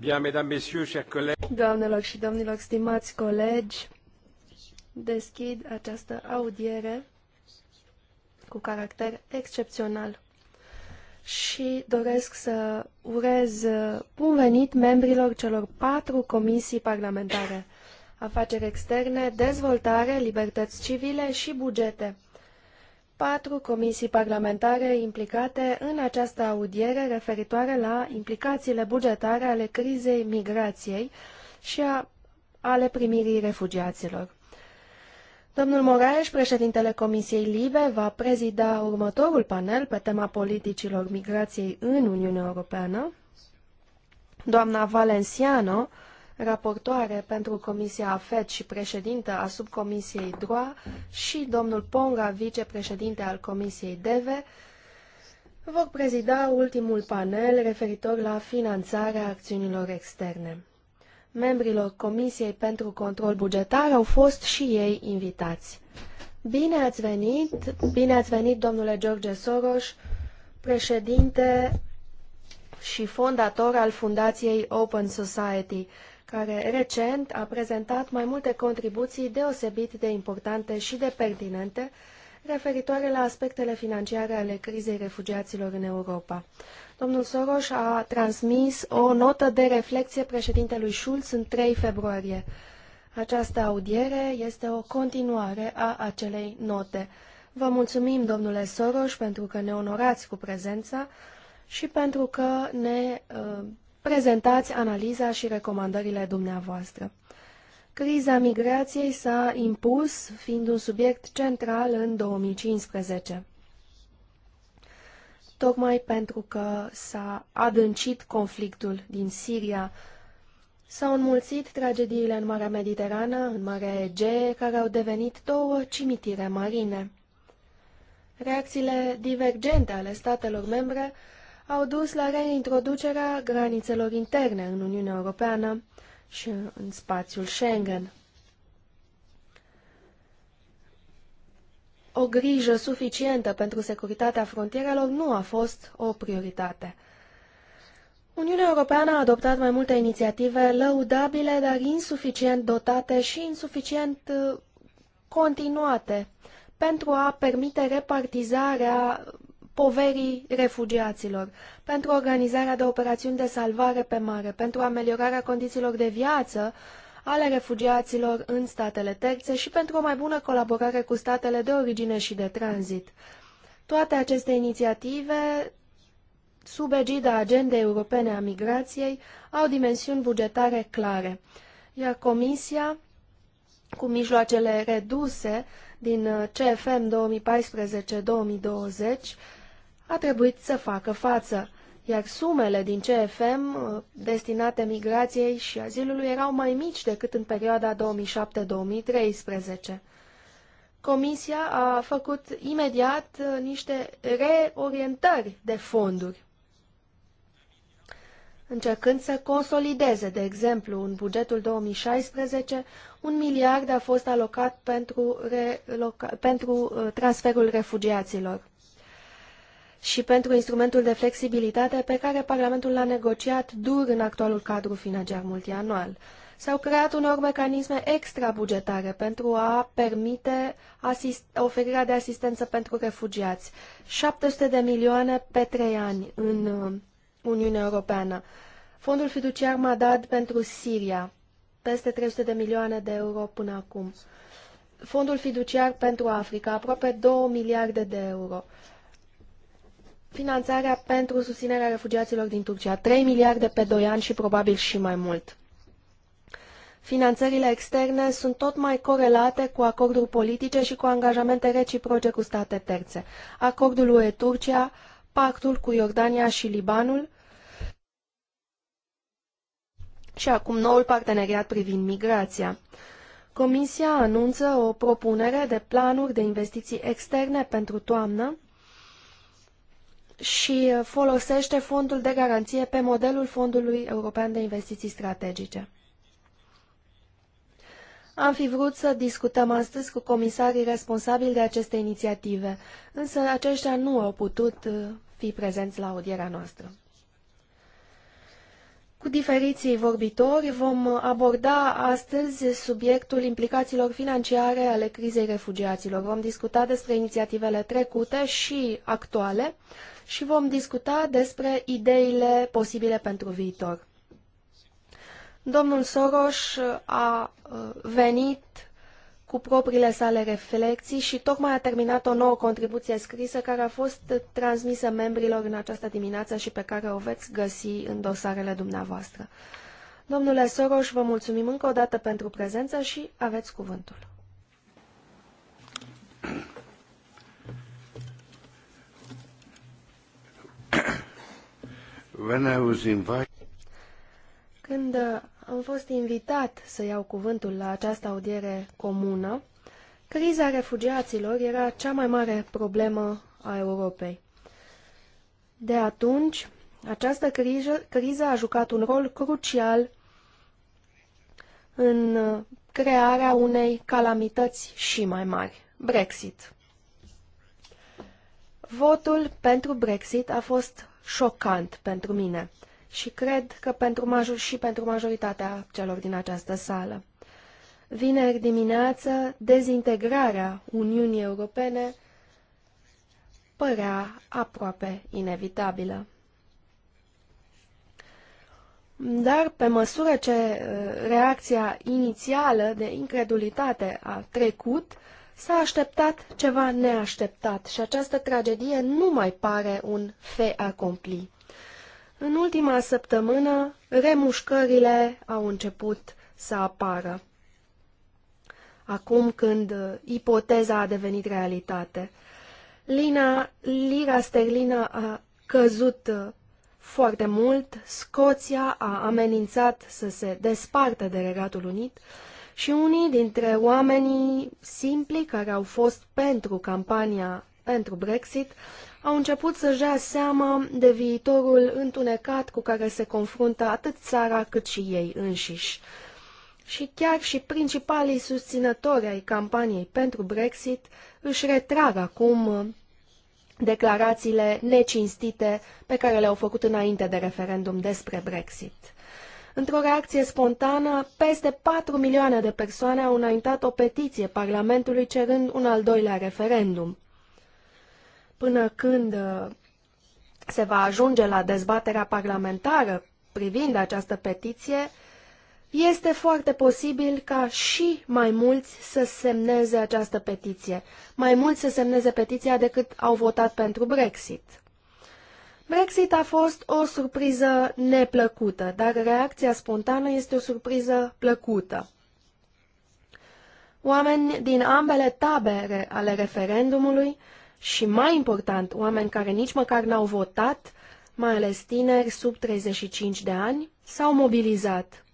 Bien, mesdames, messieurs, chers collègues. Doamnelor și domnilor, stimați colegi, deschid această audiere cu caracter excepțional și doresc să urez bun venit membrilor celor patru comisii parlamentare afaceri externe, dezvoltare, libertăți civile și bugete patru comisii parlamentare implicate în această audiere referitoare la implicațiile bugetare ale crizei migrației și a, ale primirii refugiaților. Domnul Moraes, președintele Comisiei Libe, va prezida următorul panel pe tema politicilor migrației în Uniunea Europeană. Doamna Valenciano, raportoare pentru Comisia AFET și președintă a subcomisiei DROA și domnul Ponga, vicepreședinte al Comisiei DEVE, vor prezida ultimul panel referitor la finanțarea acțiunilor externe. Membrilor Comisiei pentru Control Bugetar au fost și ei invitați. Bine ați venit, bine ați venit domnule George Soros, președinte și fondator al fundației Open Society care recent a prezentat mai multe contribuții deosebit de importante și de pertinente referitoare la aspectele financiare ale crizei refugiaților în Europa. Domnul Soros a transmis o notă de reflexie președintelui Schulz în 3 februarie. Această audiere este o continuare a acelei note. Vă mulțumim, domnule Soros, pentru că ne onorați cu prezența și pentru că ne uh, prezentați analiza și recomandările dumneavoastră. Criza migrației s-a impus, fiind un subiect central în 2015 tocmai pentru că s-a adâncit conflictul din Siria. S-au înmulțit tragediile în Marea Mediterană, în Marea Egee, care au devenit două cimitire marine. Reacțiile divergente ale statelor membre au dus la reintroducerea granițelor interne în Uniunea Europeană și în spațiul Schengen. O grijă suficientă pentru securitatea frontierelor nu a fost o prioritate. Uniunea Europeană a adoptat mai multe inițiative lăudabile, dar insuficient dotate și insuficient uh, continuate pentru a permite repartizarea poverii refugiaților, pentru organizarea de operațiuni de salvare pe mare, pentru ameliorarea condițiilor de viață ale refugiaților în statele terțe și pentru o mai bună colaborare cu statele de origine și de tranzit. Toate aceste inițiative, sub egida Agendei Europene a Migrației, au dimensiuni bugetare clare, iar Comisia, cu mijloacele reduse din CFM 2014-2020, a trebuit să facă față, iar sumele din CFM uh, destinate migrației și azilului erau mai mici decât în perioada 2007-2013. Comisia a făcut imediat uh, niște reorientări de fonduri, încercând să consolideze, de exemplu, în bugetul 2016, un miliard a fost alocat pentru, pentru uh, transferul refugiaților și pentru instrumentul de flexibilitate pe care Parlamentul l-a negociat dur în actualul cadru financiar multianual. S-au creat unor mecanisme extrabugetare pentru a permite oferirea de asistență pentru refugiați. 700 de milioane pe trei ani în uh, Uniunea Europeană. Fondul fiduciar Madad pentru Siria, peste 300 de milioane de euro până acum. Fondul fiduciar pentru Africa, aproape 2 miliarde de euro finanțarea pentru susținerea refugiaților din Turcia, 3 miliarde pe 2 ani și probabil și mai mult. Finanțările externe sunt tot mai corelate cu acorduri politice și cu angajamente reciproce cu state terțe. Acordul UE-Turcia, pactul cu Iordania și Libanul și acum noul parteneriat privind migrația. Comisia anunță o propunere de planuri de investiții externe pentru toamnă, și uh, folosește fondul de garanție pe modelul Fondului European de Investiții Strategice. Am fi vrut să discutăm astăzi cu comisarii responsabili de aceste inițiative, însă aceștia nu au putut uh, fi prezenți la audierea noastră. Cu diferiții vorbitori vom aborda astăzi subiectul implicațiilor financiare ale crizei refugiaților. Vom discuta despre inițiativele trecute și actuale și vom discuta despre ideile posibile pentru viitor. Domnul Soros a uh, venit cu propriile sale reflexii și tocmai a terminat o nouă contribuție scrisă care a fost transmisă membrilor în această dimineață și pe care o veți găsi în dosarele dumneavoastră. Domnule Soros, vă mulțumim încă o dată pentru prezență și aveți cuvântul. Când uh, am fost invitat să iau cuvântul la această audiere comună, criza refugiaților era cea mai mare problemă a Europei. De atunci, această criză, criză a jucat un rol crucial în uh, crearea unei calamități și mai mari, Brexit. Votul pentru Brexit a fost șocant pentru mine și cred că pentru major și pentru majoritatea celor din această sală. Vineri dimineață, dezintegrarea Uniunii Europene părea aproape inevitabilă. Dar pe măsură ce uh, reacția inițială de incredulitate a trecut, S-a așteptat ceva neașteptat și această tragedie nu mai pare un fe acompli. În ultima săptămână, remușcările au început să apară. Acum când ipoteza a devenit realitate. Lina, lira sterlină a căzut foarte mult, Scoția a amenințat să se despartă de Regatul Unit și unii dintre oamenii simpli care au fost pentru campania pentru Brexit au început să-și dea seama de viitorul întunecat cu care se confruntă atât țara cât și ei înșiși. Și chiar și principalii susținători ai campaniei pentru Brexit își retrag acum declarațiile necinstite pe care le-au făcut înainte de referendum despre Brexit. Într-o reacție spontană, peste 4 milioane de persoane au înaintat o petiție Parlamentului cerând un al doilea referendum. Până când uh, se va ajunge la dezbaterea parlamentară privind această petiție, este foarte posibil ca și mai mulți să semneze această petiție, mai mulți să semneze petiția decât au votat pentru Brexit. Brexit a fost o surpriză neplăcută, dar reacția spontană este o surpriză plăcută. Oameni din ambele tabere ale referendumului și, mai important, oameni care nici măcar n-au votat, mai ales tineri sub 35 de ani, s-au mobilizat.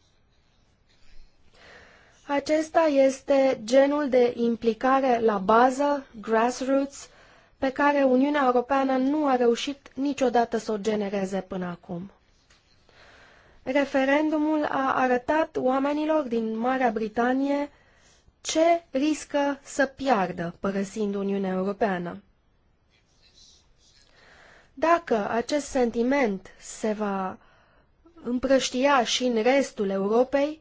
Acesta este genul de implicare la bază, grassroots, pe care Uniunea Europeană nu a reușit niciodată să o genereze până acum. Referendumul a arătat oamenilor din Marea Britanie ce riscă să piardă părăsind Uniunea Europeană. Dacă acest sentiment se va împrăștia și în restul Europei,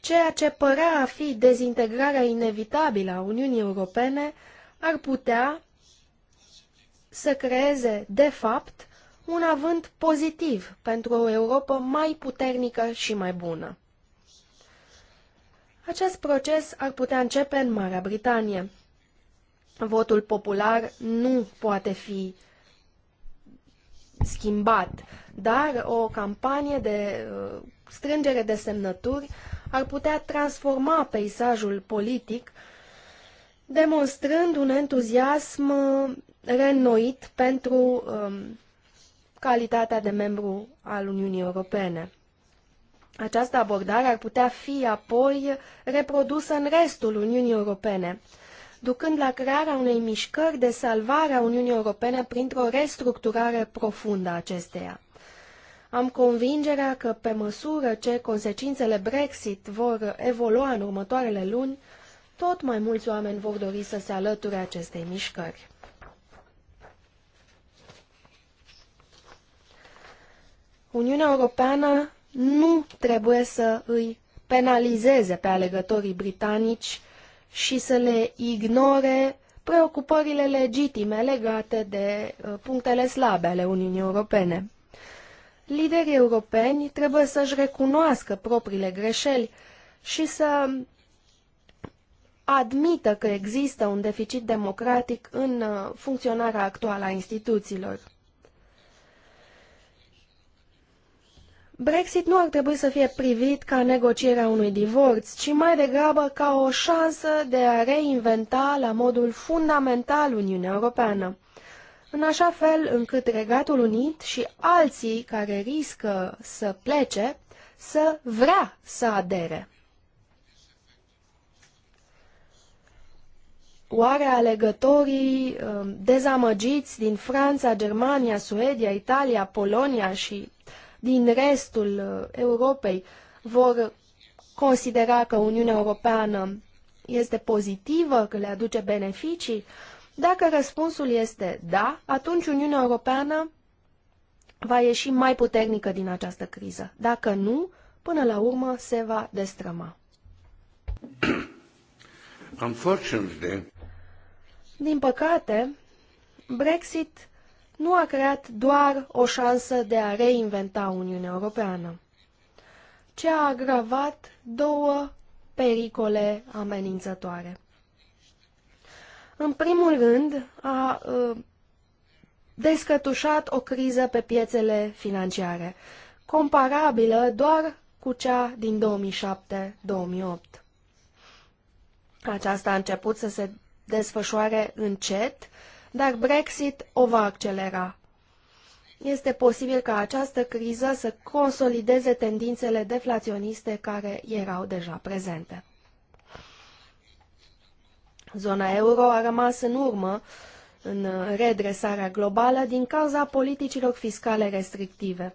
ceea ce părea a fi dezintegrarea inevitabilă a Uniunii Europene ar putea, să creeze, de fapt, un avânt pozitiv pentru o Europa mai puternică și mai bună. Acest proces ar putea începe în Marea Britanie. Votul popular nu poate fi schimbat, dar o campanie de uh, strângere de semnături ar putea transforma peisajul politic, demonstrând un entuziasm uh, reînnoit pentru um, calitatea de membru al Uniunii Europene. Această abordare ar putea fi apoi reprodusă în restul Uniunii Europene, ducând la crearea unei mișcări de salvare a Uniunii Europene printr-o restructurare profundă a acesteia. Am convingerea că, pe măsură ce consecințele Brexit vor evolua în următoarele luni, tot mai mulți oameni vor dori să se alăture acestei mișcări. Uniunea Europeană nu trebuie să îi penalizeze pe alegătorii britanici și să le ignore preocupările legitime legate de uh, punctele slabe ale Uniunii Europene. Liderii europeni trebuie să-și recunoască propriile greșeli și să admită că există un deficit democratic în uh, funcționarea actuală a instituțiilor. Brexit nu ar trebui să fie privit ca negocierea unui divorț, ci mai degrabă ca o șansă de a reinventa la modul fundamental Uniunea Europeană, în așa fel încât Regatul Unit și alții care riscă să plece să vrea să adere. Oare alegătorii um, dezamăgiți din Franța, Germania, Suedia, Italia, Polonia și din restul uh, Europei vor considera că Uniunea Europeană este pozitivă, că le aduce beneficii? Dacă răspunsul este da, atunci Uniunea Europeană va ieși mai puternică din această criză. Dacă nu, până la urmă se va destrăma. Din păcate, Brexit nu a creat doar o șansă de a reinventa Uniunea Europeană, ci a agravat două pericole amenințătoare. În primul rând, a ă, descătușat o criză pe piețele financiare, comparabilă doar cu cea din 2007-2008. Aceasta a început să se desfășoare încet, uh, dar Brexit o va accelera. Este posibil ca această criză să consolideze tendințele deflaționiste care erau deja prezente. Zona euro a rămas în urmă în redresarea globală din cauza politicilor fiscale restrictive.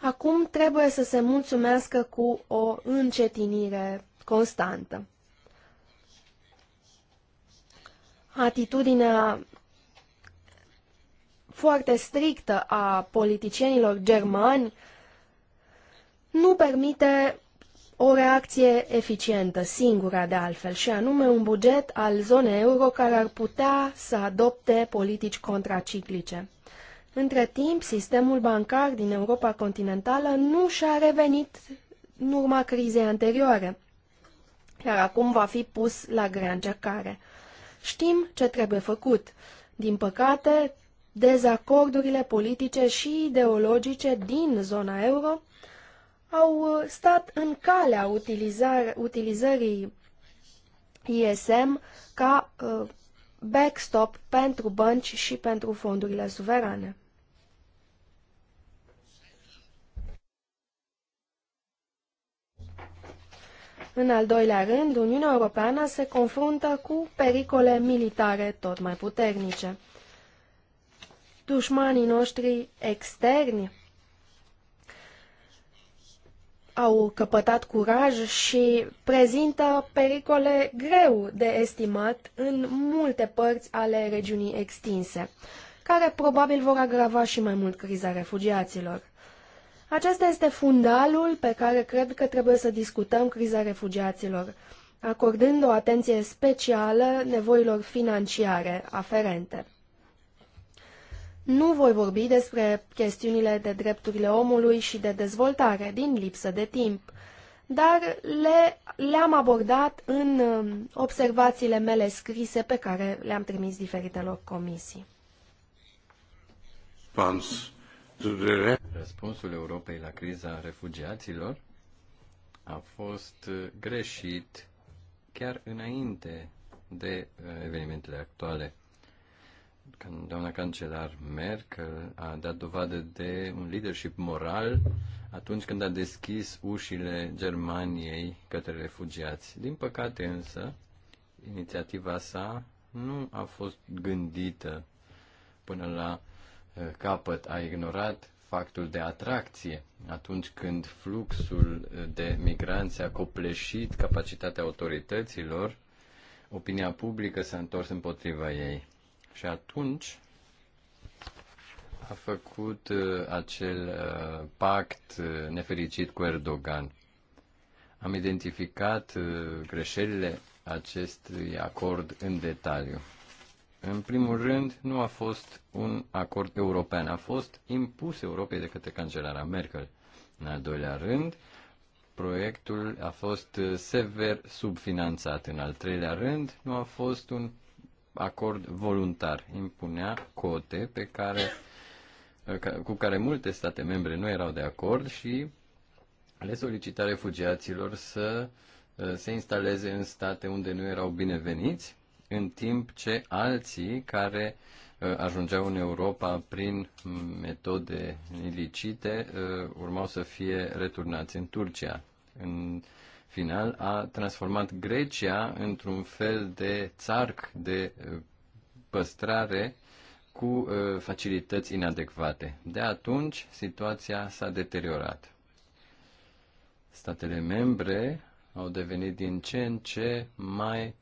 Acum trebuie să se mulțumească cu o încetinire constantă. atitudinea foarte strictă a politicienilor germani nu permite o reacție eficientă, singura de altfel, și anume un buget al zonei euro care ar putea să adopte politici contraciclice. Între timp, sistemul bancar din Europa continentală nu și-a revenit în urma crizei anterioare, iar acum va fi pus la grea încercare. Știm ce trebuie făcut. Din păcate, dezacordurile politice și ideologice din zona euro au uh, stat în calea utilizar, utilizării ISM ca uh, backstop pentru bănci și pentru fondurile suverane. În al doilea rând, Uniunea Europeană se confruntă cu pericole militare tot mai puternice. Dușmanii noștri externi au căpătat curaj și prezintă pericole greu de estimat în multe părți ale regiunii extinse, care probabil vor agrava și mai mult criza refugiaților. Acesta este fundalul pe care cred că trebuie să discutăm criza refugiaților, acordând o atenție specială nevoilor financiare aferente. Nu voi vorbi despre chestiunile de drepturile omului și de dezvoltare, din lipsă de timp, dar le, le-am abordat în um, observațiile mele scrise pe care le-am trimis diferitelor comisii. Pans Răspunsul Europei la criza refugiaților a fost greșit chiar înainte de uh, evenimentele actuale. Când doamna cancelar Merkel a dat dovadă de un leadership moral atunci când a deschis ușile Germaniei către refugiați. Din păcate însă, inițiativa sa nu a fost gândită până la Uh, capăt a ignorat factul de atracție atunci când fluxul de migranți a copleșit capacitatea autorităților, opinia publică s-a întors împotriva ei. Și atunci a făcut uh, acel uh, pact nefericit cu Erdogan. Am identificat greșelile acestui acord în detaliu. În primul rând, nu a fost un acord european, a fost impus Europei de către cancelara Merkel. În al doilea rând, proiectul a fost uh, sever subfinanțat. În al treilea rând, nu a fost un acord voluntar. Impunea cote pe care, uh, cu care multe state membre nu erau de acord și le solicita refugiaților să uh, se instaleze în state unde nu erau bineveniți în timp ce alții care uh, ajungeau în Europa prin metode ilicite uh, urmau să fie returnați în Turcia. În final a transformat Grecia într-un fel de țarc de uh, păstrare cu facilități inadecvate. De atunci, situația s-a deteriorat. Statele membre au devenit din ce în ce mai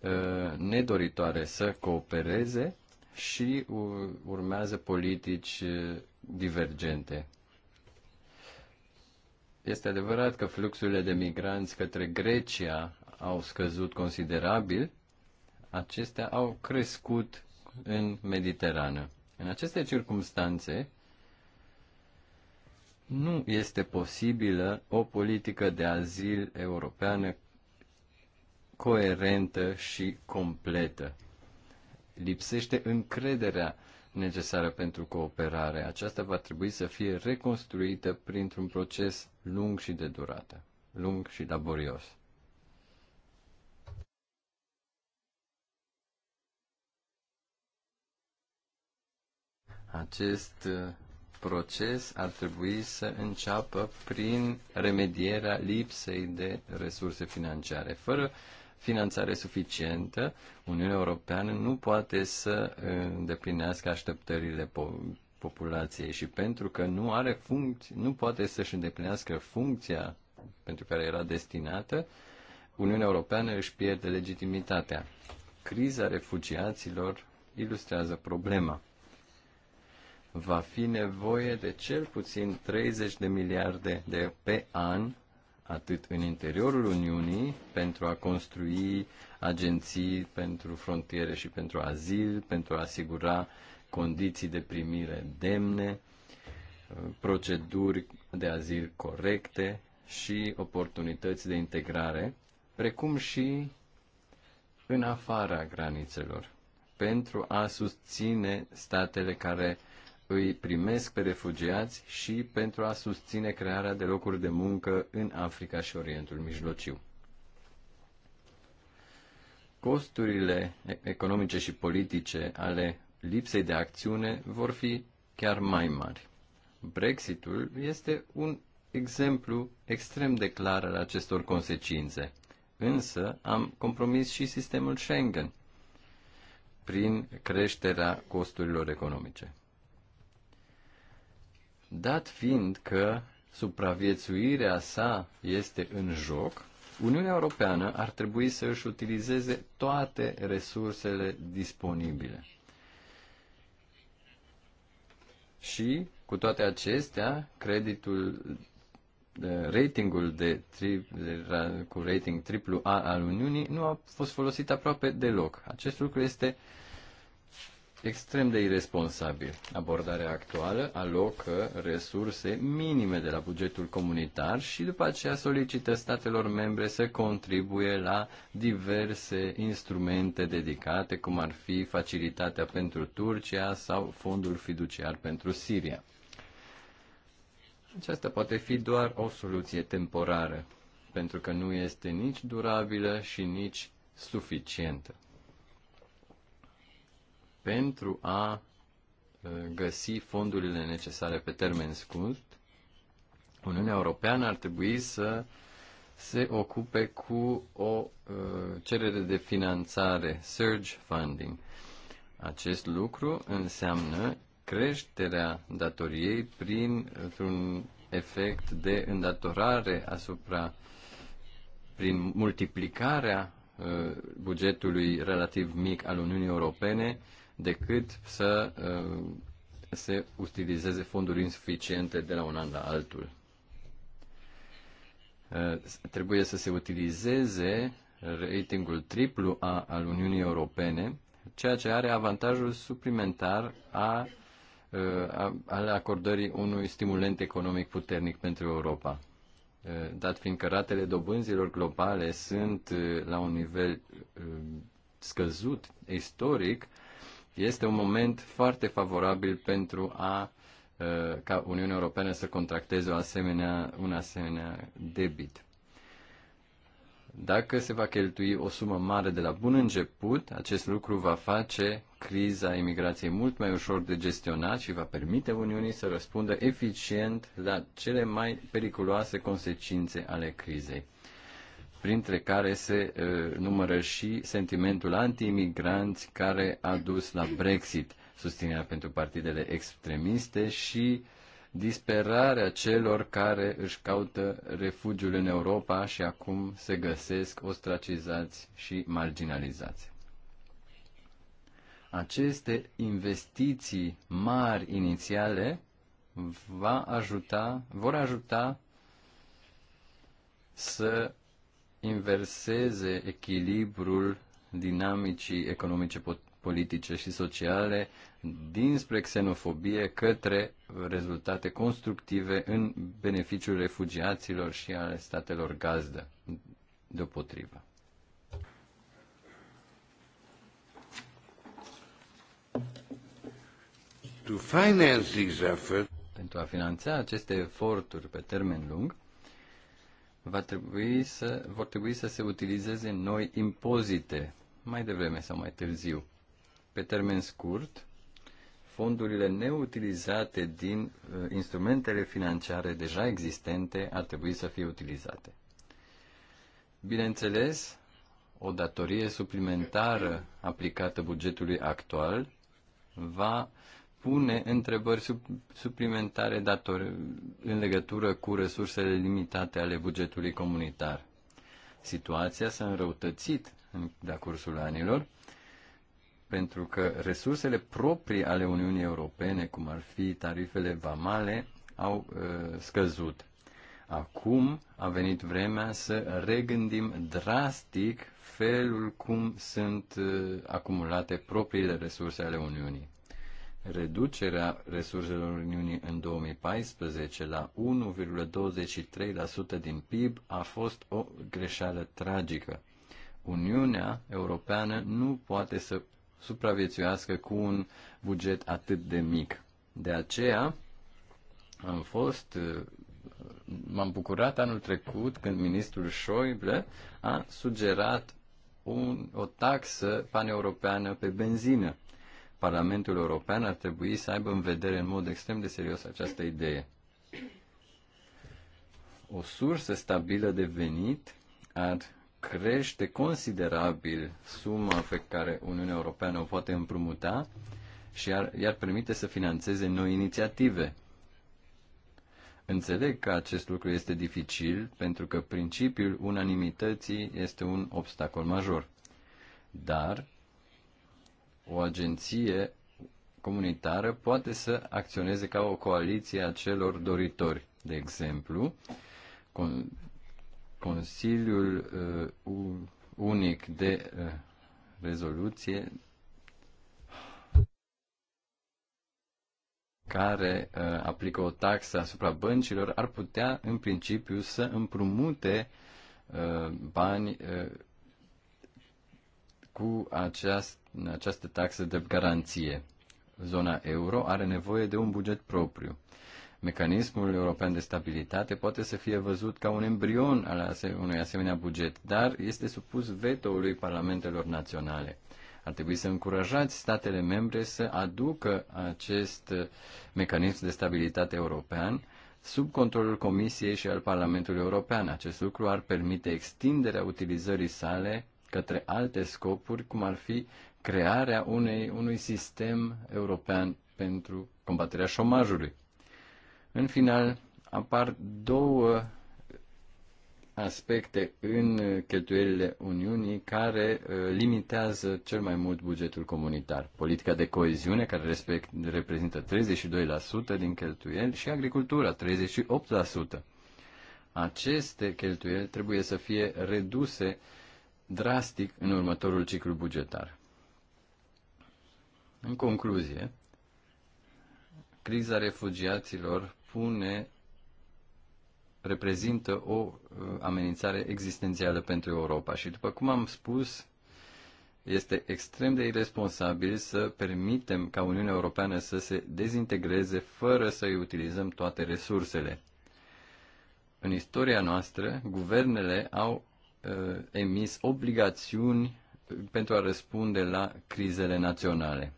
Uh, nedoritoare să coopereze și urmează politici uh, divergente. Este adevărat că fluxurile de migranți către Grecia au scăzut considerabil, acestea au crescut în Mediterană. În aceste circumstanțe, nu este posibilă o politică de azil europeană coerentă și completă. Lipsește încrederea necesară pentru cooperare. Aceasta va trebui să fie reconstruită printr-un proces lung și de durată, lung și laborios. Acest uh, proces ar trebui să înceapă prin remedierea lipsei de resurse financiare, fără finanțare suficientă, Uniunea Europeană nu poate să îndeplinească așteptările populației și pentru că nu are funcție, nu poate să-și îndeplinească funcția pentru care era destinată, Uniunea Europeană își pierde legitimitatea. Criza refugiaților ilustrează problema. Va fi nevoie de cel puțin 30 de miliarde de pe an atât în interiorul Uniunii pentru a construi agenții pentru frontiere și pentru azil, pentru a asigura condiții de primire demne, proceduri de azil corecte și oportunități de integrare, precum și în afara granițelor, pentru a susține statele care îi primesc pe refugiați și pentru a susține crearea de locuri de muncă în Africa și Orientul Mijlociu. Costurile economice și politice ale lipsei de acțiune vor fi chiar mai mari. Brexitul este un exemplu extrem de clar al acestor consecințe. Însă am compromis și sistemul Schengen prin creșterea costurilor economice. Dat fiind că supraviețuirea sa este în joc, Uniunea Europeană ar trebui să își utilizeze toate resursele disponibile. Și, cu toate acestea, creditul, ratingul de, tri, cu rating AAA al Uniunii nu a fost folosit aproape deloc. Acest lucru este uh, extrem de irresponsabil. Abordarea actuală alocă resurse minime de la bugetul comunitar și după aceea solicită statelor membre să contribuie la diverse instrumente dedicate, cum ar fi facilitatea pentru Turcia sau fondul fiduciar pentru Siria. Aceasta poate fi doar o soluție temporară, pentru că nu este nici durabilă și nici suficientă pentru a uh, găsi fondurile necesare pe termen scurt, Uniunea Europeană ar trebui să se ocupe cu o uh, cerere de finanțare, surge funding. Acest lucru înseamnă creșterea datoriei prin un efect de îndatorare asupra, prin multiplicarea uh, bugetului relativ mic al Uniunii Europene decât să uh, se utilizeze fonduri insuficiente de la un an la altul. Uh, trebuie să se utilizeze ratingul triplu A al Uniunii Europene, ceea ce are avantajul suplimentar a, uh, a, al acordării unui stimulent economic puternic pentru Europa. Dat fiindcă ratele dobânzilor globale sunt la un nivel scăzut istoric, este un moment foarte favorabil pentru a uh, ca Uniunea Europeană să contracteze o asemenea, un asemenea debit. Dacă se va cheltui o sumă mare de la bun început, acest lucru va face criza imigrației mult mai ușor de gestionat și va permite Uniunii să răspundă eficient la cele mai periculoase consecințe ale crizei printre care se uh, numără și sentimentul anti-imigranți care a dus la Brexit, susținerea pentru partidele extremiste și disperarea celor care își caută refugiul în Europa și acum se găsesc ostracizați și marginalizați. Aceste investiții mari inițiale va ajuta, vor ajuta să inverseze echilibrul dinamicii economice, politice și sociale dinspre xenofobie către rezultate constructive în beneficiul refugiaților și ale statelor gazdă, deopotrivă. To finance these efforts, pentru a finanța aceste eforturi pe termen lung, va trebui să, vor trebui să se utilizeze noi impozite, mai devreme sau mai târziu. Pe termen scurt, fondurile neutilizate din uh, instrumentele financiare deja existente ar trebui să fie utilizate. Bineînțeles, o datorie suplimentară aplicată bugetului actual va pune întrebări sub, suplimentare dator, în legătură cu resursele limitate ale bugetului comunitar. Situația s-a înrăutățit în, de-a cursul anilor, pentru că resursele proprii ale Uniunii Europene, cum ar fi tarifele vamale, au uh, scăzut. Acum a venit vremea să regândim drastic felul cum sunt uh, acumulate propriile resurse ale Uniunii reducerea resurselor Uniunii în 2014 la 1,23% din PIB a fost o greșeală tragică. Uniunea Europeană nu poate să supraviețuiască cu un buget atât de mic. De aceea am fost m-am bucurat anul trecut când ministrul Schäuble a sugerat un, o taxă paneuropeană pe benzină Parlamentul European ar trebui să aibă în vedere în mod extrem de serios această idee. O sursă stabilă de venit ar crește considerabil suma pe care Uniunea Europeană o poate împrumuta și ar, i-ar permite să financeze noi inițiative. Înțeleg că acest lucru este dificil pentru că principiul unanimității este un obstacol major. Dar o agenție comunitară poate să acționeze ca o coaliție a celor doritori. De exemplu, Consiliul uh, Unic de uh, Rezoluție care uh, aplică o taxă asupra băncilor ar putea, în principiu, să împrumute bani cu această această taxă de garanție. Zona euro are nevoie de un buget propriu. Mecanismul european de stabilitate poate să fie văzut ca un embrion al unui asemenea buget, dar este supus vetoului parlamentelor naționale. Ar trebui să încurajați statele membre să aducă acest mecanism de stabilitate european sub controlul Comisiei și al Parlamentului European. Acest lucru ar permite extinderea utilizării sale către alte scopuri, cum ar fi crearea unei, unui sistem european pentru combaterea șomajului. În final, apar două aspecte în cheltuielile Uniunii care uh, limitează cel mai mult bugetul comunitar. Politica de coeziune, care respect, reprezintă 32% din cheltuieli, și agricultura, 38%. Aceste cheltuieli trebuie să fie reduse drastic în următorul ciclu bugetar. În concluzie, criza refugiaților pune reprezintă o uh, amenințare existențială pentru Europa și după cum am spus, este extrem de irresponsabil să permitem ca Uniunea Europeană să se dezintegreze fără să îi utilizăm toate resursele. În istoria noastră, guvernele au uh, emis obligațiuni pentru a răspunde la crizele naționale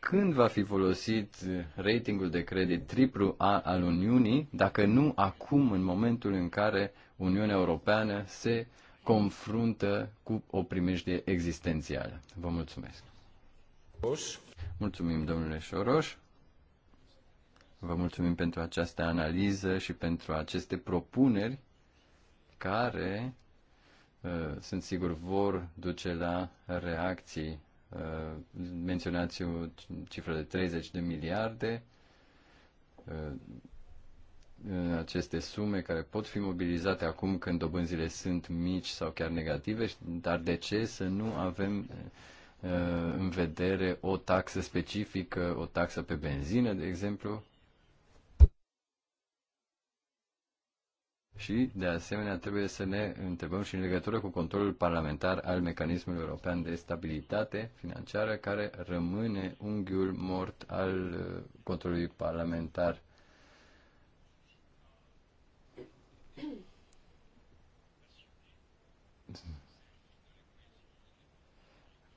când va fi folosit ratingul de credit A al Uniunii, dacă nu acum, în momentul în care Uniunea Europeană se confruntă cu o primejdie existențială. Vă mulțumesc. Mulțumim, domnule Șoroș. Vă mulțumim pentru această analiză și pentru aceste propuneri care, uh, sunt sigur, vor duce la reacții menționați o cifră de 30 de miliarde. Aceste sume care pot fi mobilizate acum când dobânzile sunt mici sau chiar negative, dar de ce să nu avem uh, în vedere o taxă specifică, o taxă pe benzină, de exemplu, și, de asemenea, trebuie să ne întrebăm și în legătură cu controlul parlamentar al mecanismului european de stabilitate financiară, care rămâne unghiul mort al uh, controlului parlamentar.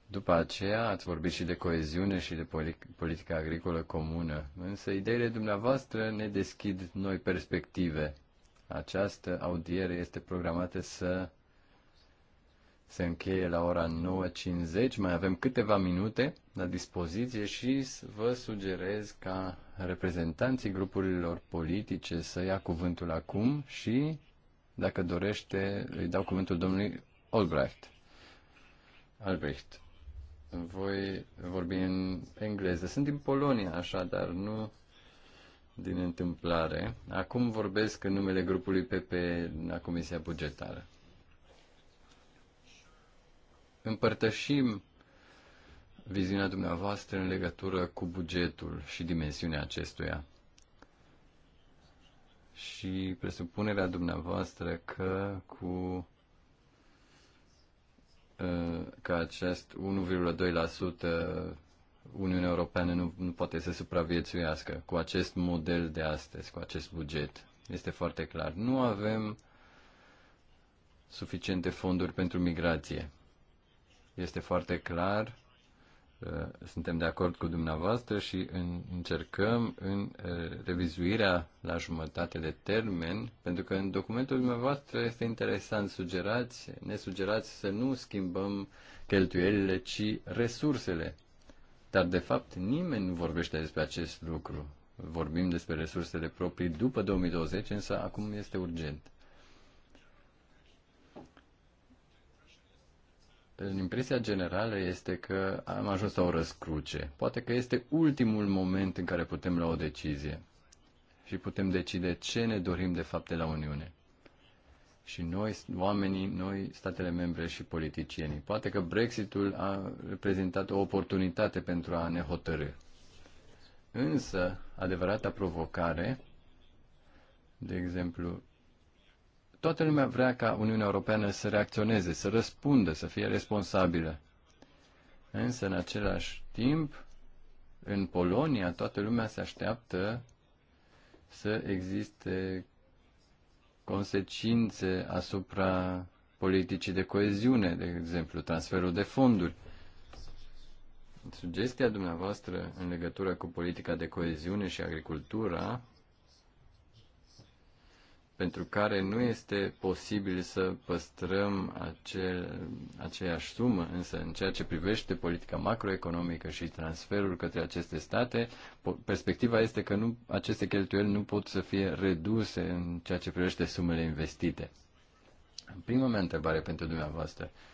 După aceea ați vorbit și de coeziune și de politica agricolă comună, însă ideile dumneavoastră ne deschid noi perspective această audiere este programată să se încheie la ora 9.50. Mai avem câteva minute la dispoziție și vă sugerez ca reprezentanții grupurilor politice să ia cuvântul acum și, dacă dorește, îi dau cuvântul domnului Albrecht. Albrecht. Voi vorbi în engleză. Sunt din Polonia, așa, dar nu din întâmplare. Acum vorbesc în numele grupului PP la Comisia Bugetară. Împărtășim viziunea dumneavoastră în legătură cu bugetul și dimensiunea acestuia și presupunerea dumneavoastră că cu uh, că acest 1,2% Uniunea Europeană nu, nu poate să supraviețuiască cu acest model de astăzi, cu acest buget. Este foarte clar. Nu avem suficiente fonduri pentru migrație. Este foarte clar. Uh, suntem de acord cu dumneavoastră și încercăm în uh, revizuirea la jumătate de termen, pentru că în documentul dumneavoastră este interesant, sugerați, ne sugerați să nu schimbăm cheltuielile, ci resursele dar, de fapt, nimeni nu vorbește despre acest lucru. Vorbim despre resursele proprii după 2020, însă acum este urgent. Impresia generală este că am ajuns la o răscruce. Poate că este ultimul moment în care putem lua o decizie și putem decide ce ne dorim de fapt de la Uniune și noi, oamenii, noi, statele membre și politicienii. Poate că Brexitul a reprezentat o oportunitate pentru a ne hotărâ. Însă, adevărata provocare, de exemplu, toată lumea vrea ca Uniunea Europeană să reacționeze, să răspundă, să fie responsabilă. Însă, în același timp, în Polonia, toată lumea se așteaptă să existe consecințe asupra politicii de coeziune, de exemplu, transferul de fonduri. Sugestia dumneavoastră în legătură cu politica de coeziune și agricultura pentru care nu este posibil să păstrăm acel, aceeași sumă, însă în ceea ce privește politica macroeconomică și transferul către aceste state, perspectiva este că nu, aceste cheltuieli nu pot să fie reduse în ceea ce privește sumele investite. Prima mea întrebare pentru dumneavoastră. Uh,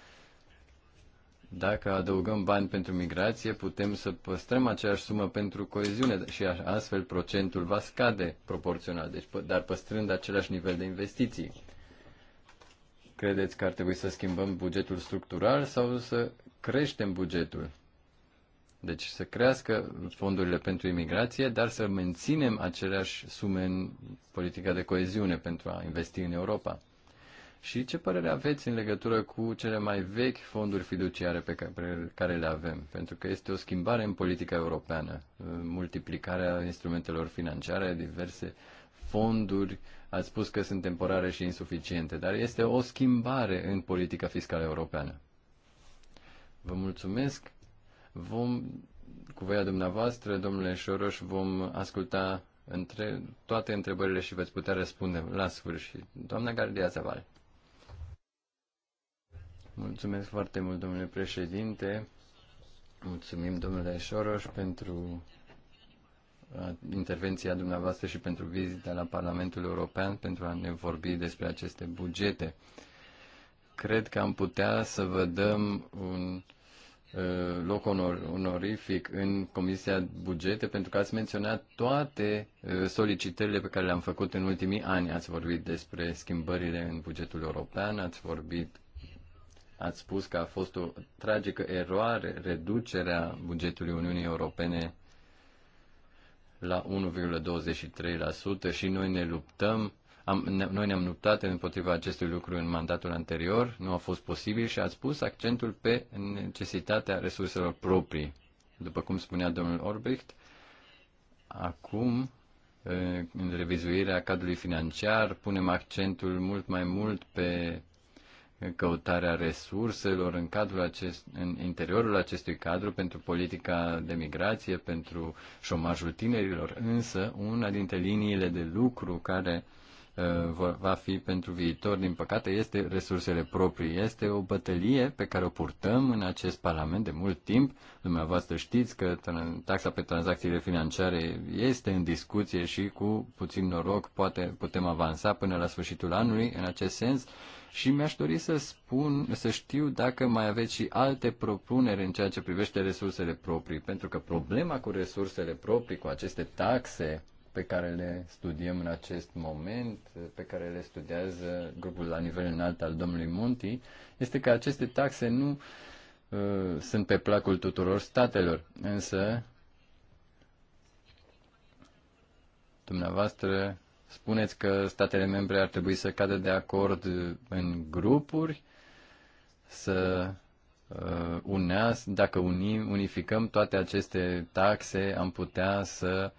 dacă adăugăm bani pentru migrație, putem să păstrăm aceeași sumă pentru coeziune și astfel procentul va scade proporțional, deci, dar păstrând același nivel de investiții. Credeți că ar trebui să schimbăm bugetul structural sau să creștem bugetul? Deci să crească fondurile pentru imigrație, dar să menținem aceleași sume în politica de coeziune pentru a investi în Europa. Și ce părere aveți în legătură cu cele mai vechi fonduri fiduciare pe care le avem? Pentru că este o schimbare în politica europeană, multiplicarea instrumentelor financiare, diverse fonduri, ați spus că sunt temporare și insuficiente, dar este o schimbare în politica fiscală europeană. Vă mulțumesc. Vom, cu voia dumneavoastră, domnule Șoroș, vom asculta între, toate întrebările și veți putea răspunde la sfârșit. Doamna Gardia Zaval. Mulțumesc foarte mult, domnule președinte. Mulțumim, domnule Șoroș, pentru uh, intervenția dumneavoastră și pentru vizita la Parlamentul European pentru a ne vorbi despre aceste bugete. Cred că am putea să vă dăm un uh, loc onor, onorific în Comisia Bugete pentru că ați menționat toate uh, solicitările pe care le-am făcut în ultimii ani. Ați vorbit despre schimbările în bugetul european, ați vorbit Ați spus că a fost o tragică eroare reducerea bugetului Uniunii Europene la 1,23% și noi ne luptăm, am, ne, noi ne-am luptat împotriva acestui lucru în mandatul anterior, nu a fost posibil și ați pus accentul pe necesitatea resurselor proprii. După cum spunea domnul Orbicht, acum, în revizuirea cadrului financiar, punem accentul mult mai mult pe căutarea resurselor în, cadrul acest, în interiorul acestui cadru pentru politica de migrație, pentru șomajul tinerilor, însă una dintre liniile de lucru care uh, va fi pentru viitor, din păcate, este resursele proprii. Este o bătălie pe care o purtăm în acest Parlament de mult timp. Dumneavoastră știți că taxa pe tranzacțiile financiare este în discuție și cu puțin noroc poate putem avansa până la sfârșitul anului în acest sens și mi-aș dori să spun, să știu dacă mai aveți și alte propuneri în ceea ce privește resursele proprii, pentru că problema cu resursele proprii, cu aceste taxe pe care le studiem în acest moment, pe care le studiază grupul la nivel înalt al domnului Monti, este că aceste taxe nu uh, sunt pe placul tuturor statelor, însă dumneavoastră spuneți că statele membre ar trebui să cadă de acord în grupuri, să uh, unească, dacă unim, unificăm toate aceste taxe, am putea să,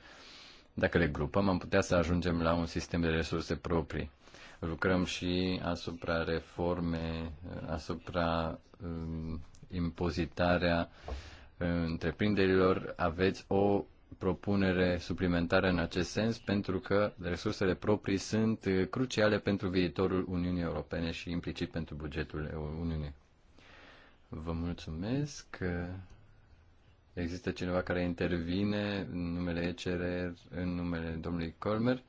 dacă le grupăm, am putea să ajungem la un sistem de resurse proprii. Lucrăm și asupra reforme, asupra um, impozitarea uh, întreprinderilor. Aveți o propunere suplimentară în acest sens, pentru că resursele proprii sunt eh, cruciale pentru viitorul Uniunii Europene și implicit pentru bugetul Uniunii. Vă mulțumesc. Eh, există cineva care intervine în numele ECR, în numele domnului Colmer?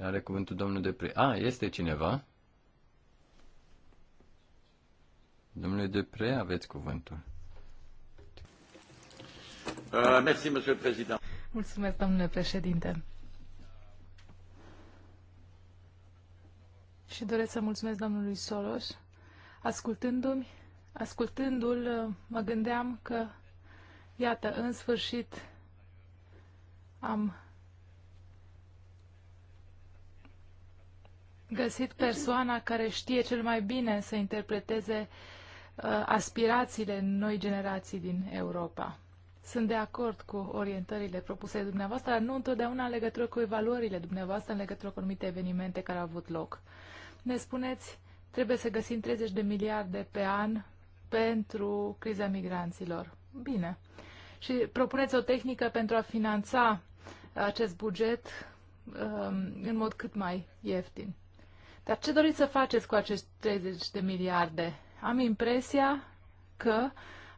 Are cuvântul domnul Depri. A, este cineva? Domnule Depre, aveți cuvântul. Euh, merci, Monsieur le Président. Mulțumesc, domnule președinte. Și doresc să mulțumesc domnului Soros. Ascultându-mi, ascultându-l, mă gândeam că, iată, în sfârșit am găsit persoana care știe cel mai bine să interpreteze uh, aspirațiile noi generații din Europa. Sunt de acord cu orientările propuse de dumneavoastră, dar nu întotdeauna în legătură cu evaluările dumneavoastră în legătură cu anumite evenimente care au avut loc. Ne spuneți, trebuie să găsim 30 de miliarde pe an pentru criza migranților. Bine. Și propuneți o tehnică pentru a finanța acest buget um, în mod cât mai ieftin. Dar ce doriți să faceți cu acești 30 de miliarde? Am impresia că uh,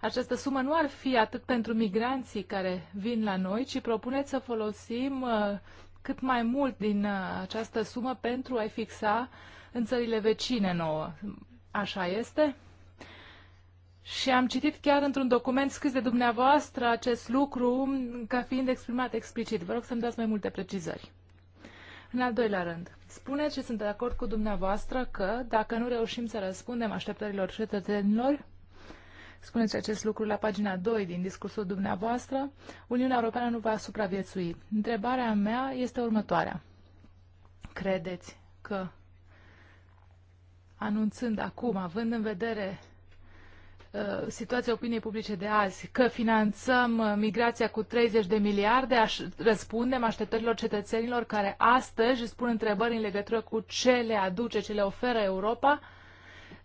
această sumă nu ar fi atât pentru migranții care vin la noi, ci propuneți să folosim uh, cât mai mult din uh, această sumă pentru a-i fixa în țările vecine nouă. Așa este? Și am citit chiar într-un document scris de dumneavoastră acest lucru ca fiind exprimat explicit. Vă rog să-mi dați mai multe precizări. În al doilea rând, spuneți și sunt de acord cu dumneavoastră că dacă nu reușim să răspundem așteptărilor cetățenilor, Spuneți acest lucru la pagina 2 din discursul dumneavoastră. Uniunea Europeană nu va supraviețui. Întrebarea mea este următoarea. Credeți că anunțând acum, având în vedere uh, situația opiniei publice de azi, că finanțăm uh, migrația cu 30 de miliarde, aș, răspundem așteptărilor cetățenilor care astăzi își spun întrebări în legătură cu ce le aduce, ce le oferă Europa,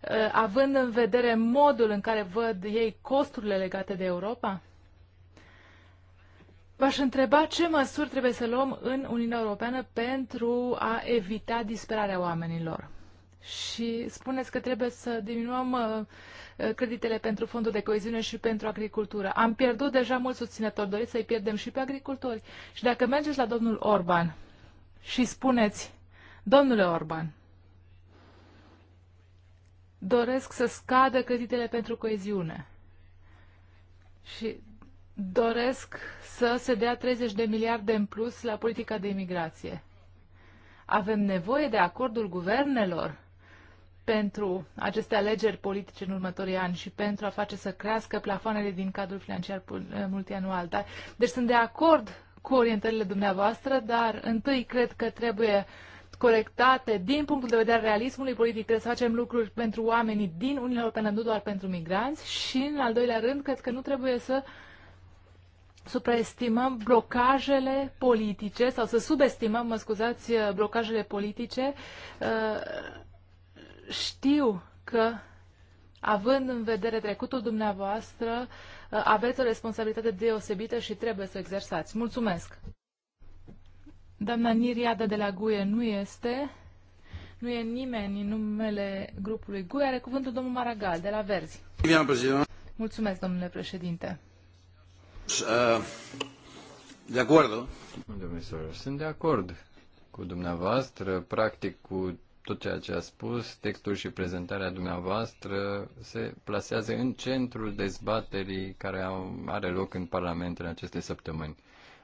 Uh, având în vedere modul în care văd ei costurile legate de Europa? V-aș întreba ce măsuri trebuie să luăm în Uniunea Europeană pentru a evita disperarea oamenilor. Și spuneți că trebuie să diminuăm uh, uh, creditele pentru fondul de coeziune și pentru agricultură. Am pierdut deja mulți susținători, doriți să-i pierdem și pe agricultori. Și dacă mergeți la domnul Orban și spuneți, domnule Orban, doresc să scadă creditele pentru coeziune și doresc să se dea 30 de miliarde în plus la politica de imigrație. Avem nevoie de acordul guvernelor pentru aceste alegeri politice în următorii ani și pentru a face să crească plafoanele din cadrul financiar eh, multianual. Da? deci sunt de acord cu orientările dumneavoastră, dar întâi cred că trebuie uh, corectate din punctul de vedere al realismului politic. Trebuie să facem lucruri pentru oamenii din Uniunea Europeană, nu doar pentru migranți. Și, în al doilea rând, cred că nu trebuie să supraestimăm blocajele politice sau să subestimăm, mă scuzați, blocajele politice. Uh, știu că, având în vedere trecutul dumneavoastră, uh, aveți o responsabilitate deosebită și trebuie să exersați. Mulțumesc! Doamna Niriada de la GUE nu este. Nu e nimeni în numele grupului GUE. Are cuvântul domnul Maragal, de la Verzi. Mulțumesc, domnule președinte. Uh, de acord. Uh? Domnule sunt de acord cu dumneavoastră, practic cu tot ceea ce a spus, textul și prezentarea dumneavoastră se plasează în centrul dezbaterii care au, are loc în Parlament în aceste săptămâni.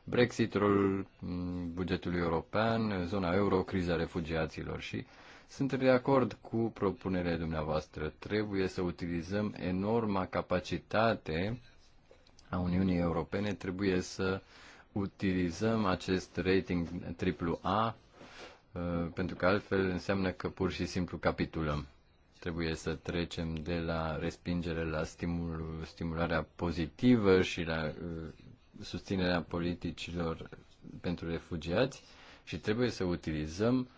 Brexitul, mm, bugetul european, zona euro, criza refugiaților și sunt de acord cu propunerea dumneavoastră. Trebuie să utilizăm enorma capacitate a Uniunii Europene, trebuie să utilizăm acest rating AAA, uh, pentru că altfel înseamnă că pur și simplu capitulăm. Trebuie să trecem de la respingere la stimul, stimularea pozitivă și la uh, susținerea politicilor pentru refugiați și trebuie să utilizăm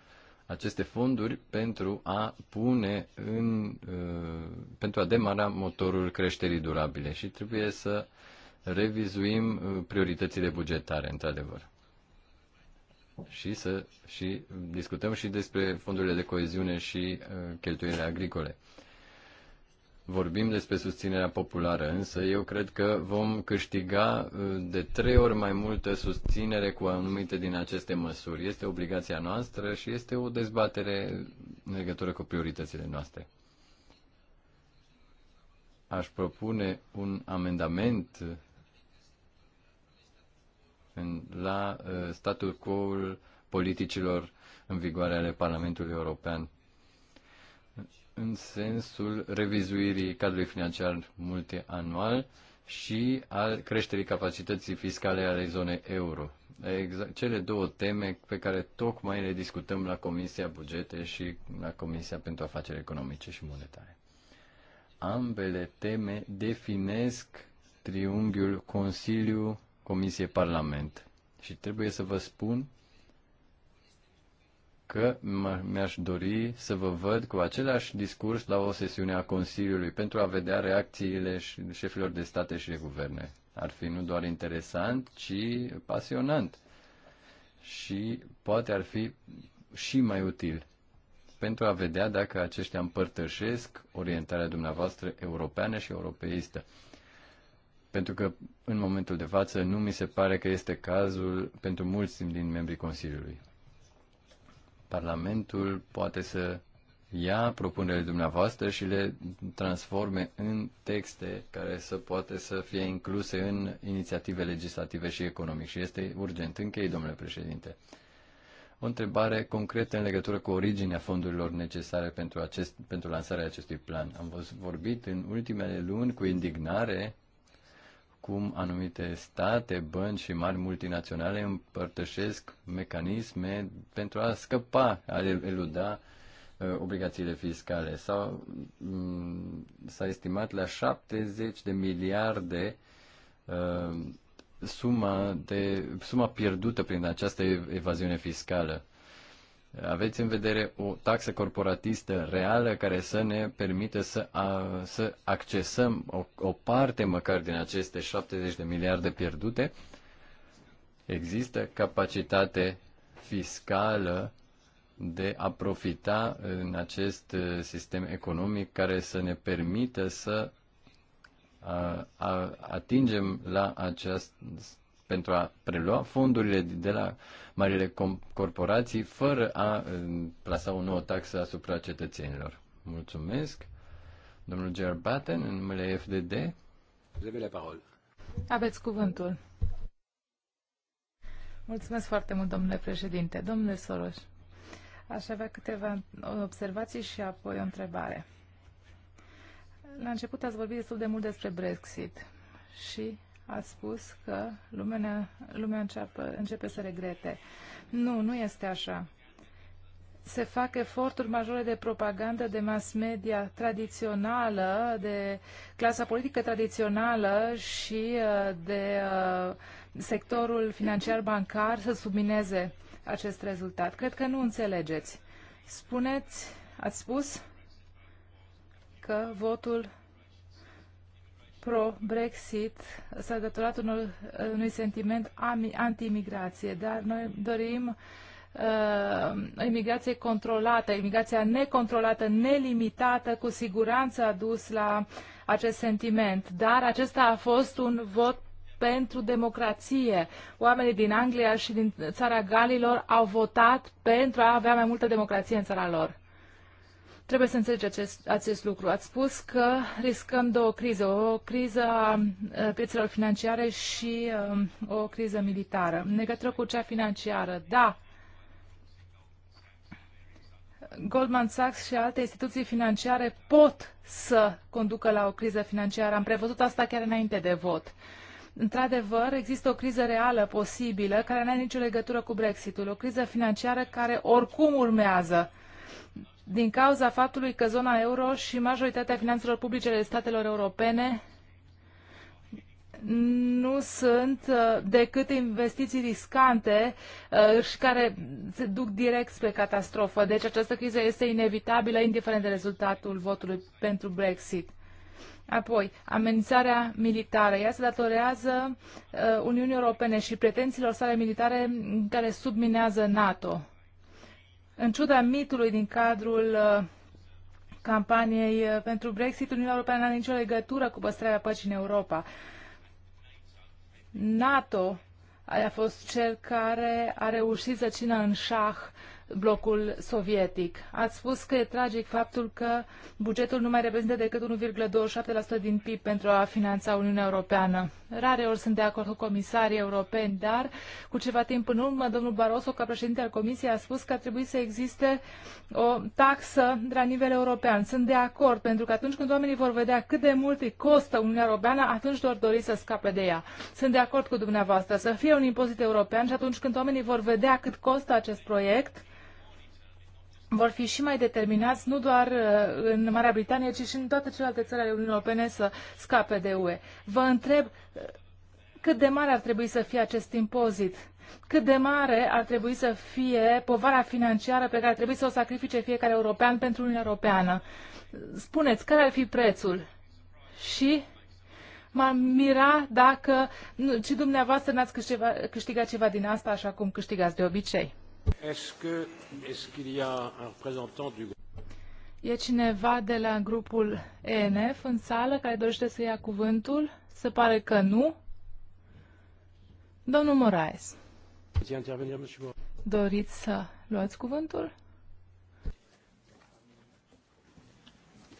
aceste fonduri pentru a pune în, uh, pentru a demara motorul creșterii durabile și trebuie să revizuim uh, prioritățile bugetare, într-adevăr. Și să și discutăm și despre fondurile de coeziune și uh, cheltuielile agricole. Vorbim despre susținerea populară, însă eu cred că vom câștiga uh, de trei ori mai multă susținere cu anumite din aceste măsuri. Este obligația noastră și este o dezbatere în legătură cu prioritățile noastre. Aș propune un amendament la uh, statul quo politicilor în vigoare ale Parlamentului European în sensul revizuirii cadrului financiar multianual și al creșterii capacității fiscale ale zonei euro. Exact, cele două teme pe care tocmai le discutăm la Comisia Bugete și la Comisia pentru Afaceri Economice și Monetare. Ambele teme definesc triunghiul Consiliu, Comisie, Parlament. Și trebuie să vă spun că mi-aș dori să vă văd cu același discurs la o sesiune a Consiliului pentru a vedea reacțiile șefilor de state și de guverne. Ar fi nu doar interesant, ci pasionant. Și poate ar fi și mai util pentru a vedea dacă aceștia împărtășesc orientarea dumneavoastră europeană și europeistă. Pentru că, în momentul de față, nu mi se pare că este cazul pentru mulți din membrii Consiliului. Parlamentul poate să ia propunerile dumneavoastră și le transforme în texte care să poate să fie incluse în inițiative legislative și economice. Și este urgent. Închei, domnule președinte. O întrebare concretă în legătură cu originea fondurilor necesare pentru, acest, pentru lansarea acestui plan. Am vorbit în ultimele luni cu indignare cum anumite state, bănci și mari multinaționale împărtășesc mecanisme pentru a scăpa, a eluda uh, obligațiile fiscale. s mm, s-a estimat la 70 de miliarde uh, suma, de, suma pierdută prin această evaziune fiscală. Aveți în vedere o taxă corporatistă reală care să ne permită să, a, să accesăm o, o parte măcar din aceste 70 de miliarde pierdute? Există capacitate fiscală de a profita în acest uh, sistem economic care să ne permită să a, uh, a, atingem la această pentru a prelua fondurile de la marile corporații fără a plasa o nouă taxă asupra cetățenilor. Mulțumesc. Domnul Ger Batten, în numele FDD. Aveți cuvântul. Mulțumesc foarte mult, domnule președinte. Domnule Soros, aș avea câteva observații și apoi o întrebare. La început ați vorbit destul de mult despre Brexit și a spus că lumea, lumea înceapă, începe să regrete. Nu, nu este așa. Se fac eforturi majore de propagandă, de mass media tradițională, de clasa politică tradițională și uh, de uh, sectorul financiar bancar să submineze acest rezultat. Cred că nu înțelegeți. Spuneți, ați spus că votul pro-Brexit s-a datorat unor, unui sentiment anti-imigrație, dar noi dorim uh, o imigrație controlată, imigrația necontrolată, nelimitată, cu siguranță a dus la acest sentiment. Dar acesta a fost un vot pentru democrație. Oamenii din Anglia și din țara Galilor au votat pentru a avea mai multă democrație în țara lor. Trebuie să înțelegi acest, acest lucru. Ați spus că riscăm două crize, o criză a uh, piețelor financiare și uh, o criză militară. În legătură cu cea financiară, da, Goldman Sachs și alte instituții financiare pot să conducă la o criză financiară. Am prevăzut asta chiar înainte de vot. Într-adevăr, există o criză reală posibilă care nu are nicio legătură cu Brexitul, o criză financiară care oricum urmează din cauza faptului că zona euro și majoritatea finanțelor publice ale statelor europene nu sunt uh, decât investiții riscante uh, și care se duc direct spre catastrofă. Deci această criză este inevitabilă, indiferent de rezultatul votului pentru Brexit. Apoi, amenințarea militară. Ea se datorează uh, Uniunii Europene și pretențiilor sale militare care subminează NATO. În ciuda mitului din cadrul uh, campaniei uh, pentru Brexit, Uniunea Europeană nu are nicio legătură cu păstrarea păcii în Europa. NATO a fost cel care a reușit să țină în șah blocul sovietic. Ați spus că e tragic faptul că bugetul nu mai reprezintă decât 1,27% din PIB pentru a finanța Uniunea Europeană. Rare ori sunt de acord cu comisarii europeni, dar cu ceva timp în urmă, domnul Barroso, ca președinte al Comisiei, a spus că ar trebui să existe o taxă de la nivel european. Sunt de acord, pentru că atunci când oamenii vor vedea cât de mult îi costă Uniunea Europeană, atunci doar dori să scape de ea. Sunt de acord cu dumneavoastră, să fie un impozit european și atunci când oamenii vor vedea cât costă acest proiect, vor fi și mai determinați, nu doar uh, în Marea Britanie, ci și în toate celelalte țări ale Uniunii Europene să scape de UE. Vă întreb uh, cât de mare ar trebui să fie acest impozit? Cât de mare ar trebui să fie povara financiară pe care ar trebui să o sacrifice fiecare european pentru Uniunea Europeană? Spuneți, care ar fi prețul? Și m-ar mira dacă și dumneavoastră n-ați câștigat ceva din asta așa cum câștigați de obicei. E cineva de la grupul ENF în sală care dorește să ia cuvântul? Se pare că nu. Domnul Moraes. Doriți să luați cuvântul?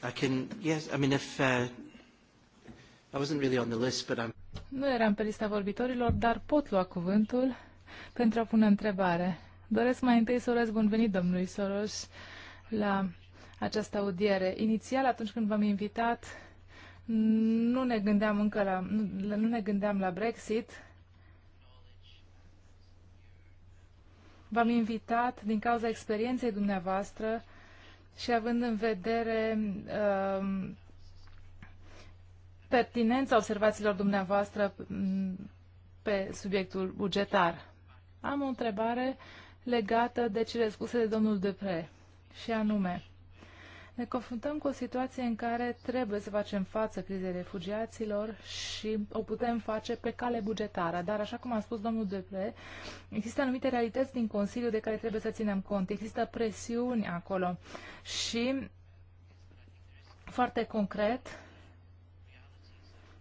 I can, yes, I mean, if, uh, I wasn't really on the list, but I'm... Nu eram pe lista vorbitorilor, dar pot lua cuvântul pentru a pune întrebare. Doresc mai întâi să urez bun venit domnului Soros la această audiere. Inițial, atunci când v-am invitat, nu ne gândeam încă la, nu, ne gândeam la Brexit. V-am invitat din cauza experienței dumneavoastră și având în vedere uh, pertinența observațiilor dumneavoastră pe subiectul bugetar. Am o întrebare legată de cele spuse de domnul Depre, și anume, ne confruntăm cu o situație în care trebuie să facem față crizei refugiaților și o putem face pe cale bugetară. Dar, așa cum a spus domnul Depre, există anumite realități din Consiliu de care trebuie să ținem cont. Există presiuni acolo și, foarte concret,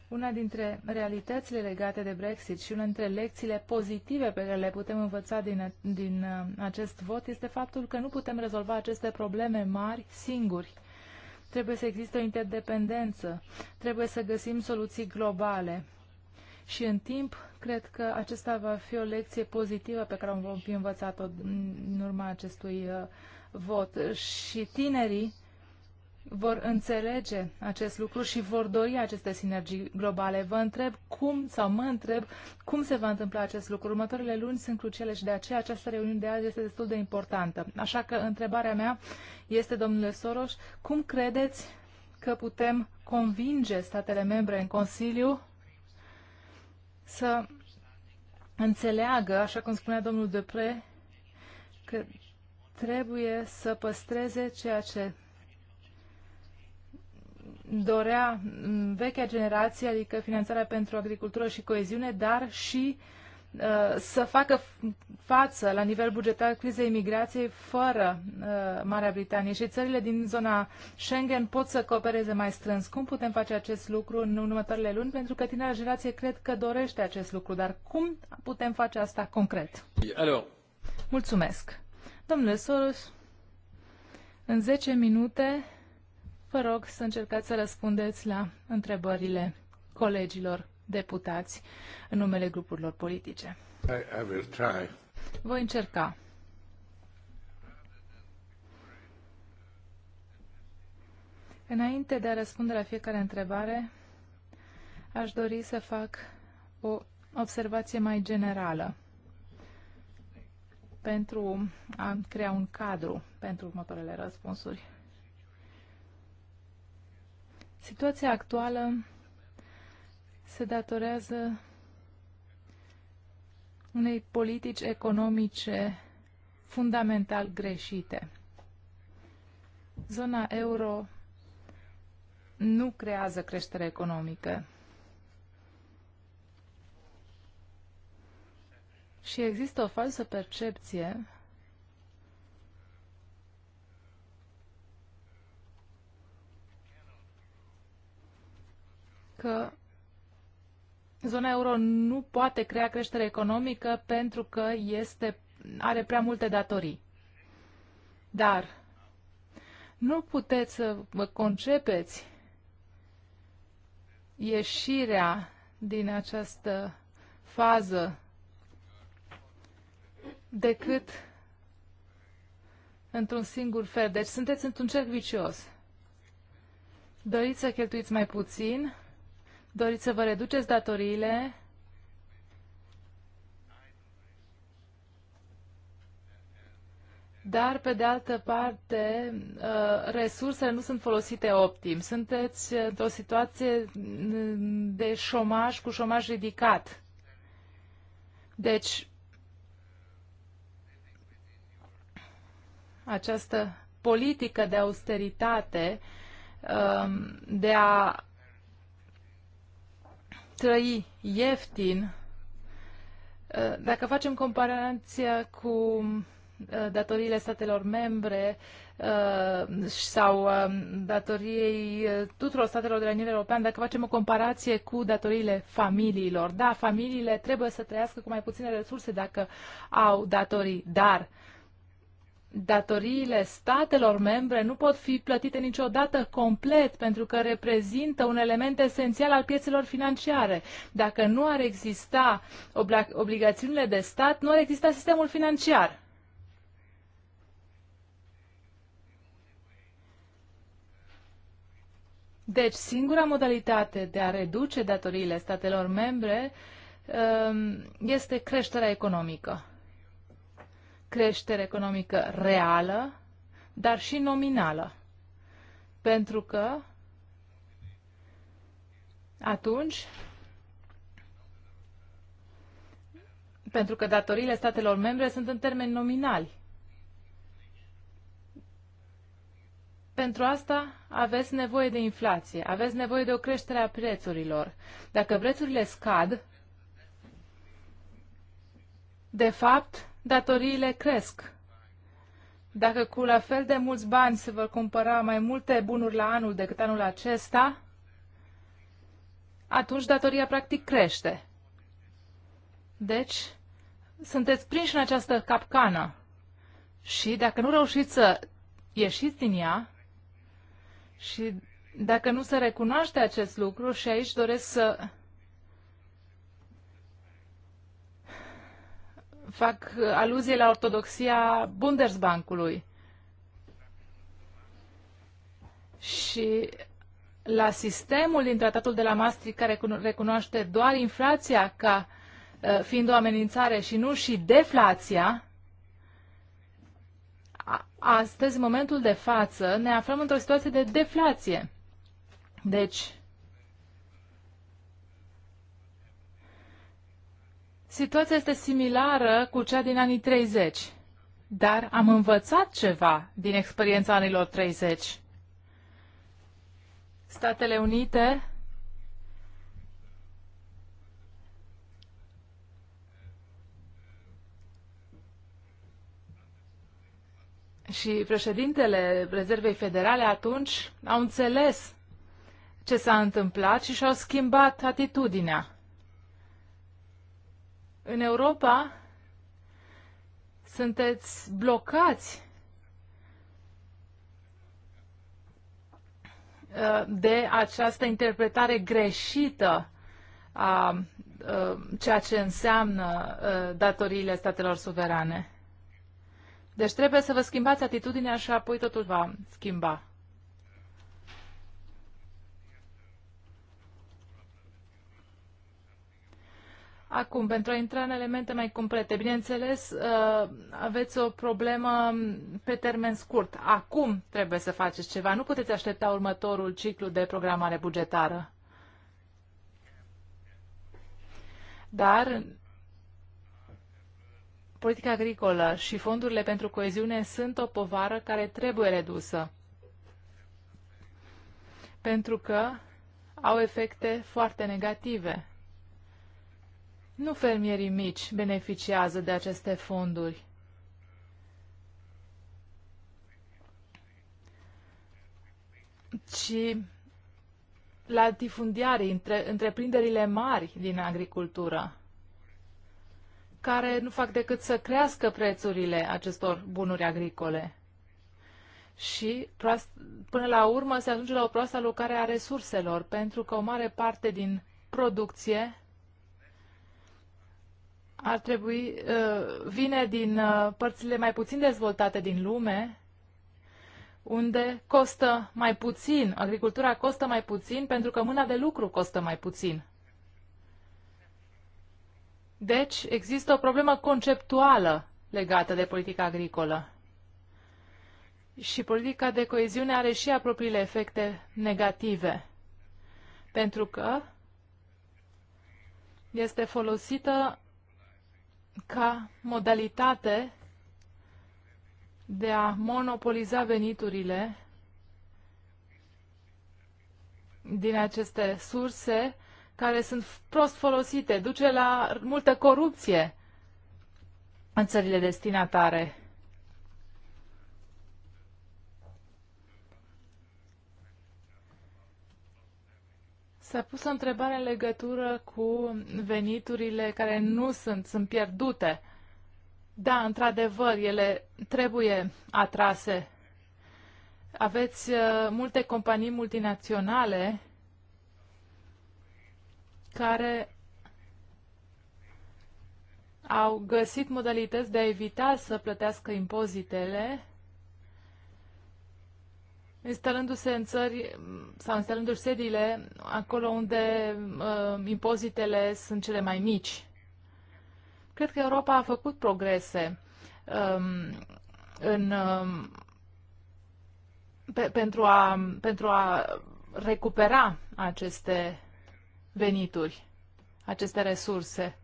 una dintre realitățile legate de Brexit și una dintre lecțiile pozitive pe care le putem învăța din, din uh, acest vot este faptul că nu putem rezolva aceste probleme mari singuri. Trebuie să existe o interdependență, trebuie să găsim soluții globale. Și în timp, cred că acesta va fi o lecție pozitivă pe care am vom fi învățat-o în urma acestui uh, vot. Și tinerii vor înțelege acest lucru și vor dori aceste sinergii globale. Vă întreb cum, sau mă întreb cum se va întâmpla acest lucru. Următoarele luni sunt cruciale și de aceea această reuniune de azi este destul de importantă. Așa că întrebarea mea este, domnule Soros, cum credeți că putem convinge statele membre în Consiliu să înțeleagă, așa cum spunea domnul Depre, că trebuie să păstreze ceea ce dorea mm, vechea generație, adică finanțarea pentru agricultură și coeziune, dar și uh, să facă față la nivel bugetar crizei migrației fără uh, Marea Britanie și țările din zona Schengen pot să coopereze mai strâns. Cum putem face acest lucru în următoarele luni? Pentru că tinerea generație cred că dorește acest lucru, dar cum putem face asta concret? Alo. Mulțumesc. Domnule Soros, în 10 minute Vă rog să încercați să răspundeți la întrebările colegilor deputați în numele grupurilor politice. I, I will try. Voi încerca. Înainte de a răspunde la fiecare întrebare, aș dori să fac o observație mai generală pentru a crea un cadru pentru următoarele răspunsuri. Situația actuală se datorează unei politici economice fundamental greșite. Zona euro nu creează creștere economică. Și există o falsă percepție că zona euro nu poate crea creștere economică pentru că este, are prea multe datorii. Dar nu puteți să vă concepeți ieșirea din această fază decât într-un singur fel. Deci sunteți într-un cerc vicios. Doriți să cheltuiți mai puțin, Doriți să vă reduceți datoriile? Dar, pe de altă parte, uh, resursele nu sunt folosite optim. Sunteți într-o situație mm, de șomaj cu șomaj ridicat. Deci, această politică de austeritate, um, de a trăi ieftin, uh, dacă facem comparația cu uh, datoriile statelor membre uh, sau um, datoriei tuturor statelor de la nivel european, dacă facem o comparație cu datoriile familiilor. Da, familiile trebuie să trăiască cu mai puține resurse dacă au datorii, dar datoriile statelor membre nu pot fi plătite niciodată complet pentru că reprezintă un element esențial al piețelor financiare. Dacă nu ar exista obligațiunile de stat, nu ar exista sistemul financiar. Deci, singura modalitate de a reduce datoriile statelor membre um, este creșterea economică creștere economică reală, dar și nominală. Pentru că atunci, pentru că datoriile statelor membre sunt în termeni nominali. Pentru asta aveți nevoie de inflație, aveți nevoie de o creștere a prețurilor. Dacă prețurile scad, de fapt, datoriile cresc. Dacă cu la fel de mulți bani se vor cumpăra mai multe bunuri la anul decât anul acesta, atunci datoria practic crește. Deci, sunteți prinși în această capcană și dacă nu reușiți să ieșiți din ea și dacă nu se recunoaște acest lucru și aici doresc să fac aluzie la ortodoxia Bundesbankului și la sistemul din tratatul de la Maastricht care recunoaște doar inflația ca uh, fiind o amenințare și nu și deflația, astăzi, în momentul de față, ne aflăm într-o situație de deflație. Deci, Situația este similară cu cea din anii 30, dar am învățat ceva din experiența anilor 30. Statele Unite și președintele Rezervei Federale atunci au înțeles ce s-a întâmplat și și-au schimbat atitudinea. În Europa sunteți blocați uh, de această interpretare greșită a uh, ceea ce înseamnă uh, datoriile statelor suverane. Deci trebuie să vă schimbați atitudinea și apoi totul va schimba. Acum, pentru a intra în elemente mai complete, bineînțeles, uh, aveți o problemă pe termen scurt. Acum trebuie să faceți ceva. Nu puteți aștepta următorul ciclu de programare bugetară. Dar politica agricolă și fondurile pentru coeziune sunt o povară care trebuie redusă. Pentru că au efecte foarte negative nu fermierii mici beneficiază de aceste fonduri. Ci la latifundiarii, între, întreprinderile mari din agricultură, care nu fac decât să crească prețurile acestor bunuri agricole. Și până la urmă se ajunge la o proastă alocare a resurselor, pentru că o mare parte din producție ar trebui, uh, vine din uh, părțile mai puțin dezvoltate din lume, unde costă mai puțin, agricultura costă mai puțin pentru că mâna de lucru costă mai puțin. Deci există o problemă conceptuală legată de politica agricolă. Și politica de coeziune are și apropiile efecte negative, pentru că este folosită ca modalitate de a monopoliza veniturile din aceste surse care sunt prost folosite, duce la multă corupție în țările destinatare. S-a pus o întrebare în legătură cu veniturile care nu sunt, sunt pierdute. Da, într-adevăr, ele trebuie atrase. Aveți uh, multe companii multinaționale care au găsit modalități de a evita să plătească impozitele instalându-se în țări sau instalându-și sediile acolo unde uh, impozitele sunt cele mai mici. Cred că Europa a făcut progrese um, în, um, pe, pentru, a, pentru a recupera aceste venituri, aceste resurse.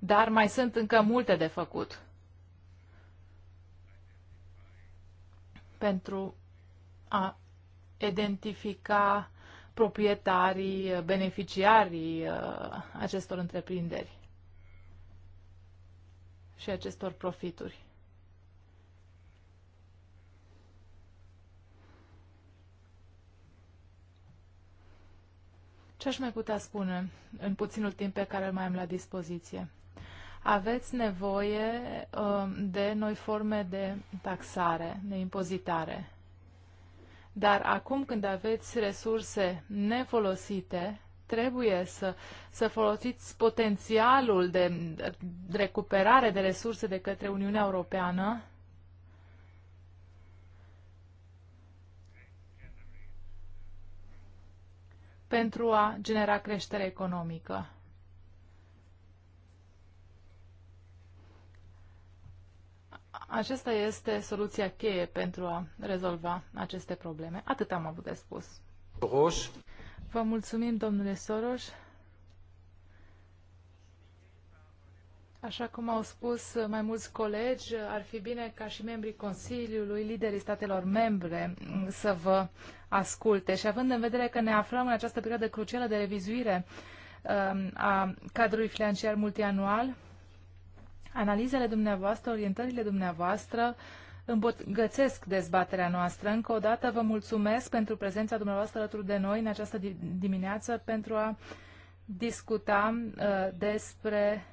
Dar mai sunt încă multe de făcut pentru a identifica proprietarii, beneficiarii uh, acestor întreprinderi și acestor profituri. Ce aș mai putea spune în puținul timp pe care îl mai am la dispoziție? Aveți nevoie uh, de noi forme de taxare, de impozitare. Dar acum când aveți resurse nefolosite, trebuie să, să folosiți potențialul de recuperare de resurse de către Uniunea Europeană pentru a genera creștere economică. Aceasta este soluția cheie pentru a rezolva aceste probleme. Atât am avut de spus. Roș. Vă mulțumim, domnule Soros. Așa cum au spus mai mulți colegi, ar fi bine ca și membrii Consiliului, liderii statelor membre să vă asculte. Și având în vedere că ne aflăm în această perioadă crucială de revizuire um, a cadrului financiar multianual, Analizele dumneavoastră, orientările dumneavoastră îmbogățesc dezbaterea noastră. Încă o dată vă mulțumesc pentru prezența dumneavoastră alături de noi în această dimineață pentru a discuta uh, despre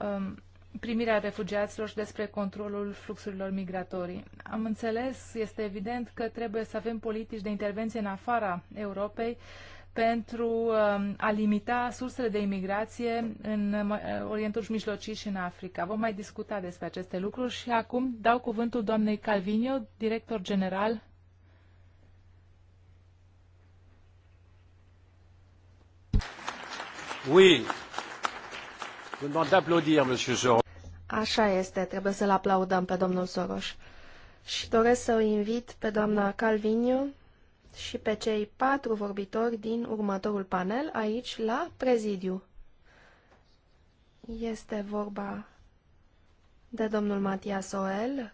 um, primirea refugiaților și despre controlul fluxurilor migratorii. Am înțeles, este evident că trebuie să avem politici de intervenție în afara Europei uh, pentru um, a limita sursele de imigrație în uh, Orientul Mijlocii și în Africa. Vom mai discuta despre aceste lucruri și acum dau cuvântul doamnei Calvinio, director general Oui. Așa este, trebuie să-l aplaudăm pe domnul Soros. Și doresc să o invit pe doamna Calviniu și pe cei patru vorbitori din următorul panel aici la prezidiu. Este vorba de domnul Matias Oel,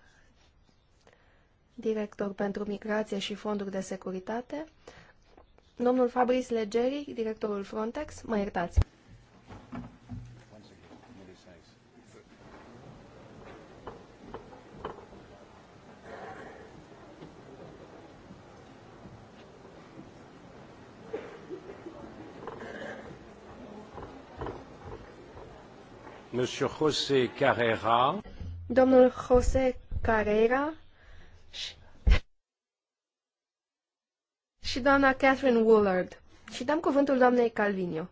director pentru migrație și fonduri de securitate, domnul Fabrice Legeri, directorul Frontex, mă iertați, Monsieur José Carrera. Domnul José Carrera și, și doamna Catherine Woolard. Și dăm cuvântul doamnei Calvinio.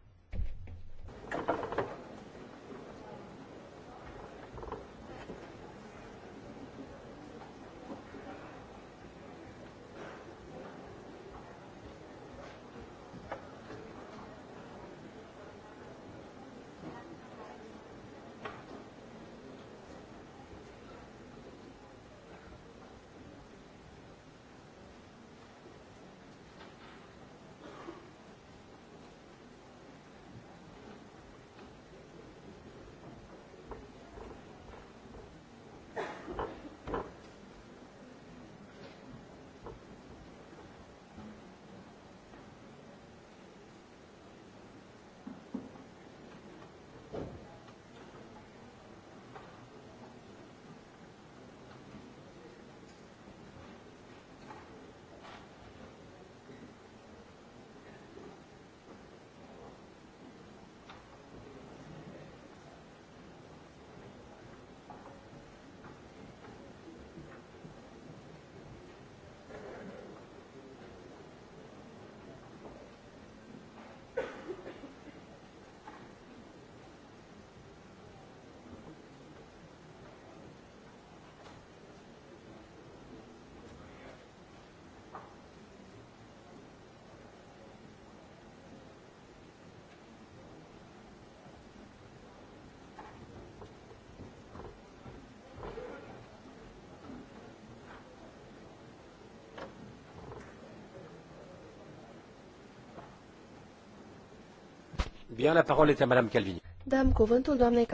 Bien, la parole est à Madame Calvini. Dăm cuvântul doamnei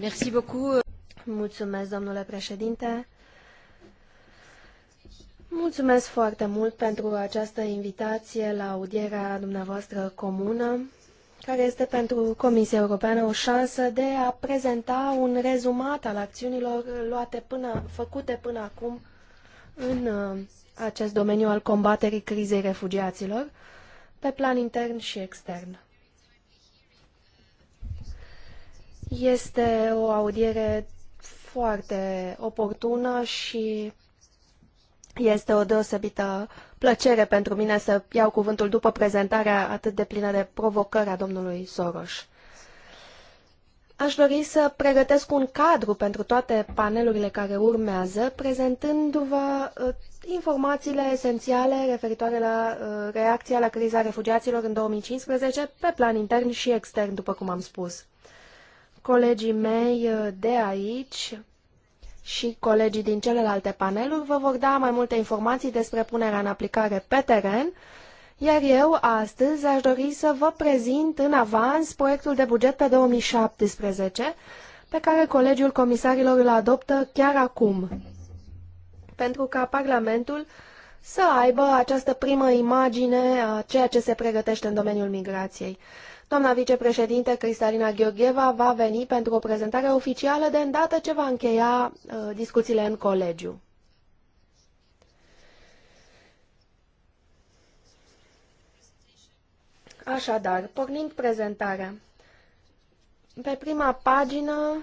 Merci beaucoup. Mulțumesc, domnule președinte. Mulțumesc foarte mult pentru această invitație la audierea dumneavoastră comună, care este pentru Comisia Europeană o șansă de a prezenta un rezumat al acțiunilor luate până, făcute până acum în uh, acest domeniu al combaterii crizei refugiaților, pe plan intern și extern. Este o audiere foarte oportună și este o deosebită plăcere pentru mine să iau cuvântul după prezentarea atât de plină de provocări a domnului Soros. Aș dori să pregătesc un cadru pentru toate panelurile care urmează, prezentându-vă uh, informațiile esențiale referitoare la uh, reacția la criza refugiaților în 2015, pe plan intern și extern, după cum am spus. Colegii mei uh, de aici și colegii din celelalte paneluri vă vor da mai multe informații despre punerea în aplicare pe teren, iar eu astăzi aș dori să vă prezint în avans proiectul de buget pe 2017, pe care Colegiul Comisarilor îl adoptă chiar acum, pentru ca Parlamentul să aibă această primă imagine a ceea ce se pregătește în domeniul migrației. Doamna vicepreședinte Cristalina Gheorgheva va veni pentru o prezentare oficială de îndată ce va încheia uh, discuțiile în colegiu. Așadar, pornind prezentarea, pe prima pagină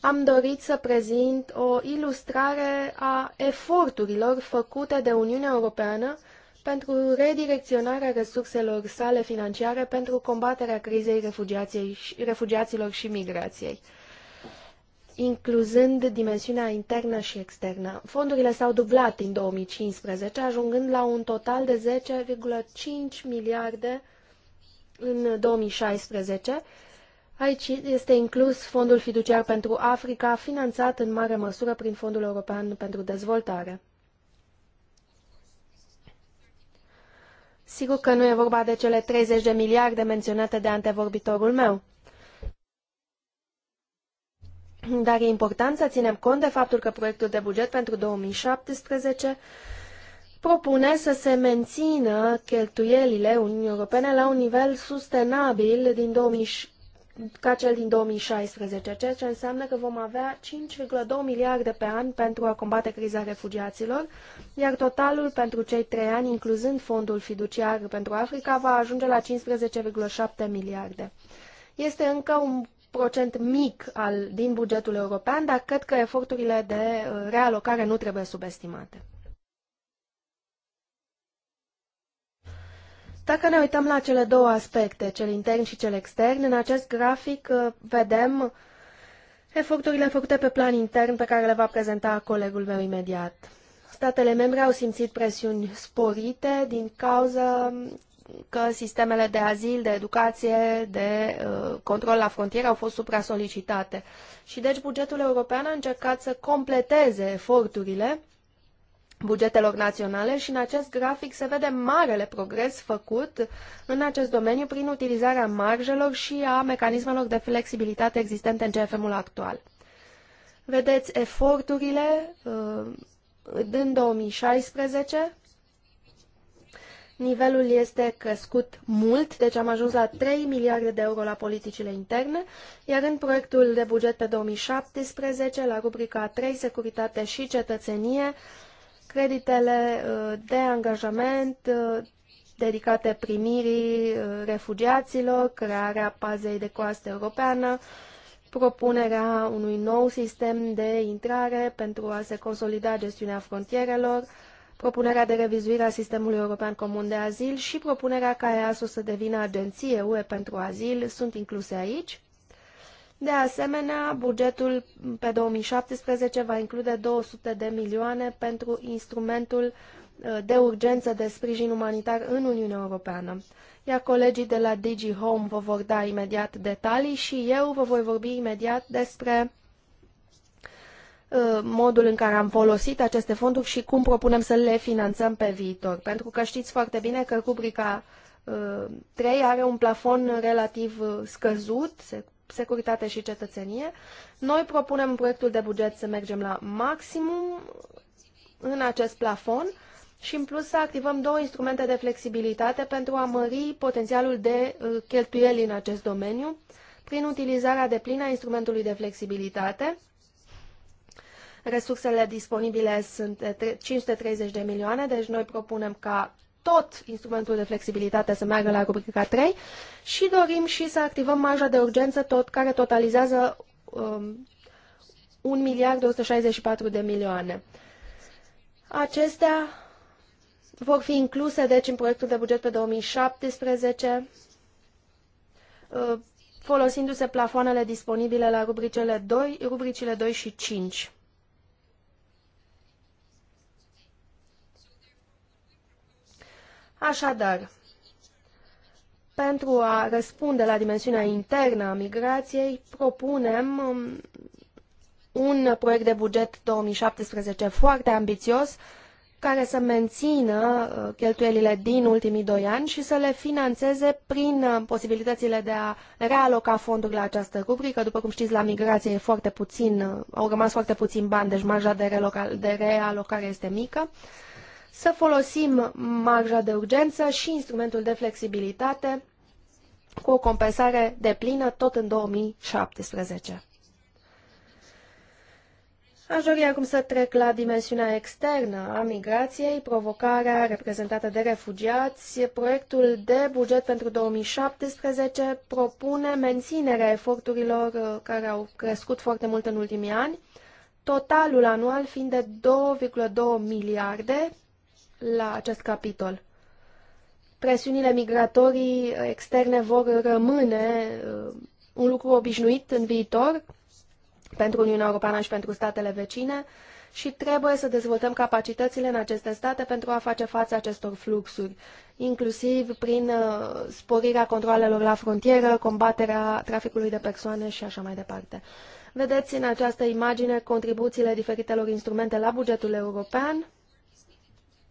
am dorit să prezint o ilustrare a eforturilor făcute de Uniunea Europeană pentru redirecționarea resurselor sale financiare pentru combaterea crizei refugiaților și migrației, incluzând dimensiunea internă și externă. Fondurile s-au dublat din 2015, ajungând la un total de 10,5 miliarde în 2016. Aici este inclus Fondul Fiduciar pentru Africa, finanțat în mare măsură prin Fondul European pentru Dezvoltare. Sigur că nu e vorba de cele 30 de miliarde menționate de antevorbitorul meu. Dar e important să ținem cont de faptul că proiectul de buget pentru 2017 propune să se mențină cheltuielile Uniunii Europene la un nivel sustenabil din 2000, ca cel din 2016, ceea ce înseamnă că vom avea 5,2 miliarde pe an pentru a combate criza refugiaților, iar totalul pentru cei trei ani, incluzând fondul fiduciar pentru Africa, va ajunge la 15,7 miliarde. Este încă un procent mic al, din bugetul european, dar cred că eforturile de uh, realocare nu trebuie subestimate. Dacă ne uităm la cele două aspecte, cel intern și cel extern, în acest grafic uh, vedem eforturile făcute pe plan intern pe care le va prezenta colegul meu imediat. Statele membre au simțit presiuni sporite din cauza um, că sistemele de azil, de educație, de uh, control la frontieră au fost supra-solicitate. Și deci bugetul european a încercat să completeze eforturile bugetelor naționale și în acest grafic se vede marele progres făcut în acest domeniu prin utilizarea marjelor și a mecanismelor de flexibilitate existente în CFM-ul actual. Vedeți eforturile uh, din 2016. Nivelul este crescut mult, deci am ajuns la 3 miliarde de euro la politicile interne, iar în proiectul de buget pe 2017, la rubrica 3, securitate și cetățenie, creditele uh, de angajament uh, dedicate primirii uh, refugiaților, crearea pazei de coastă europeană, propunerea unui nou sistem de intrare pentru a se consolida gestiunea frontierelor, propunerea de revizuire a sistemului european comun de azil și propunerea ca EASO să devină agenție UE pentru azil sunt incluse aici. De asemenea, bugetul pe 2017 va include 200 de milioane pentru instrumentul uh, de urgență de sprijin umanitar în Uniunea Europeană. Iar colegii de la Digi Home vă vor da imediat detalii și eu vă voi vorbi imediat despre uh, modul în care am folosit aceste fonduri și cum propunem să le finanțăm pe viitor. Pentru că știți foarte bine că rubrica 3 uh, are un plafon relativ scăzut, se securitate și cetățenie. Noi propunem în proiectul de buget să mergem la maximum în acest plafon și în plus să activăm două instrumente de flexibilitate pentru a mări potențialul de uh, cheltuieli în acest domeniu prin utilizarea de plină a instrumentului de flexibilitate. Resursele disponibile sunt 530 uh, de milioane, deci noi propunem ca tot instrumentul de flexibilitate să meargă la rubrica 3 și dorim și să activăm marja de urgență tot, care totalizează um, 1 miliard 164 de milioane. Acestea vor fi incluse, deci, în proiectul de buget pe 2017, uh, folosindu-se plafoanele disponibile la rubricele 2, rubricile 2 și 5. Așadar, pentru a răspunde la dimensiunea internă a migrației, propunem um, un proiect de buget 2017 foarte ambițios, care să mențină uh, cheltuielile din ultimii doi ani și să le financeze prin uh, posibilitățile de a realoca fonduri la această rubrică. După cum știți, la migrație e foarte puțin, uh, au rămas foarte puțin bani, deci marja de, de realocare este mică să folosim marja de urgență și instrumentul de flexibilitate cu o compensare deplină tot în 2017. Aș dori acum să trec la dimensiunea externă a migrației, provocarea reprezentată de refugiați. Proiectul de buget pentru 2017 propune menținerea eforturilor uh, care au crescut foarte mult în ultimii ani, totalul anual fiind de 2,2 miliarde la acest capitol. Presiunile migratorii externe vor rămâne uh, un lucru obișnuit în viitor pentru Uniunea Europeană și pentru statele vecine și trebuie să dezvoltăm capacitățile în aceste state pentru a face față acestor fluxuri, inclusiv prin uh, sporirea controalelor la frontieră, combaterea traficului de persoane și așa mai departe. Vedeți în această imagine contribuțiile diferitelor instrumente la bugetul european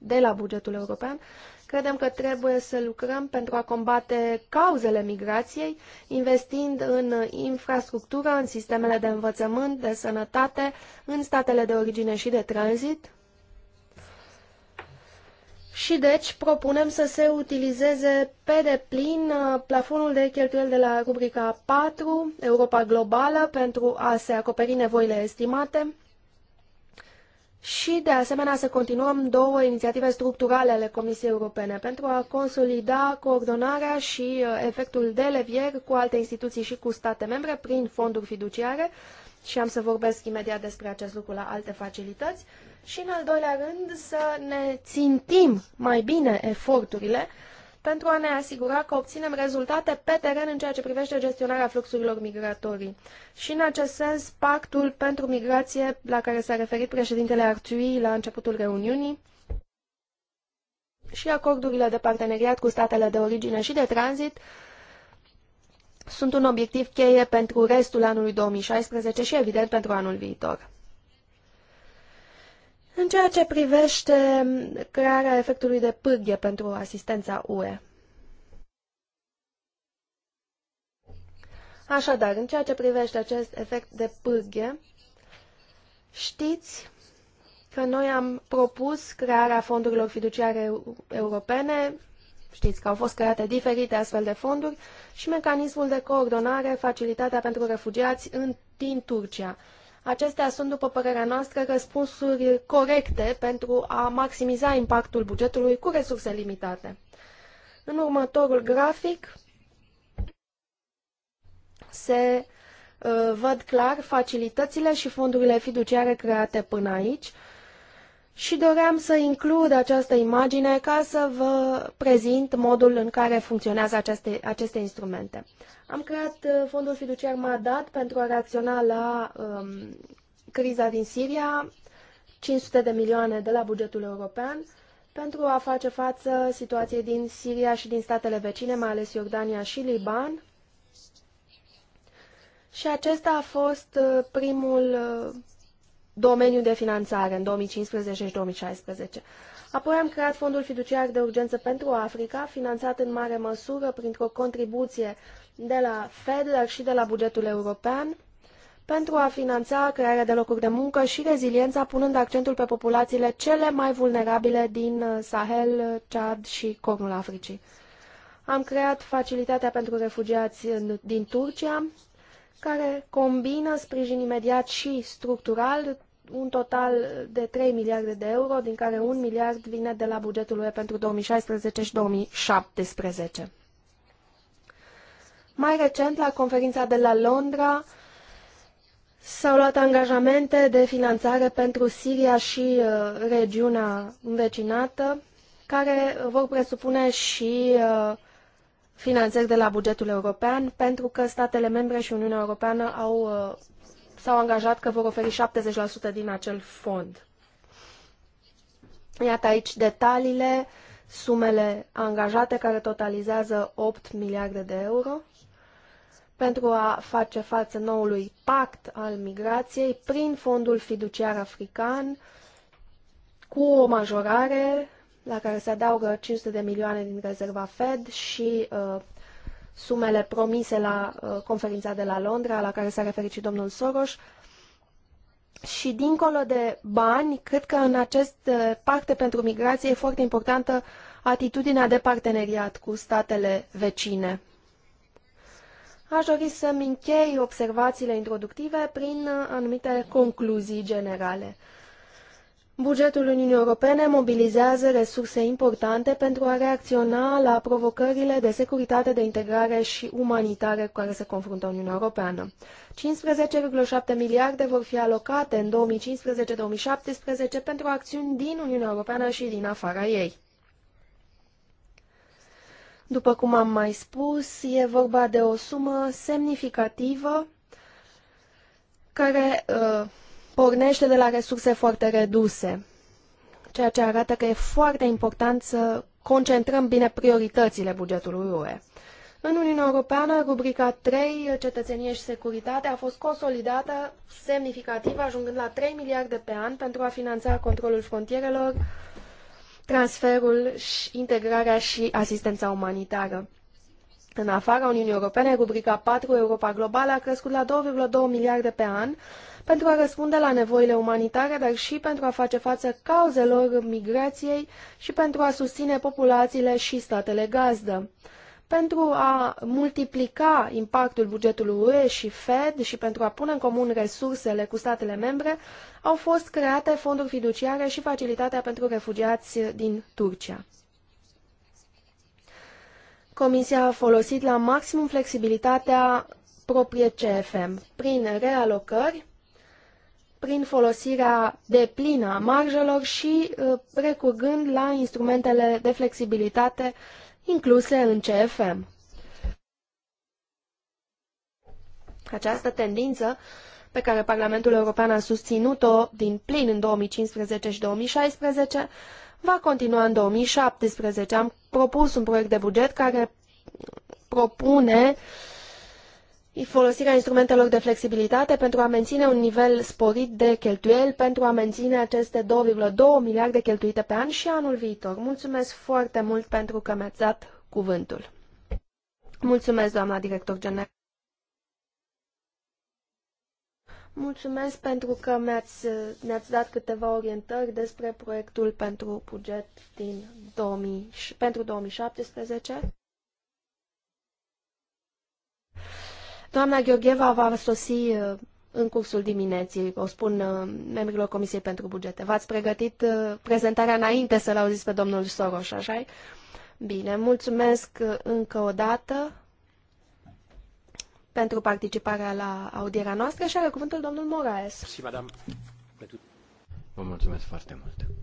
de la bugetul european, credem că trebuie să lucrăm pentru a combate cauzele migrației, investind în infrastructură, în sistemele de învățământ, de sănătate, în statele de origine și de tranzit. Și deci propunem să se utilizeze pe deplin uh, plafonul de cheltuieli de la rubrica 4, Europa Globală, pentru a se acoperi nevoile estimate, și, de asemenea, să continuăm două inițiative structurale ale Comisiei Europene pentru a consolida coordonarea și uh, efectul de levier cu alte instituții și cu state membre prin fonduri fiduciare și am să vorbesc imediat despre acest lucru la alte facilități și, în al doilea rând, să ne țintim mai bine eforturile uh, pentru a ne asigura că obținem rezultate pe teren în ceea ce privește gestionarea fluxurilor migratorii. Și în acest sens, pactul pentru migrație la care s-a referit președintele Arțui la începutul reuniunii și acordurile de parteneriat cu statele de origine și de tranzit sunt un obiectiv cheie pentru restul anului 2016 și, evident, pentru anul viitor în ceea ce privește crearea efectului de pârghie pentru asistența UE. Așadar, în ceea ce privește acest efect de pârghie, știți că noi am propus crearea fondurilor fiduciare europene, știți că au fost create diferite astfel de fonduri, și mecanismul de coordonare, facilitatea pentru refugiați în, din Turcia. Acestea sunt, după părerea noastră, răspunsuri corecte pentru a maximiza impactul bugetului cu resurse limitate. În următorul grafic se uh, văd clar facilitățile și fondurile fiduciare create până aici, și doream să includ această imagine ca să vă prezint modul în care funcționează aceste, aceste instrumente. Am creat uh, fondul fiduciar Madat pentru a reacționa la um, criza din Siria, 500 de milioane de la bugetul european, pentru a face față situației din Siria și din statele vecine, mai ales Iordania și Liban. Și acesta a fost uh, primul uh, domeniu de finanțare în 2015 și 2016. Apoi am creat Fondul Fiduciar de Urgență pentru Africa, finanțat în mare măsură printr-o contribuție de la Fed, dar și de la bugetul european, pentru a finanța crearea de locuri de muncă și reziliența, punând accentul pe populațiile cele mai vulnerabile din uh, Sahel, Chad și Cornul Africii. Am creat Facilitatea pentru Refugiați din Turcia, care combină sprijin imediat și structural un total de 3 miliarde de euro, din care 1 miliard vine de la bugetul UE pentru 2016 și 2017. Mai recent, la conferința de la Londra, s-au luat angajamente de finanțare pentru Siria și uh, regiunea învecinată, care vor presupune și uh, finanțări de la bugetul european, pentru că statele membre și Uniunea Europeană au uh, s-au angajat că vor oferi 70% din acel fond. Iată aici detaliile, sumele angajate care totalizează 8 miliarde de euro pentru a face față noului pact al migrației prin fondul fiduciar african cu o majorare la care se adaugă 500 de milioane din rezerva Fed și uh, sumele promise la uh, conferința de la Londra, la care s-a referit și domnul Soros. Și dincolo de bani, cred că în această uh, parte pentru migrație e foarte importantă atitudinea de parteneriat cu statele vecine. Aș dori să-mi închei observațiile introductive prin uh, anumite concluzii generale. Bugetul Uniunii Europene mobilizează resurse importante pentru a reacționa la provocările de securitate, de integrare și umanitare cu care se confruntă Uniunea Europeană. 15,7 miliarde vor fi alocate în 2015-2017 pentru acțiuni din Uniunea Europeană și din afara ei. După cum am mai spus, e vorba de o sumă semnificativă care uh, pornește de la resurse foarte reduse, ceea ce arată că e foarte important să concentrăm bine prioritățile bugetului UE. În Uniunea Europeană, rubrica 3, cetățenie și securitate, a fost consolidată semnificativ, ajungând la 3 miliarde pe an pentru a finanța controlul frontierelor, transferul, integrarea și asistența umanitară. În afara Uniunii Europene, rubrica 4, Europa Globală, a crescut la 2,2 miliarde pe an, pentru a răspunde la nevoile umanitare, dar și pentru a face față cauzelor migrației și pentru a susține populațiile și statele gazdă. Pentru a multiplica impactul bugetului UE și Fed și pentru a pune în comun resursele cu statele membre, au fost create fonduri fiduciare și facilitatea pentru refugiați din Turcia. Comisia a folosit la maximum flexibilitatea proprie CFM prin realocări prin folosirea deplină a marjelor și uh, recurgând la instrumentele de flexibilitate incluse în CFM. Această tendință pe care Parlamentul European a susținut-o din plin în 2015 și 2016, va continua în 2017. Am propus un proiect de buget care propune uh, folosirea instrumentelor de flexibilitate pentru a menține un nivel sporit de cheltuieli, pentru a menține aceste 2,2 miliarde cheltuite pe an și anul viitor. Mulțumesc foarte mult pentru că mi-ați dat cuvântul. Mulțumesc, doamna director general. Mulțumesc pentru că mi-ați, ați dat câteva orientări despre proiectul pentru buget din 2000, pentru 2017. Doamna Gheorgheva va sosi uh, în cursul dimineții, o spun uh, membrilor Comisiei pentru Bugete. V-ați pregătit uh, prezentarea înainte să-l auziți pe domnul Soros, așa Bine, mulțumesc încă o dată pentru participarea la audierea noastră și are cuvântul domnul Moraes. Vă mulțumesc foarte mult.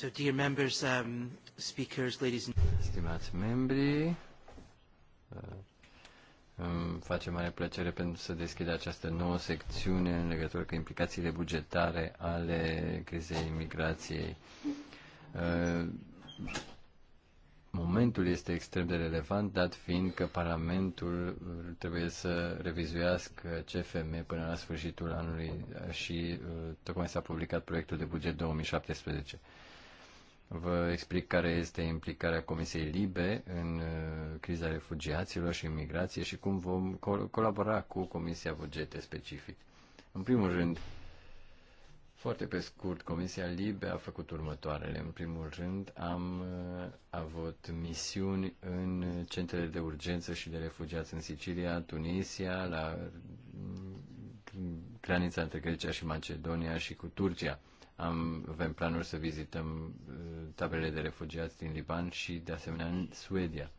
So, dear members, um, speakers, ladies and... Stimați membri, uh, îmi face mare plăcere pentru să deschid această nouă secțiune în legătură cu implicațiile bugetare ale crizei migrației. Uh, momentul este extrem de relevant, dat fiind că Parlamentul trebuie să revizuiască CFM până la sfârșitul anului și uh, tocmai s-a publicat proiectul de buget 2017. Vă explic care este implicarea Comisiei Libe în uh, criza refugiaților și imigrație și cum vom colabora cu Comisia Bugete specific. În primul rând, foarte pe scurt, Comisia Libe a făcut următoarele. În primul rând, am uh, avut misiuni în centrele de urgență și de refugiați în Sicilia, Tunisia, la mm, granița între Grecia și Macedonia și cu Turcia. Am, avem planul să vizităm uh, taberele de refugiați din Liban și, de asemenea, în Suedia.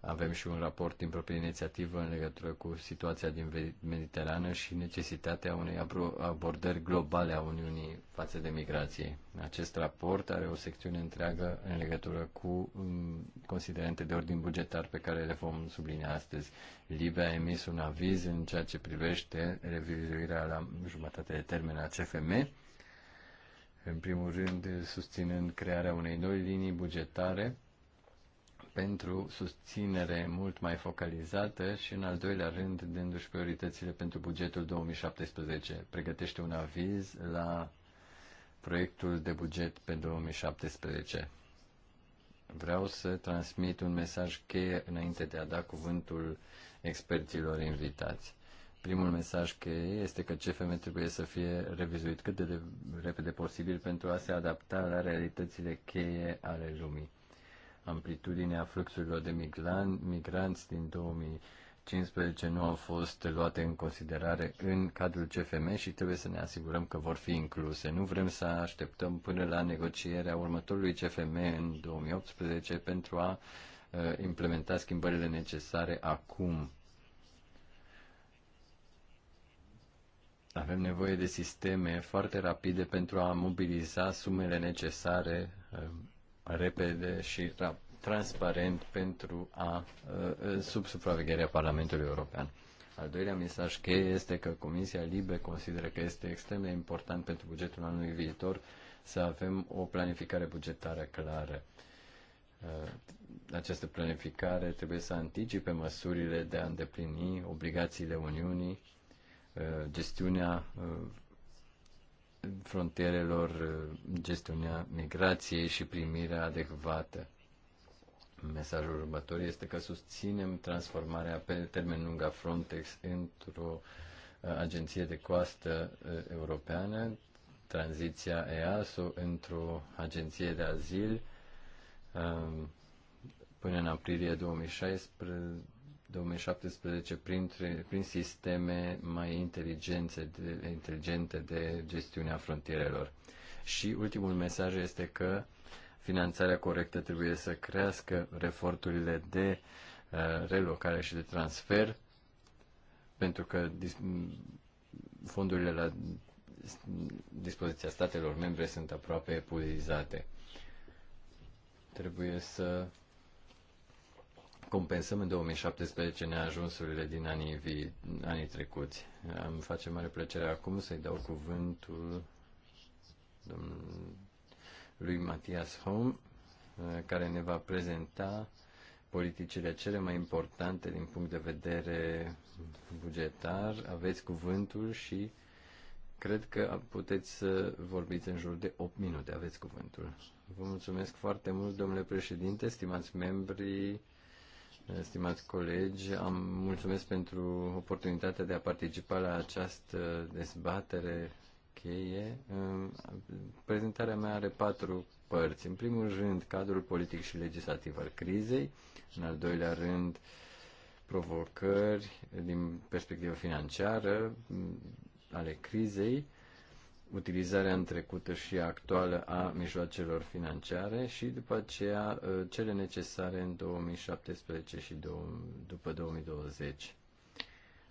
Avem și un raport din proprie inițiativă în legătură cu situația din Mediterană și necesitatea unei abordări globale a Uniunii față de migrație. Acest raport are o secțiune întreagă în legătură cu um, considerente de ordin bugetar pe care le vom sublinia astăzi. Libia a emis un aviz în ceea ce privește revizuirea la jumătate de termen a CFM în primul rând, susținând crearea unei noi linii bugetare pentru susținere mult mai focalizată și, în al doilea rând, dându-și prioritățile pentru bugetul 2017. Pregătește un aviz la proiectul de buget pe 2017. Vreau să transmit un mesaj cheie înainte de a da cuvântul experților invitați. Primul mesaj cheie este că CFM trebuie să fie revizuit cât de repede posibil pentru a se adapta la realitățile cheie ale lumii. Amplitudinea fluxurilor de migran, migranți din 2015 nu au fost luate în considerare în cadrul CFM și trebuie să ne asigurăm că vor fi incluse. Nu vrem să așteptăm până la negocierea următorului CFM în 2018 pentru a uh, implementa schimbările necesare acum Avem nevoie de sisteme foarte rapide pentru a mobiliza sumele necesare eh, repede și transparent pentru a eh, eh, sub supravegherea Parlamentului European. Al doilea mesaj cheie este că Comisia Libe consideră că este extrem de important pentru bugetul anului viitor să avem o planificare bugetară clară. Această planificare trebuie să anticipe măsurile de a îndeplini obligațiile Uniunii Uh, gestiunea uh, frontierelor, uh, gestiunea migrației și primirea adecvată. Mesajul următor este că susținem transformarea pe termen lung a Frontex într-o agenție de coastă europeană, tranziția EASO într-o agenție de azil până în aprilie 2016 2017 prin, prin sisteme mai inteligente de, inteligente de gestiunea a frontierelor. Și ultimul mesaj este că finanțarea corectă trebuie să crească eforturile de uh, relocare și de transfer, pentru că fondurile la dispoziția statelor membre sunt aproape epuizate. Trebuie să compensăm în 2017 neajunsurile din anii, vi, anii trecuți. Îmi face mare plăcere acum să-i dau cuvântul lui Matias Holm, care ne va prezenta politicile cele mai importante din punct de vedere bugetar. Aveți cuvântul și cred că puteți să vorbiți în jur de 8 minute. Aveți cuvântul. Vă mulțumesc foarte mult, domnule președinte, stimați membrii Stimați colegi, am mulțumesc pentru oportunitatea de a participa la această dezbatere cheie. Prezentarea mea are patru părți. În primul rând, cadrul politic și legislativ al crizei. În al doilea rând, provocări din perspectivă financiară ale crizei utilizarea în trecută și actuală a mijloacelor financiare și după aceea uh, cele necesare în 2017 și după 2020.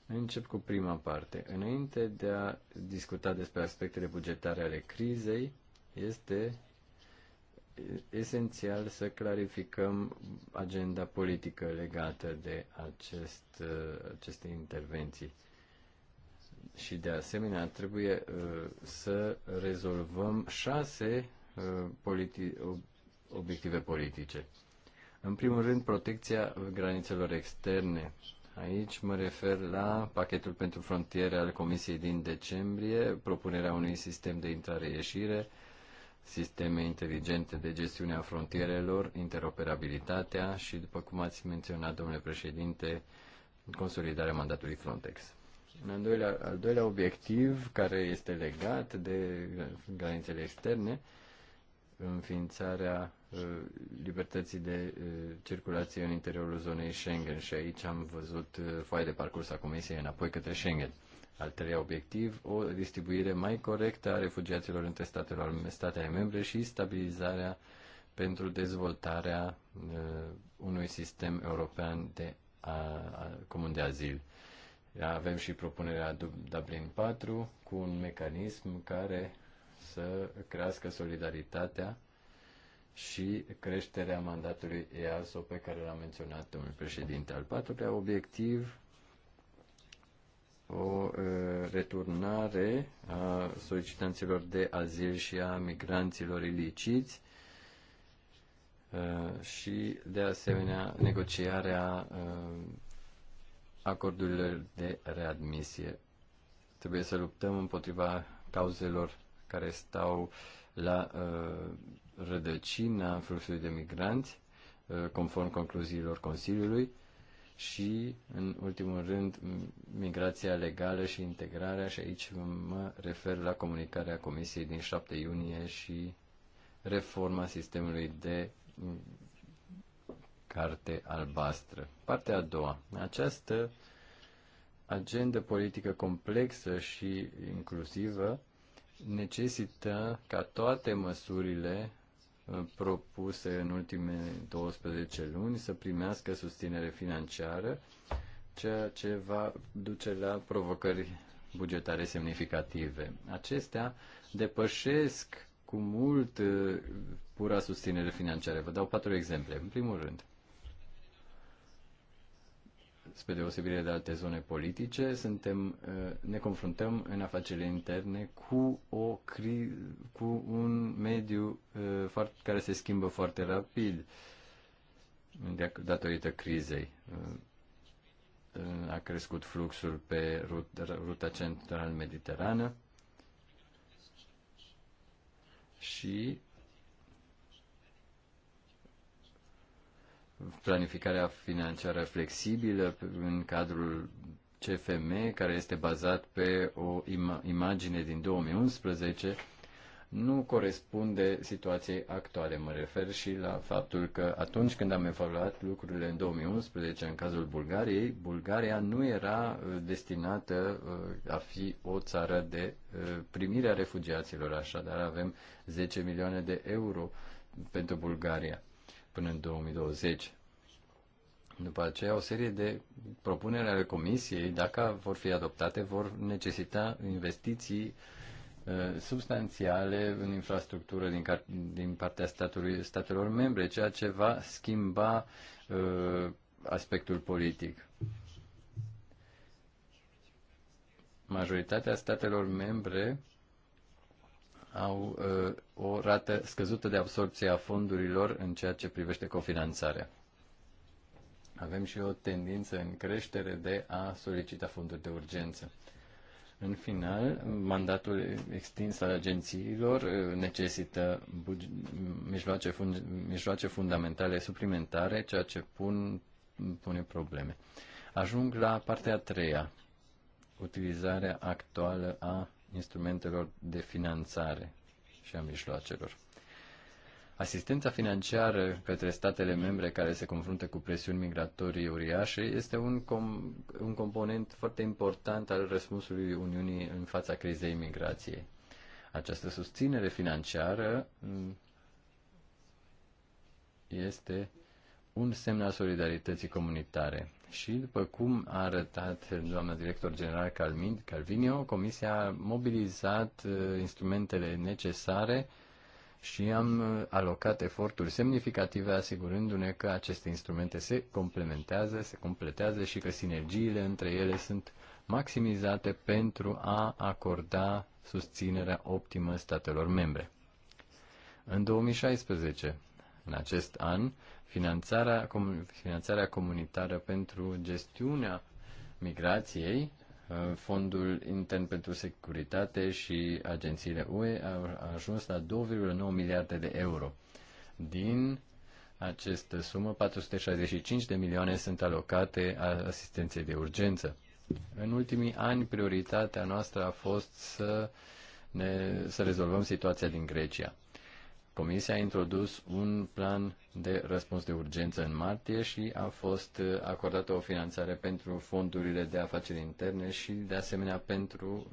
Încep cu prima parte. Înainte de a discuta despre aspectele bugetare ale crizei, este esențial să clarificăm agenda politică legată de acest, uh, aceste intervenții. Și de asemenea trebuie uh, să rezolvăm șase uh, politi- obiective politice. În primul rând, protecția granițelor externe. Aici mă refer la pachetul pentru frontiere al Comisiei din decembrie, propunerea unui sistem de intrare-ieșire, sisteme inteligente de gestiune a frontierelor, interoperabilitatea și, după cum ați menționat, domnule președinte, consolidarea mandatului Frontex. În al doilea, al doilea obiectiv, care este legat de granițele externe, înființarea uh, libertății de uh, circulație în interiorul zonei Schengen și aici am văzut uh, foaia de parcurs a Comisiei înapoi către Schengen. Al treilea obiectiv, o distribuire mai corectă a refugiaților între statelor, statele membre și stabilizarea pentru dezvoltarea uh, unui sistem european de a, a, comun de azil. Uh, avem și propunerea Dublin 4 cu un mecanism care să crească solidaritatea și creșterea mandatului EASO pe care l-a menționat domnul președinte. Al patrulea obiectiv, o returnare a solicitanților de azil și a migranților iliciți și, de asemenea, negociarea acordurile de readmisie. Trebuie să luptăm împotriva cauzelor care stau la uh, rădăcina fluxului de migranți, uh, conform concluziilor Consiliului, și, în ultimul rând, migrația legală și integrarea, și aici mă refer la comunicarea Comisiei din 7 iunie și reforma sistemului de mm, carte albastră. Partea a doua. Această agendă politică complexă și inclusivă necesită ca toate măsurile uh, propuse în ultimele 12 luni să primească susținere financiară, ceea ce va duce la provocări bugetare semnificative. Acestea depășesc cu mult uh, pura susținere financiară. Vă dau patru exemple. În primul rând, spre deosebire de alte zone politice, suntem, uh, ne confruntăm în afacerile interne cu, o cri, cu un mediu uh, care se schimbă foarte rapid datorită crizei. Uh, a crescut fluxul pe ruta central-mediterană și planificarea financiară flexibilă în cadrul CFM, care este bazat pe o imagine din 2011, nu corespunde situației actuale. Mă refer și la faptul că atunci când am evaluat lucrurile în 2011, în cazul Bulgariei, Bulgaria nu era uh, destinată uh, a fi o țară de uh, primire a refugiaților, așadar avem 10 milioane de euro pentru Bulgaria până în 2020. După aceea, o serie de propuneri ale Comisiei, dacă vor fi adoptate, vor necesita investiții uh, substanțiale în infrastructură din, din partea statului, statelor membre, ceea ce va schimba uh, aspectul politic. Majoritatea statelor membre au uh, o rată scăzută de absorpție a fondurilor în ceea ce privește cofinanțarea. Avem și o tendință în creștere de a solicita fonduri de urgență. În final, mandatul extins al agențiilor uh, necesită mijloace, fun- mijloace fundamentale suplimentare, ceea ce pun, pune probleme. Ajung la partea a treia, utilizarea actuală a instrumentelor de finanțare și a mijloacelor. Asistența financiară către statele membre care se confruntă cu presiuni migratorii uriașe este un, com- un component foarte important al răspunsului Uniunii în fața crizei migrației. Această susținere financiară mm, este un semn al solidarității comunitare. Și după cum a arătat doamna director general Calvinio, Comisia a mobilizat uh, instrumentele necesare și am uh, alocat eforturi semnificative asigurându-ne că aceste instrumente se complementează, se completează și că sinergiile între ele sunt maximizate pentru a acorda susținerea optimă statelor membre. În 2016, în acest an, Finanțarea, finanțarea comunitară pentru gestiunea migrației, uh, Fondul Intern pentru Securitate și agențiile UE au ajuns la 2,9 miliarde de euro. Din această sumă, 465 de milioane sunt alocate a asistenței de urgență. În ultimii ani, prioritatea noastră a fost să, ne, să rezolvăm situația din Grecia. Comisia a introdus un plan de răspuns de urgență în martie și a fost uh, acordată o finanțare pentru fondurile de afaceri interne și, de asemenea, pentru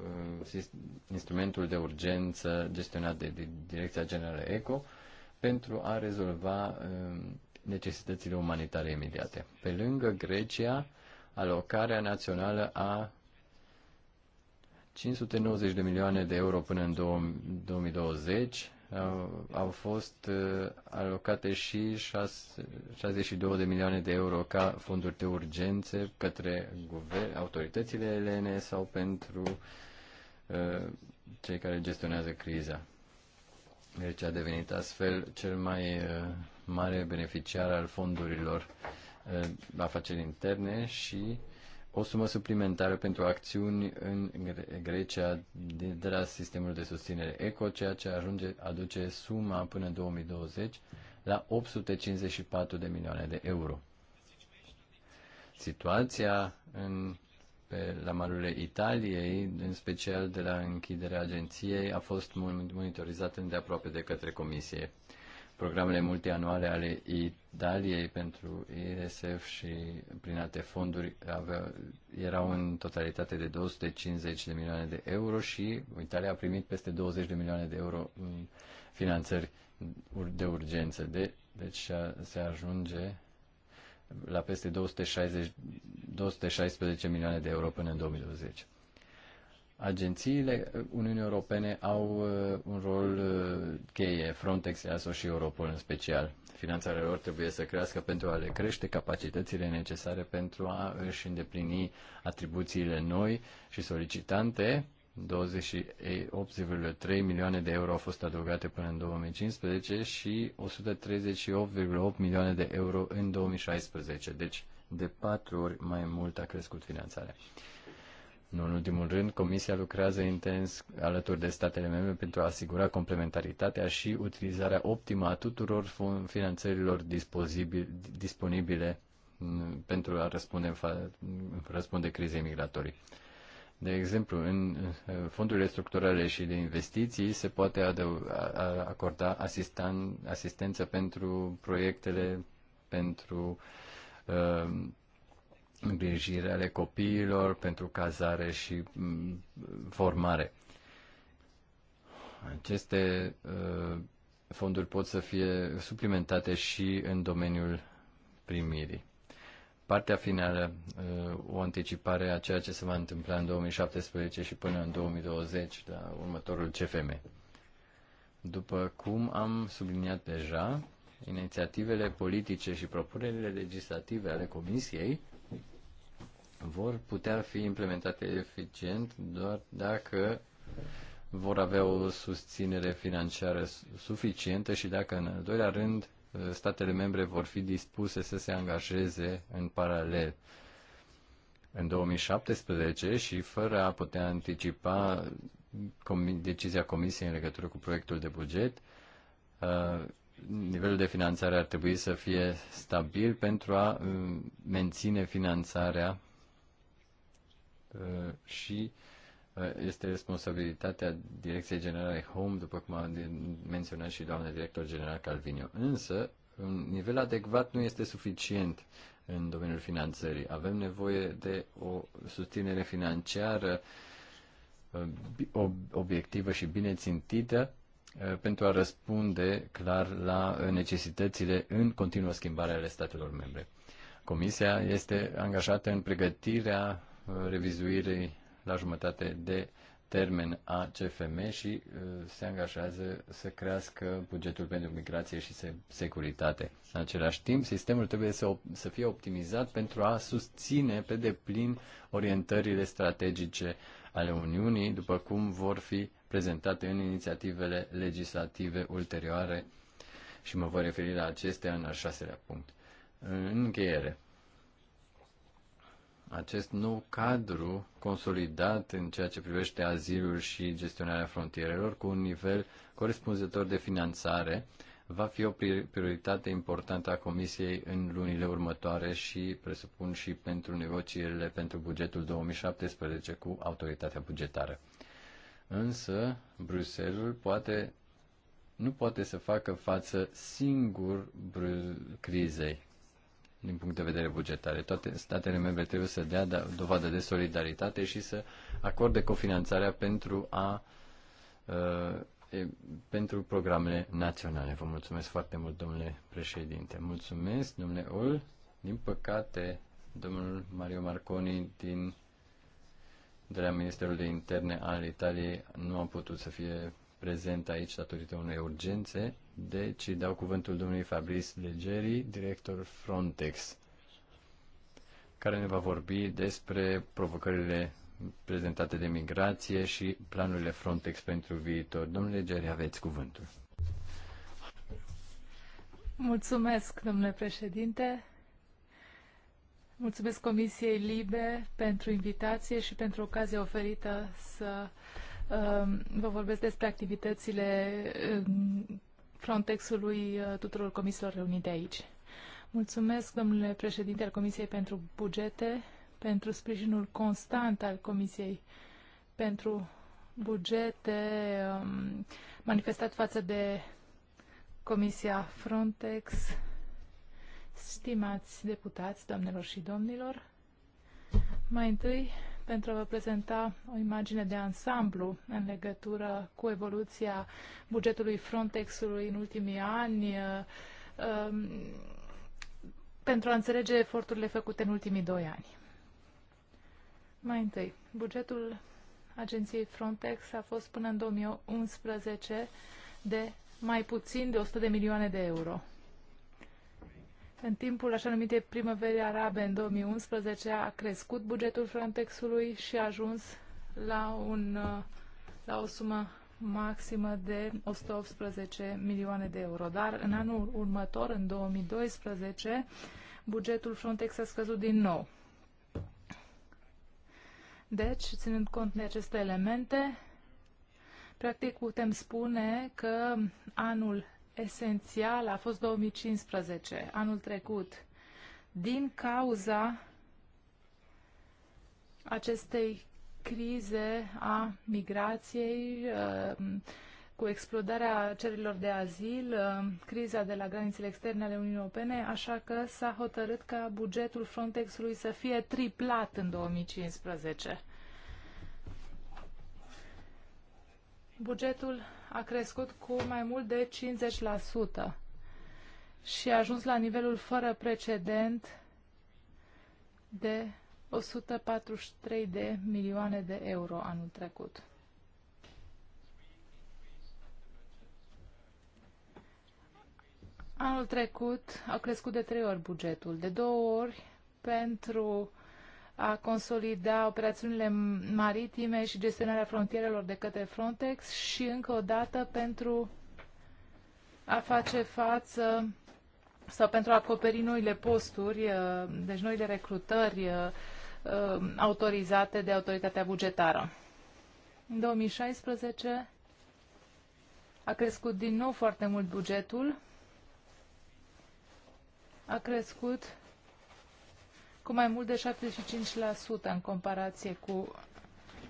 uh, instrumentul de urgență gestionat de Direcția Generală ECO pentru a rezolva uh, necesitățile umanitare imediate. Pe lângă Grecia, alocarea națională a 590 de milioane de euro până în 2020 au fost uh, alocate și 62 de milioane de euro ca fonduri de urgențe către guvern, autoritățile elene sau pentru uh, cei care gestionează criza. Deci a devenit astfel cel mai uh, mare beneficiar al fondurilor afaceri interne și o sumă suplimentară pentru acțiuni în Grecia de la sistemul de susținere ECO, ceea ce ajunge, aduce suma până în 2020 la 854 de milioane de euro. Situația în, pe, la marurile Italiei, în special de la închiderea agenției, a fost monitorizată îndeaproape de către Comisie programele multianuale ale Italiei pentru ISF și prin alte fonduri avea, erau în totalitate de 250 de milioane de euro și Italia a primit peste 20 de milioane de euro în finanțări de urgență. De, deci se ajunge la peste 260, 216 milioane de euro până în 2020 agențiile Uniunii Europene au uh, un rol uh, cheie, Frontex, EASO și Europol în special. Finanțarea lor trebuie să crească pentru a le crește capacitățile necesare pentru a își îndeplini atribuțiile noi și solicitante. 28,3 milioane de euro au fost adăugate până în 2015 și 138,8 milioane de euro în 2016, deci de patru ori mai mult a crescut finanțarea. Nu în ultimul rând, Comisia lucrează intens alături de statele membre pentru a asigura complementaritatea și utilizarea optimă a tuturor finanțărilor disponibile pentru a răspunde, răspunde crizei migratorii. De exemplu, în fondurile structurale și de investiții se poate acorda asistan, asistență pentru proiectele pentru uh, îngrijire ale copiilor, pentru cazare și mm, formare. Aceste uh, fonduri pot să fie suplimentate și în domeniul primirii. Partea finală, uh, o anticipare a ceea ce se va întâmpla în 2017 și până în 2020, la da, următorul CFM. După cum am subliniat deja, inițiativele politice și propunerile legislative ale Comisiei vor putea fi implementate eficient doar dacă vor avea o susținere financiară suficientă și dacă, în al doilea rând, uh, statele membre vor fi dispuse să se angajeze în paralel. În 2017 și fără a putea anticipa decizia Comisiei în legătură cu proiectul de buget, uh, nivelul de finanțare ar trebui să fie stabil pentru a uh, menține finanțarea Uh, și uh, este responsabilitatea Direcției Generale Home, după cum a menționat și doamna director general Calvinio. Însă, un nivel adecvat nu este suficient în domeniul finanțării. Avem nevoie de o susținere financiară uh, obiectivă și bine țintită pentru a răspunde clar la necesitățile în continuă schimbare ale statelor membre. Comisia este angajată în pregătirea Uh, revizuirii la jumătate de termen a CFM și uh, se angajează să crească bugetul pentru migrație și securitate. În același timp, sistemul trebuie să, să fie optimizat pentru a susține pe deplin orientările strategice ale Uniunii, după cum vor fi prezentate în inițiativele legislative ulterioare și mă voi referi la acestea în al șaselea punct. În încheiere, acest nou cadru consolidat în ceea ce privește azilul și gestionarea frontierelor cu un nivel corespunzător de finanțare va fi o prioritate importantă a Comisiei în lunile următoare și presupun și pentru negocierile pentru bugetul 2017 cu autoritatea bugetară. Însă, Bruxelles poate, nu poate să facă față singur crizei din punct de vedere bugetare. Toate statele membre trebuie să dea da- dovadă de solidaritate și să acorde cofinanțarea pentru a uh, pentru programele naționale. Vă mulțumesc foarte mult, domnule președinte. Mulțumesc, domnule Ol. Din păcate, domnul Mario Marconi din de la Ministerul de Interne al Italiei nu a putut să fie prezent aici datorită unei urgențe. Deci dau cuvântul domnului Fabrice Legeri, director Frontex, care ne va vorbi despre provocările prezentate de migrație și planurile Frontex pentru viitor. Domnule Legeri, aveți cuvântul. Mulțumesc, domnule președinte. Mulțumesc Comisiei Libe pentru invitație și pentru ocazia oferită să um, vă vorbesc despre activitățile Frontexului uh, tuturor comisiilor reunite aici. Mulțumesc, domnule președinte al Comisiei pentru Bugete, pentru sprijinul constant al Comisiei pentru Bugete um, manifestat față de Comisia Frontex. Stimați deputați, doamnelor și domnilor, mai întâi pentru a vă prezenta o imagine de ansamblu în legătură cu evoluția bugetului Frontexului în ultimii ani, uh, um, pentru a înțelege eforturile făcute în ultimii doi ani. Mai întâi, bugetul agenției Frontex a fost până în 2011 de mai puțin de 100 de milioane de euro. În timpul așa numite primăveri arabe în 2011 a crescut bugetul Frontexului și a ajuns la, un, la o sumă maximă de 118 milioane de euro. Dar în anul următor, în 2012, bugetul Frontex a scăzut din nou. Deci, ținând cont de aceste elemente, practic putem spune că anul esențial a fost 2015, anul trecut, din cauza acestei crize a migrației, uh, cu explodarea cererilor de azil, uh, criza de la granițele externe ale Uniunii Europene, așa că s-a hotărât ca bugetul Frontexului să fie triplat în 2015. Bugetul a crescut cu mai mult de 50% și a ajuns la nivelul fără precedent de 143 de milioane de euro anul trecut. Anul trecut a crescut de trei ori bugetul, de două ori pentru a consolida operațiunile maritime și gestionarea frontierelor de către Frontex și încă o dată pentru a face față sau pentru a acoperi noile posturi, uh, deci noile recrutări uh, uh, autorizate de autoritatea bugetară. În 2016 a crescut din nou foarte mult bugetul, a crescut cu mai mult de 75% în comparație cu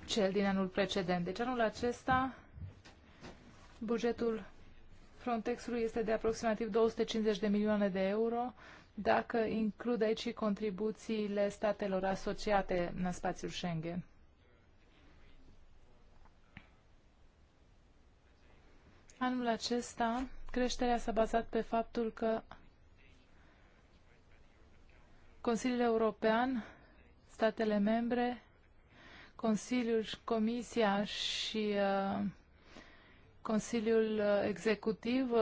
cel din anul precedent. Deci anul acesta bugetul Frontexului este de aproximativ 250 de milioane de euro, dacă includ aici și contribuțiile statelor asociate în spațiul Schengen. Anul acesta, creșterea s-a bazat pe faptul că Consiliul European, statele membre, Consiliul, Comisia și uh, Consiliul uh, Executiv uh,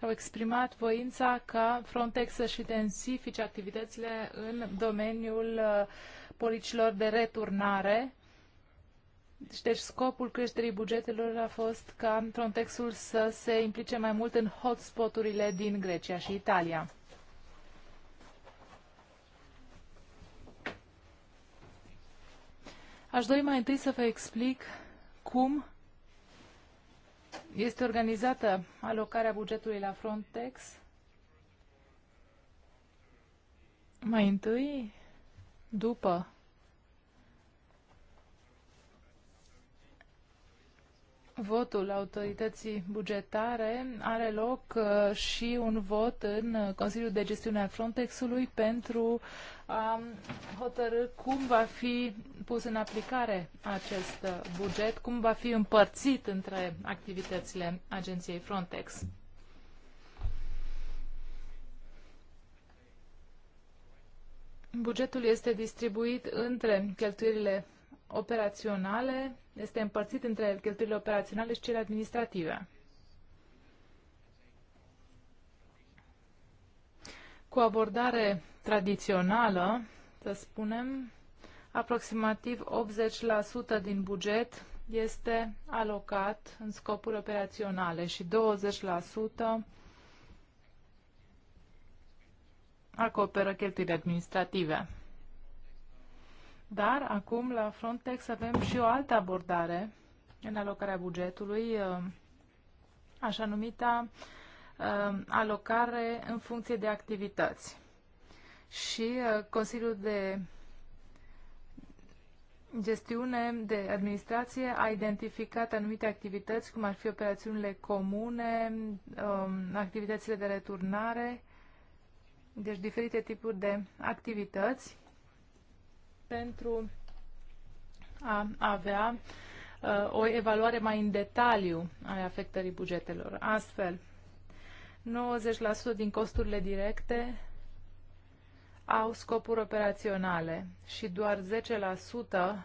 au exprimat voința ca Frontex să-și intensifice activitățile în domeniul uh, politicilor de returnare. Deci, deci scopul creșterii bugetelor a fost ca Frontexul să se implice mai mult în hotspoturile din Grecia și Italia. Aș dori mai întâi să vă explic cum este organizată alocarea bugetului la Frontex. Mai întâi, după votul autorității bugetare are loc uh, și un vot în uh, Consiliul de Gestiune a Frontexului pentru a um, hotărâ cum va fi pus în aplicare acest uh, buget, cum va fi împărțit între activitățile agenției Frontex. Bugetul este distribuit între cheltuielile operaționale, este împărțit între cheltuielile operaționale și cele administrative. Cu abordare tradițională, să spunem, aproximativ 80% din buget este alocat în scopuri operaționale și 20% acoperă cheltuielile administrative. Dar acum la Frontex avem și o altă abordare în alocarea bugetului, uh, așa numita uh, alocare în funcție de activități. Și uh, Consiliul de gestiune de administrație a identificat anumite activități, cum ar fi operațiunile comune, um, activitățile de returnare, deci diferite tipuri de activități pentru a avea uh, o evaluare mai în detaliu a afectării bugetelor. Astfel, 90% din costurile directe au scopuri operaționale și doar 10%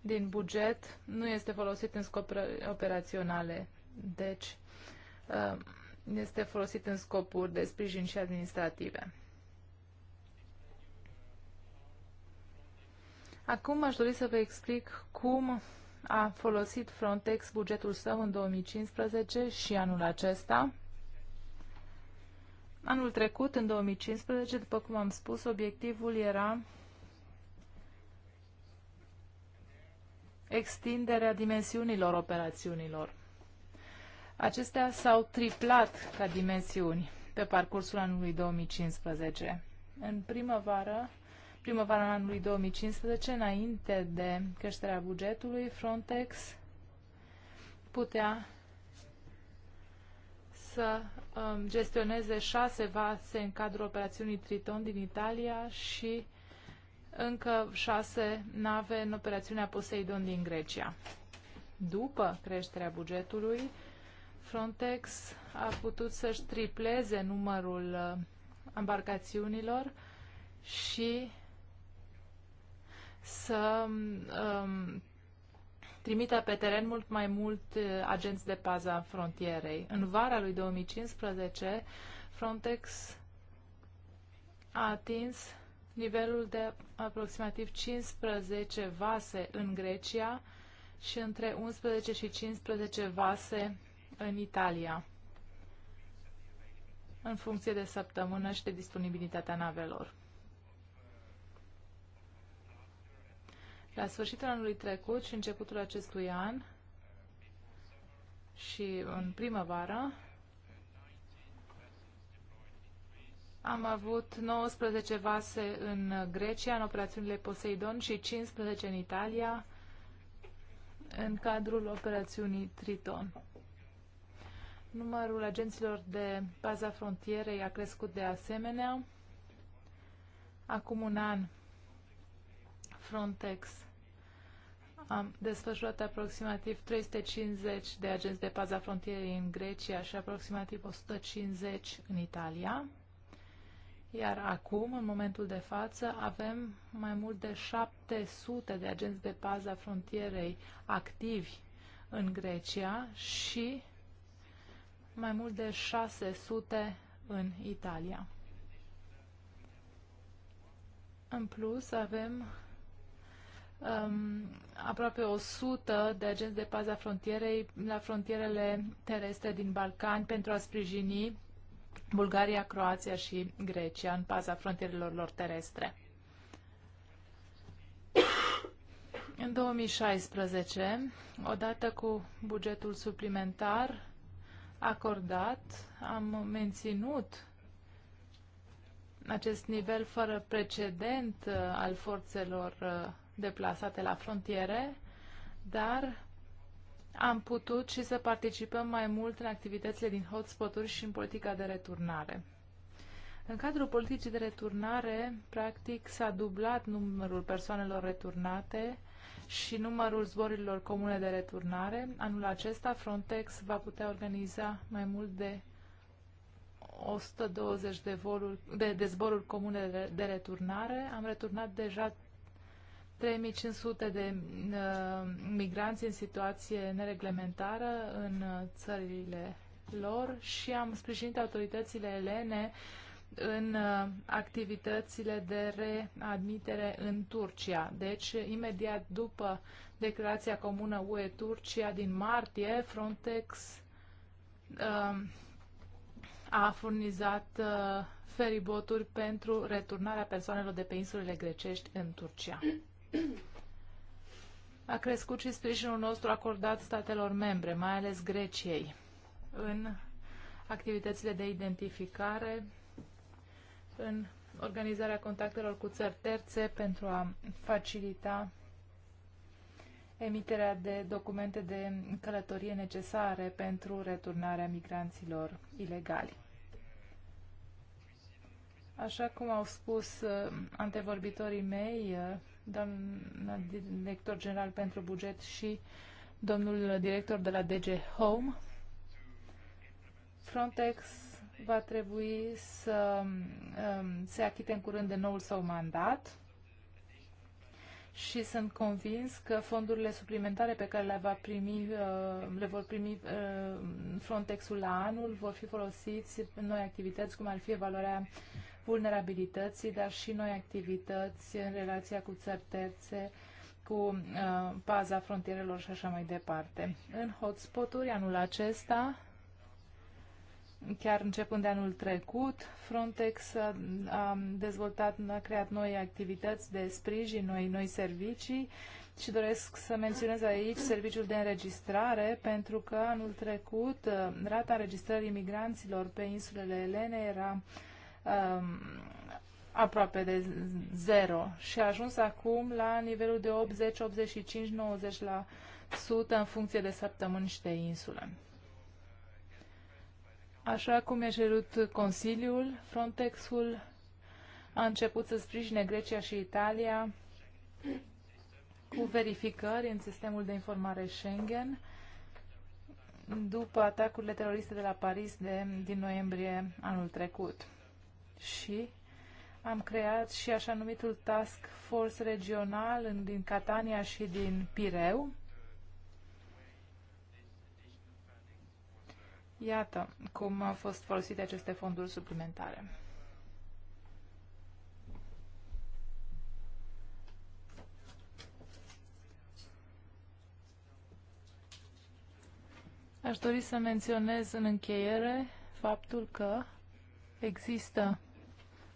din buget nu este folosit în scopuri operaționale. Deci, uh, este folosit în scopuri de sprijin și administrative. Acum aș dori să vă explic cum a folosit Frontex bugetul său în 2015 și anul acesta. Anul trecut, în 2015, după cum am spus, obiectivul era extinderea dimensiunilor operațiunilor. Acestea s-au triplat ca dimensiuni pe parcursul anului 2015. În primăvară, primăvara anului 2015, înainte de creșterea bugetului, Frontex putea să um, gestioneze șase vase în cadrul operațiunii Triton din Italia și încă șase nave în operațiunea Poseidon din Grecia. După creșterea bugetului, Frontex a putut să-și tripleze numărul uh, embarcațiunilor și să um, trimită pe teren mult mai mult uh, agenți de pază a frontierei. În vara lui 2015, Frontex a atins nivelul de aproximativ 15 vase în Grecia și între 11 și 15 vase în Italia, în funcție de săptămână și de disponibilitatea navelor. La sfârșitul anului trecut și începutul acestui an și în primăvară am avut 19 vase în Grecia, în operațiunile Poseidon și 15 în Italia, în cadrul operațiunii Triton. Numărul agenților de baza frontierei a crescut de asemenea. Acum un an, Frontex am desfășurat aproximativ 350 de agenți de paza frontierei în Grecia și aproximativ 150 în Italia. Iar acum, în momentul de față, avem mai mult de 700 de agenți de paza frontierei activi în Grecia și mai mult de 600 în Italia. În plus, avem um, aproape 100 de agenți de paza frontierei la frontierele terestre din Balcani pentru a sprijini Bulgaria, Croația și Grecia în paza frontierelor lor terestre. În 2016, odată cu bugetul suplimentar acordat, am menținut acest nivel fără precedent uh, al forțelor uh, deplasate la frontiere, dar am putut și să participăm mai mult în activitățile din hotspot-uri și în politica de returnare. În cadrul politicii de returnare, practic, s-a dublat numărul persoanelor returnate și numărul zborurilor comune de returnare. Anul acesta, Frontex va putea organiza mai mult de 120 de, voluri, de, de zboruri comune de, de returnare. Am returnat deja 3500 de uh, migranți în situație nereglementară în uh, țările lor și am sprijinit autoritățile elene în uh, activitățile de readmitere în Turcia. Deci, imediat după declarația comună UE-Turcia din martie, Frontex uh, a furnizat uh, feriboturi pentru returnarea persoanelor de pe insulele grecești în Turcia. A crescut și sprijinul nostru acordat statelor membre, mai ales Greciei, în activitățile de identificare, în organizarea contactelor cu țări terțe pentru a facilita emiterea de documente de călătorie necesare pentru returnarea migranților ilegali. Așa cum au spus uh, antevorbitorii mei, uh, doamna director general pentru buget și domnul director de la DG Home. Frontex va trebui să um, se achite în curând de noul său mandat și sunt convins că fondurile suplimentare pe care le, va primi, uh, le vor primi uh, Frontexul la anul vor fi folosiți în noi activități, cum ar fi evaluarea vulnerabilității, dar și noi activități în relația cu țări terțe, cu paza uh, frontierelor și așa mai departe. În hotspoturi anul acesta, chiar începând de anul trecut, Frontex a, a dezvoltat, a creat noi activități de sprijin, noi, noi servicii și doresc să menționez aici serviciul de înregistrare, pentru că anul trecut uh, rata înregistrării migranților pe insulele Elene era um, aproape de zero și a ajuns acum la nivelul de 80, 85, 90 la sută în funcție de săptămâni și de insule. Așa cum e cerut Consiliul, Frontexul a început să sprijine Grecia și Italia cu verificări în sistemul de informare Schengen după atacurile teroriste de la Paris de, din noiembrie anul trecut și am creat și așa numitul Task Force regional în, din Catania și din Pireu. Iată cum au fost folosite aceste fonduri suplimentare. Aș dori să menționez în încheiere faptul că există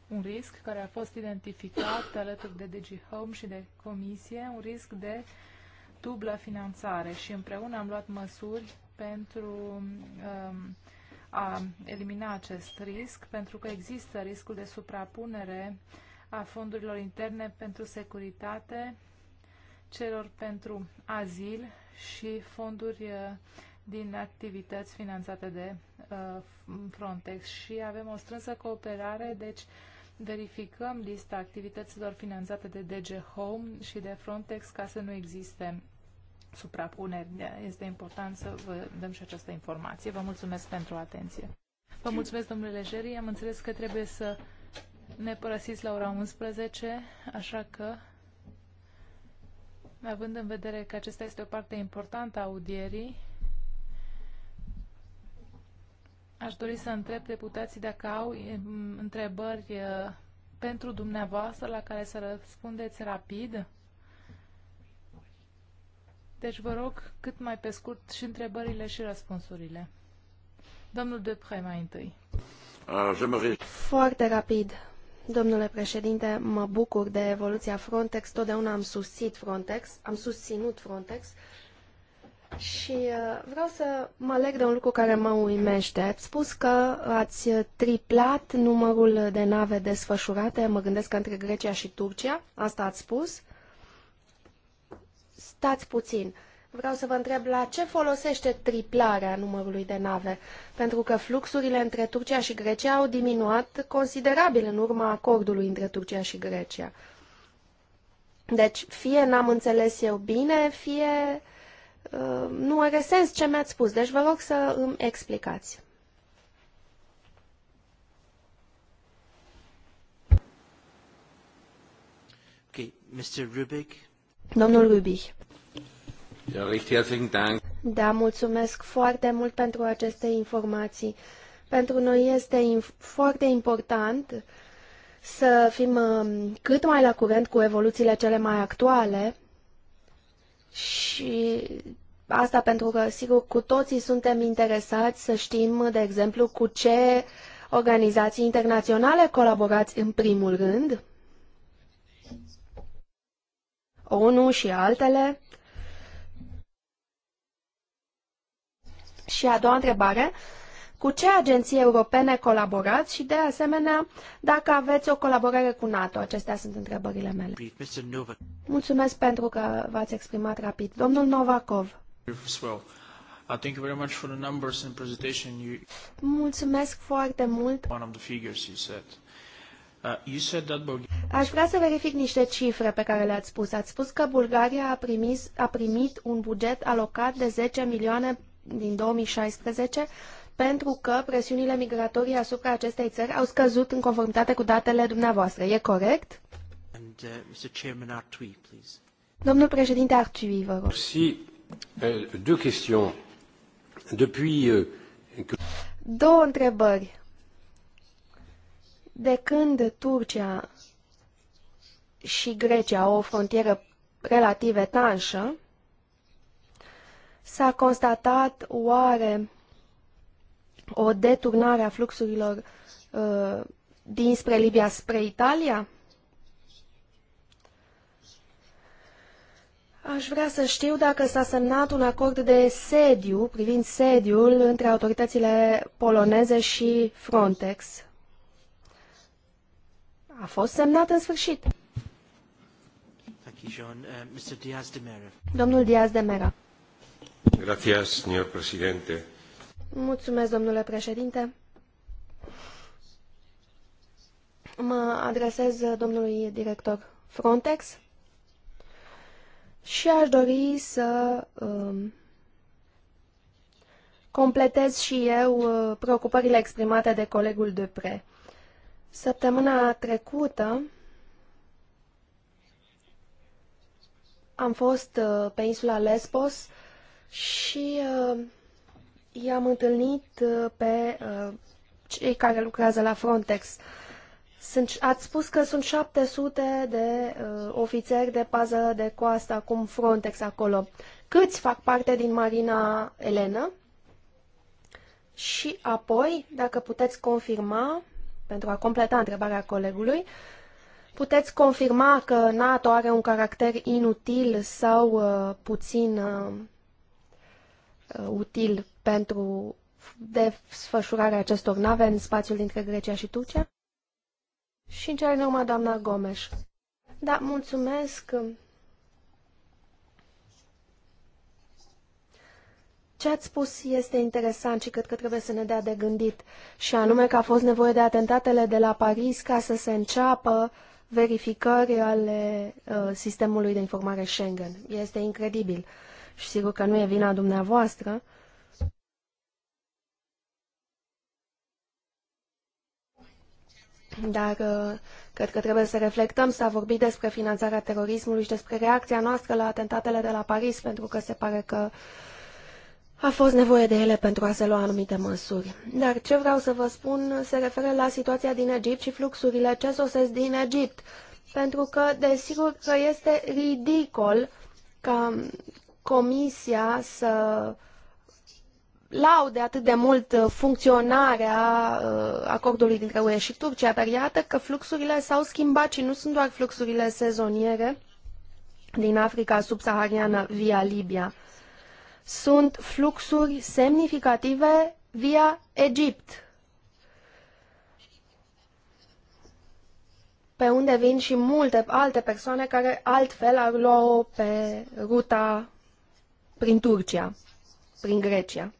un risc care a fost identificat alături de DG Home și de Comisie, un risc de dublă finanțare și împreună am luat măsuri pentru um, a elimina acest risc, pentru că există riscul de suprapunere a fondurilor interne pentru securitate, celor pentru azil și fonduri uh, din activități finanțate de uh, Frontex și avem o strânsă cooperare, deci verificăm lista activităților finanțate de DG Home și de Frontex ca să nu existe suprapuneri. Este important să vă dăm și această informație. Vă mulțumesc pentru atenție. Vă mulțumesc, domnule Lejeri. Am înțeles că trebuie să ne părăsiți la ora 11, așa că, având în vedere că acesta este o parte importantă a audierii, Aș dori să întreb deputații dacă au eh, întrebări eh, pentru dumneavoastră la care să răspundeți rapid. Deci vă rog cât mai pe scurt și întrebările și răspunsurile. Domnul Depre mai întâi. Ah, Foarte rapid. Domnule președinte, mă bucur de evoluția Frontex. Totdeauna am susținut Frontex, am susținut Frontex și uh, vreau să mă leg de un lucru care mă uimește. Ați spus că ați triplat numărul de nave desfășurate, mă gândesc că între Grecia și Turcia, asta ați spus. Stați puțin. Vreau să vă întreb la ce folosește triplarea numărului de nave, pentru că fluxurile între Turcia și Grecia au diminuat considerabil în urma acordului între Turcia și Grecia. Deci, fie n-am înțeles eu bine, fie uh, Uh, nu are sens ce mi-ați spus, deci vă rog să îmi explicați. Okay, Mr. Rubik. Domnul Rubic. Ja, recht herzlichen Dank. Da, mulțumesc foarte mult pentru aceste informații. Pentru noi este foarte important să fim um, cât mai la curent cu evoluțiile cele mai actuale și asta pentru că, sigur, cu toții suntem interesați să știm, de exemplu, cu ce organizații internaționale colaborați în primul rând, ONU și altele. Și a doua întrebare, cu ce agenții europene colaborați și, de asemenea, dacă aveți o colaborare cu NATO. Acestea sunt întrebările mele. Mulțumesc pentru că v-ați exprimat rapid. Domnul Novakov. Mulțumesc foarte mult. Aș vrea să verific niște cifre pe care le-ați spus. Ați spus că Bulgaria a, primis, a primit un buget alocat de 10 milioane din 2016 pentru că presiunile migratorii asupra acestei țări au scăzut în conformitate cu datele dumneavoastră. E corect? And, uh, Mr. Artui, Domnul președinte Artui, vă rog. Si, uh, deux questions. Depuis, uh, Două întrebări. De când Turcia și Grecia au o frontieră relativ etanșă, s-a constatat oare o deturnare a fluxurilor uh, dinspre Libia spre Italia? Aș vrea să știu dacă s-a semnat un acord de sediu, privind sediul, între autoritățile poloneze și Frontex. A fost semnat în sfârșit. Uh, Domnul Diaz de Mera. Gracias, señor presidente. Mulțumesc, domnule președinte. Mă adresez domnului director Frontex și aș dori să um, completez și eu uh, preocupările exprimate de colegul Depre. Săptămâna trecută am fost uh, pe insula Lesbos și uh, i-am întâlnit uh, pe uh, cei care lucrează la Frontex. Sunt, ați spus că sunt 700 de uh, ofițeri de pază de coastă, acum Frontex acolo. Câți fac parte din Marina Elena? Și apoi, dacă puteți confirma, pentru a completa întrebarea colegului, puteți confirma că NATO are un caracter inutil sau uh, puțin uh, uh util pentru desfășurarea acestor nave în spațiul dintre Grecia și Turcia? Și în cele din urmă, doamna Gomes. Da, mulțumesc. Ce ați spus este interesant și cred că trebuie să ne dea de gândit, și anume că a fost nevoie de atentatele de la Paris ca să se înceapă verificări ale uh, sistemului de informare Schengen. Este incredibil. Și sigur că nu e vina dumneavoastră, uh, dar cred că trebuie să reflectăm, s-a vorbit despre finanțarea terorismului și despre reacția noastră la atentatele de la Paris, pentru că se pare că a fost nevoie de ele pentru a se lua anumite măsuri. Dar ce vreau să vă spun se referă la situația din Egipt și fluxurile ce sosesc din Egipt. Pentru că, desigur, că este ridicol ca Comisia să laude atât de mult uh, funcționarea uh, acordului dintre UE și Turcia, dar iată că fluxurile s-au schimbat și nu sunt doar fluxurile sezoniere din Africa subsahariană via Libia. Sunt fluxuri semnificative via Egipt, pe unde vin și multe alte persoane care altfel ar lua-o pe ruta prin Turcia, prin Grecia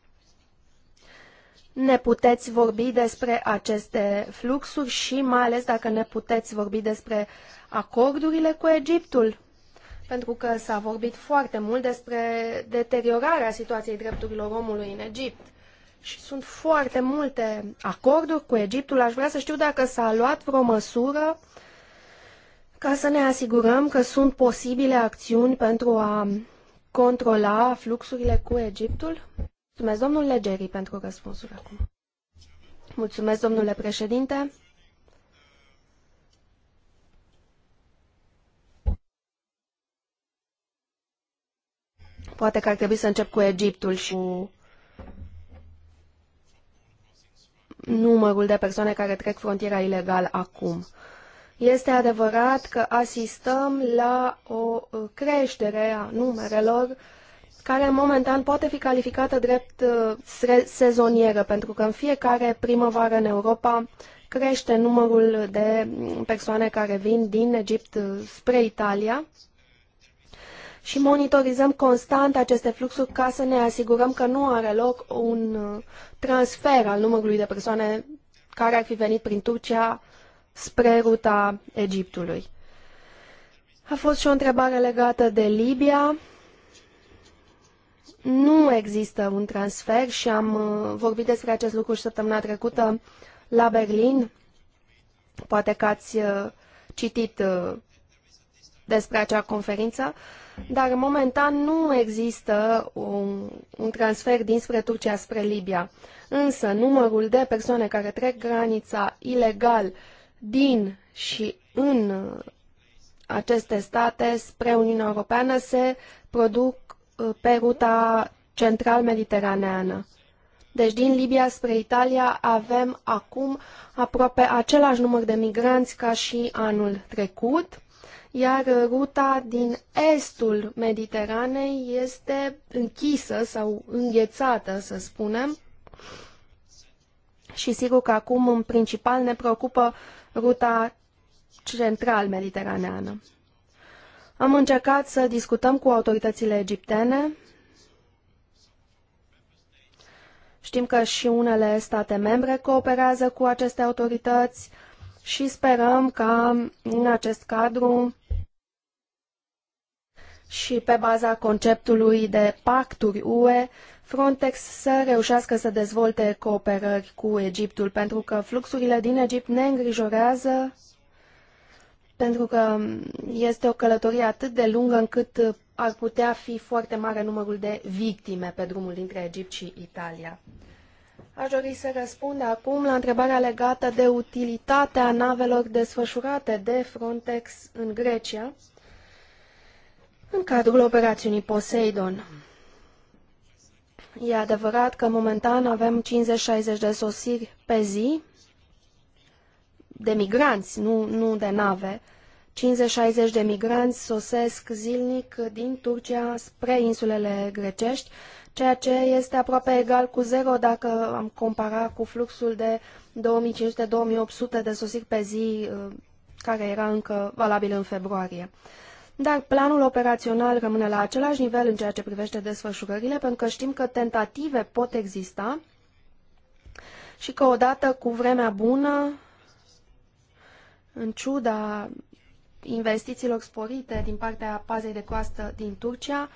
ne puteți vorbi despre aceste fluxuri și mai ales dacă ne puteți vorbi despre acordurile cu Egiptul, pentru că s-a vorbit foarte mult despre deteriorarea situației drepturilor omului în Egipt. Și sunt foarte multe acorduri cu Egiptul. Aș vrea să știu dacă s-a luat vreo măsură ca să ne asigurăm că sunt posibile acțiuni pentru a controla fluxurile cu Egiptul. Mulțumesc, domnule Legeri, pentru răspunsul acum. Mulțumesc, domnule președinte. Poate că ar trebui să încep cu Egiptul și cu numărul de persoane care trec frontiera ilegal acum. Este adevărat că asistăm la o creștere a numerelor care momentan poate fi calificată drept uh, sezonieră, pentru că în fiecare primăvară în Europa crește numărul de mm, persoane care vin din Egipt uh, spre Italia și monitorizăm constant aceste fluxuri ca să ne asigurăm că nu are loc un uh, transfer al numărului de persoane care ar fi venit prin Turcia spre ruta Egiptului. A fost și o întrebare legată de Libia nu există un transfer și am uh, vorbit despre acest lucru și săptămâna trecută la Berlin. Poate că ați uh, citit uh, despre acea conferință, dar momentan nu există un, un transfer dinspre Turcia spre Libia. Însă numărul de persoane care trec granița ilegal din și în aceste state spre Uniunea Europeană se produc Uh, pe ruta central-mediteraneană. Deci din Libia spre Italia avem acum aproape același număr de migranți ca și anul trecut, iar ruta din estul Mediteranei este închisă sau înghețată, să spunem. Și sigur că acum în principal ne preocupă ruta central-mediteraneană. Am încercat să discutăm cu autoritățile egiptene. Știm că și unele state membre cooperează cu aceste autorități și sperăm ca în acest cadru și pe baza conceptului de pacturi UE, Frontex să reușească să dezvolte cooperări cu Egiptul, pentru că fluxurile din Egipt ne îngrijorează pentru că este o călătorie atât de lungă încât ar putea fi foarte mare numărul de victime pe drumul dintre Egipt și Italia. Aș dori să răspund acum la întrebarea legată de utilitatea navelor desfășurate de Frontex în Grecia în cadrul operațiunii Poseidon. E adevărat că momentan avem 50-60 de sosiri pe zi de migranți, nu, nu de nave. 50-60 de migranți sosesc zilnic din Turcia spre insulele grecești, ceea ce este aproape egal cu zero dacă am compara cu fluxul de 2500-2800 de sosiri pe zi uh, care era încă valabil în februarie. Dar planul operațional rămâne la același nivel în ceea ce privește desfășurările, pentru că știm că tentative pot exista și că odată cu vremea bună în ciuda investițiilor sporite din partea pazei de coastă din Turcia,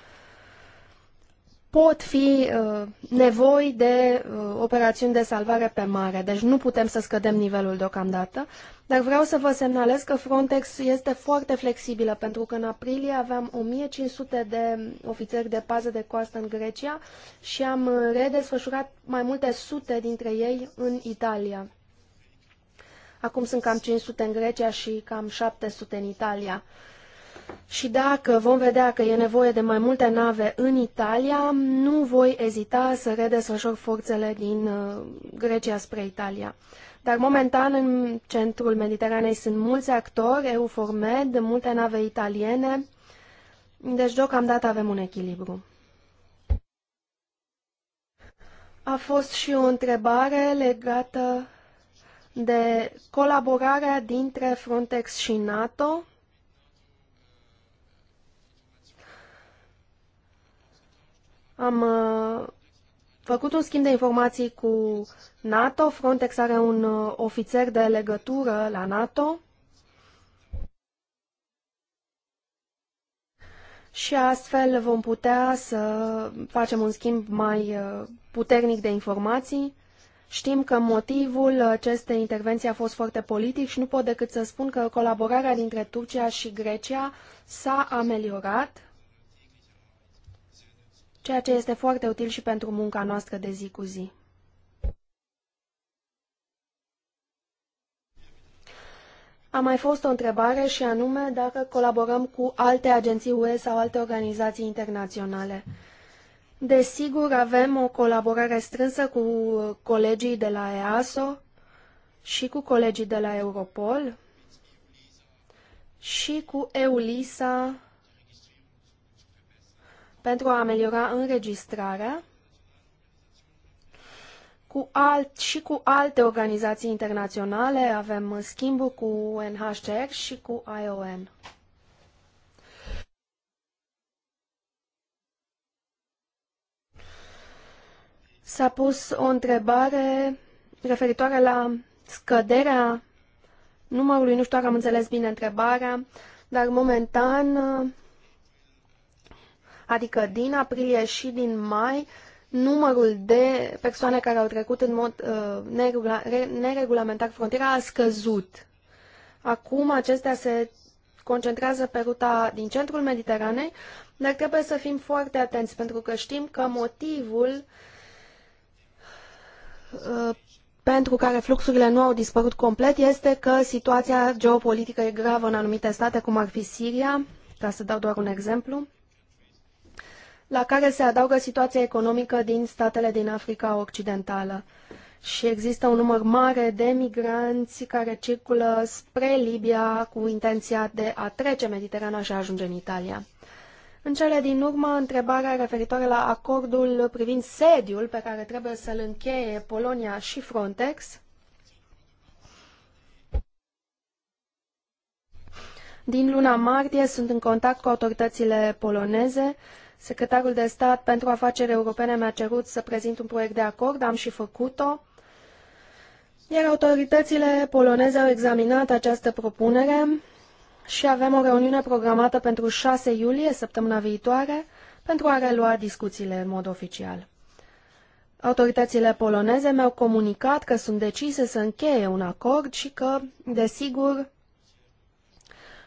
pot fi uh, nevoi de uh, operațiuni de salvare pe mare, deci nu putem să scădem nivelul deocamdată, dar vreau să vă semnalez că Frontex este foarte flexibilă, pentru că în aprilie aveam 1500 de ofițeri de pază de coastă în Grecia și am uh, redesfășurat mai multe sute dintre ei în Italia. Acum sunt cam 500 în Grecia și cam 700 în Italia. Și dacă vom vedea că e nevoie de mai multe nave în Italia, nu voi ezita să redesfășor forțele din uh, Grecia spre Italia. Dar momentan în centrul Mediteranei sunt mulți actori, Euformed, multe nave italiene, deci deocamdată avem un echilibru. A fost și o întrebare legată de colaborarea dintre Frontex și NATO Am uh, făcut un schimb de informații cu NATO. Frontex are un uh, ofițer de legătură la NATO. Și astfel vom putea să facem un schimb mai uh, puternic de informații Știm că motivul acestei intervenții a fost foarte politic și nu pot decât să spun că colaborarea dintre Turcia și Grecia s-a ameliorat, ceea ce este foarte util și pentru munca noastră de zi cu zi. A mai fost o întrebare și anume dacă colaborăm cu alte agenții UE sau alte organizații internaționale. Desigur, avem o colaborare strânsă cu colegii de la EASO și cu colegii de la Europol și cu EULISA pentru a ameliora înregistrarea cu alt, și cu alte organizații internaționale avem schimbul cu NHCR și cu ION. S-a pus o întrebare referitoare la scăderea numărului, nu știu dacă am înțeles bine întrebarea, dar momentan, adică din aprilie și din mai, numărul de persoane care au trecut în mod uh, neregula, re, neregulamentar frontiera a scăzut. Acum acestea se concentrează pe ruta din centrul Mediteranei, dar trebuie să fim foarte atenți pentru că știm că motivul uh, Uh, pentru care fluxurile nu au dispărut complet este că situația geopolitică e gravă în anumite state, cum ar fi Siria, ca să dau doar un exemplu, la care se adaugă situația economică din statele din Africa Occidentală. Și există un număr mare de migranți care circulă spre Libia cu intenția de a trece Mediterana și a ajunge în Italia. În cele din urmă, întrebarea referitoare la acordul privind sediul pe care trebuie să-l încheie Polonia și Frontex. Din luna martie sunt în contact cu autoritățile poloneze. Secretarul de stat pentru afaceri europene mi-a cerut să prezint un proiect de acord, am și făcut-o. Iar autoritățile poloneze au examinat această propunere și avem o reuniune programată pentru 6 iulie, săptămâna viitoare, pentru a relua discuțiile în mod oficial. Autoritățile poloneze mi-au comunicat că sunt decise să încheie un acord și că, desigur,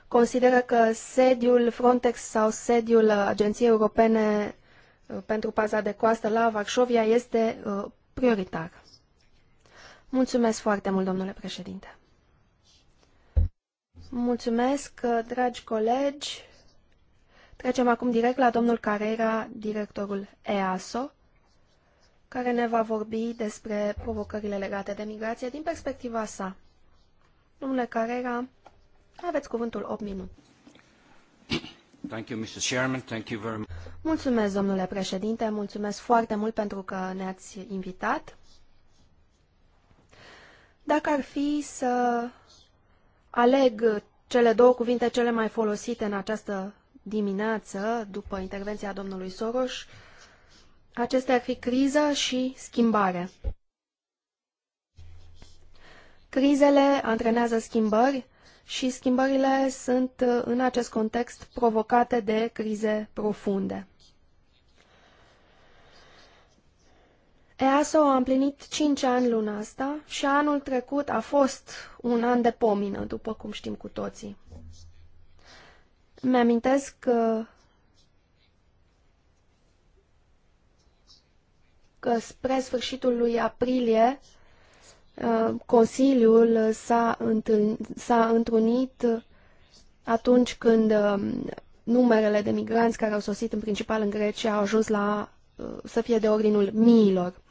consideră că sediul Frontex sau sediul Agenției Europene uh, pentru Paza de Coastă la Varșovia este uh, prioritar. Mulțumesc foarte mult, domnule președinte. Mulțumesc, dragi colegi. Trecem acum direct la domnul Carrera, directorul EASO, care ne va vorbi despre provocările legate de migrație din perspectiva sa. Domnule Carrera, aveți cuvântul 8 minute. Thank you, Mr. Chairman. Thank you very much. Mulțumesc, domnule președinte, mulțumesc foarte mult pentru că ne-ați invitat. Dacă ar fi să Aleg cele două cuvinte cele mai folosite în această dimineață, după intervenția domnului Soros. Acestea ar fi criză și schimbare. Crizele antrenează schimbări și schimbările sunt în acest context provocate de crize profunde. EASO a împlinit 5 ani luna asta și anul trecut a fost un an de pomină, după cum știm cu toții. Mi-amintesc că, că spre sfârșitul lui aprilie uh, Consiliul s-a, întrunit atunci când um, numerele de migranți care au sosit în principal în Grecia au ajuns la uh, să fie de ordinul miilor.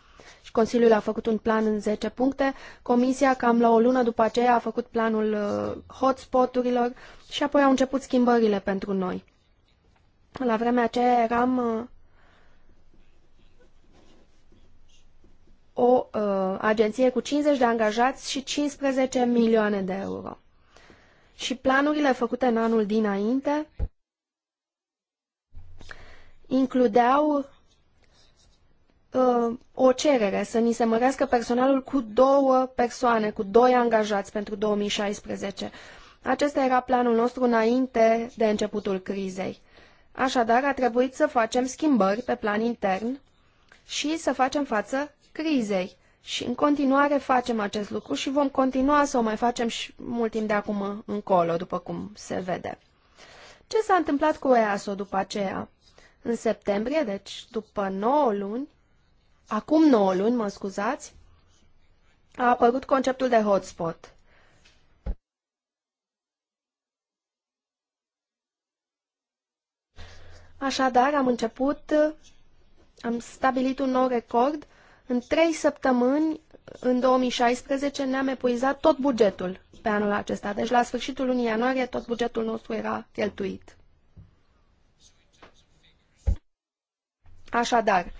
Consiliul a făcut un plan în 10 puncte, Comisia cam la o lună după aceea a făcut planul uh, hotspoturilor și apoi au început schimbările pentru noi. La vremea aceea eram uh, o uh, agenție cu 50 de angajați și 15 milioane de euro. Și planurile făcute în anul dinainte includeau uh, o cerere să ni se mărească personalul cu două persoane, cu doi angajați pentru 2016. Acesta era planul nostru înainte de începutul crizei. Așadar, a trebuit să facem schimbări pe plan intern și să facem față crizei. Și în continuare facem acest lucru și vom continua să o mai facem și mult timp de acum încolo, după cum se vede. Ce s-a întâmplat cu EASO după aceea? În septembrie, deci după 9 luni, acum 9 luni, mă scuzați, a apărut conceptul de hotspot. Așadar, am început, am stabilit un nou record. În trei săptămâni, în 2016, ne-am epuizat tot bugetul pe anul acesta. Deci, la sfârșitul lunii ianuarie, tot bugetul nostru era cheltuit. Așadar,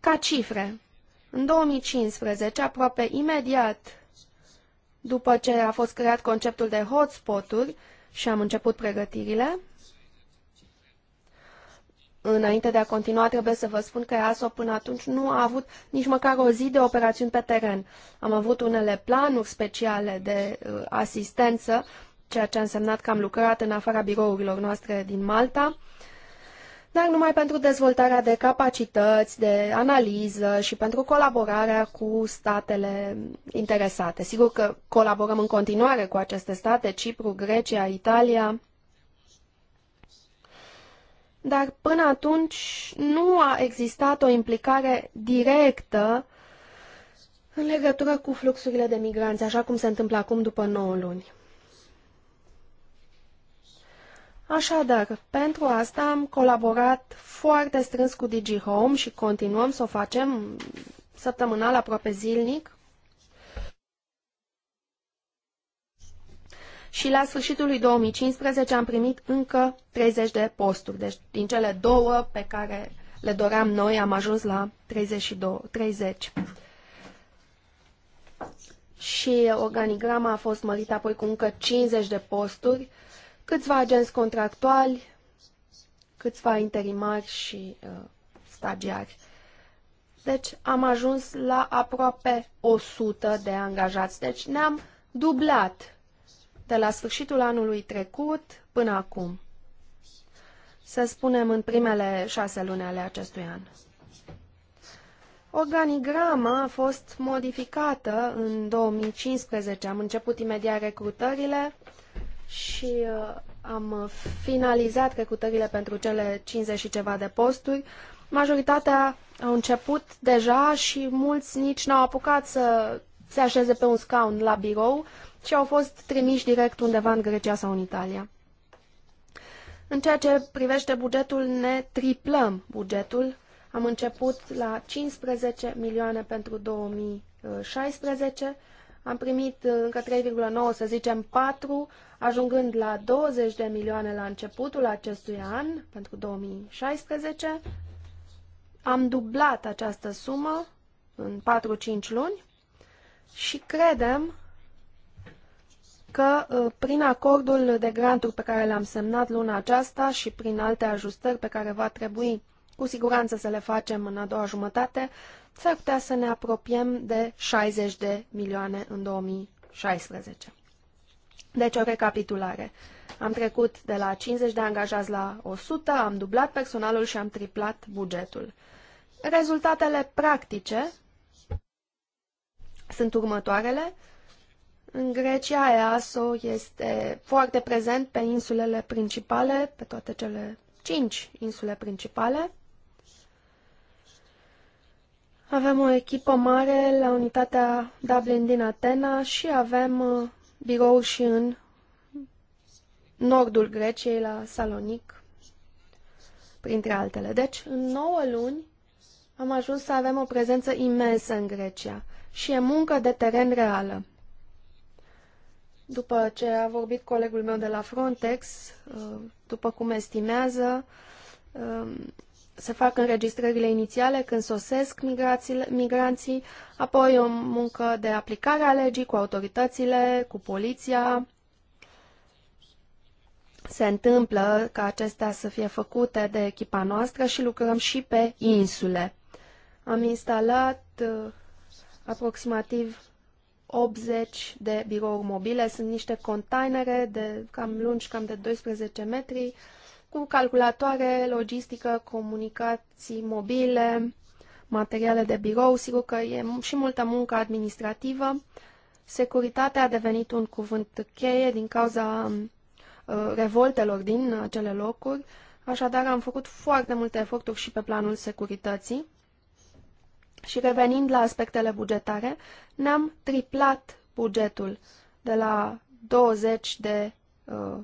ca cifre, în 2015, aproape imediat după ce a fost creat conceptul de hotspot-uri și am început pregătirile, Înainte de a continua, trebuie să vă spun că EASO până atunci nu a avut nici măcar o zi de operațiuni pe teren. Am avut unele planuri speciale de uh, asistență, ceea ce a însemnat că am lucrat în afara birourilor noastre din Malta dar numai pentru dezvoltarea de capacități, de analiză și pentru colaborarea cu statele interesate. Sigur că colaborăm în continuare cu aceste state, Cipru, Grecia, Italia, dar până atunci nu a existat o implicare directă în legătură cu fluxurile de migranți, așa cum se întâmplă acum după 9 luni. Așadar, pentru asta am colaborat foarte strâns cu DigiHome și continuăm să o facem săptămânal aproape zilnic. Și la sfârșitul lui 2015 am primit încă 30 de posturi. Deci din cele două pe care le doream noi am ajuns la 32, 30. Și organigrama a fost mărită apoi cu încă 50 de posturi câțiva agenți contractuali, câțiva interimari și uh, stagiari. Deci am ajuns la aproape 100 de angajați. Deci ne-am dublat de la sfârșitul anului trecut până acum. Să spunem în primele șase luni ale acestui an. Organigrama a fost modificată în 2015. Am început imediat recrutările și uh, am finalizat recrutările pentru cele 50 și ceva de posturi. Majoritatea au început deja și mulți nici n-au apucat să se așeze pe un scaun la birou și au fost trimiși direct undeva în Grecia sau în Italia. În ceea ce privește bugetul, ne triplăm bugetul. Am început la 15 milioane pentru 2016 am primit uh, încă 3,9, să zicem 4, ajungând la 20 de milioane la începutul acestui an, pentru 2016. Am dublat această sumă în 4-5 luni și credem că uh, prin acordul de granturi pe care l am semnat luna aceasta și prin alte ajustări pe care va trebui cu siguranță să le facem în a doua jumătate, s-ar putea să ne apropiem de 60 de milioane în 2016. Deci o recapitulare. Am trecut de la 50 de angajați la 100, am dublat personalul și am triplat bugetul. Rezultatele practice sunt următoarele. În Grecia, EASO este foarte prezent pe insulele principale, pe toate cele cinci insule principale. Avem o echipă mare la unitatea Dublin din Atena și avem uh, birou și în nordul Greciei, la Salonic, printre altele. Deci, în 9 luni am ajuns să avem o prezență imensă în Grecia și e muncă de teren reală. După ce a vorbit colegul meu de la Frontex, uh, după cum estimează, um, se fac înregistrările inițiale când sosesc migranții, apoi o muncă de aplicare a legii cu autoritățile, cu poliția. Se întâmplă ca acestea să fie făcute de echipa noastră și lucrăm și pe insule. Am instalat uh, aproximativ 80 de birouri mobile. Sunt niște containere de cam lungi, cam de 12 metri, cu calculatoare, logistică, comunicații mobile, materiale de birou, sigur că e și multă muncă administrativă. Securitatea a devenit un cuvânt cheie din cauza uh, revoltelor din acele locuri, așadar am făcut foarte multe eforturi și pe planul securității. Și revenind la aspectele bugetare, ne-am triplat bugetul de la 20 de uh,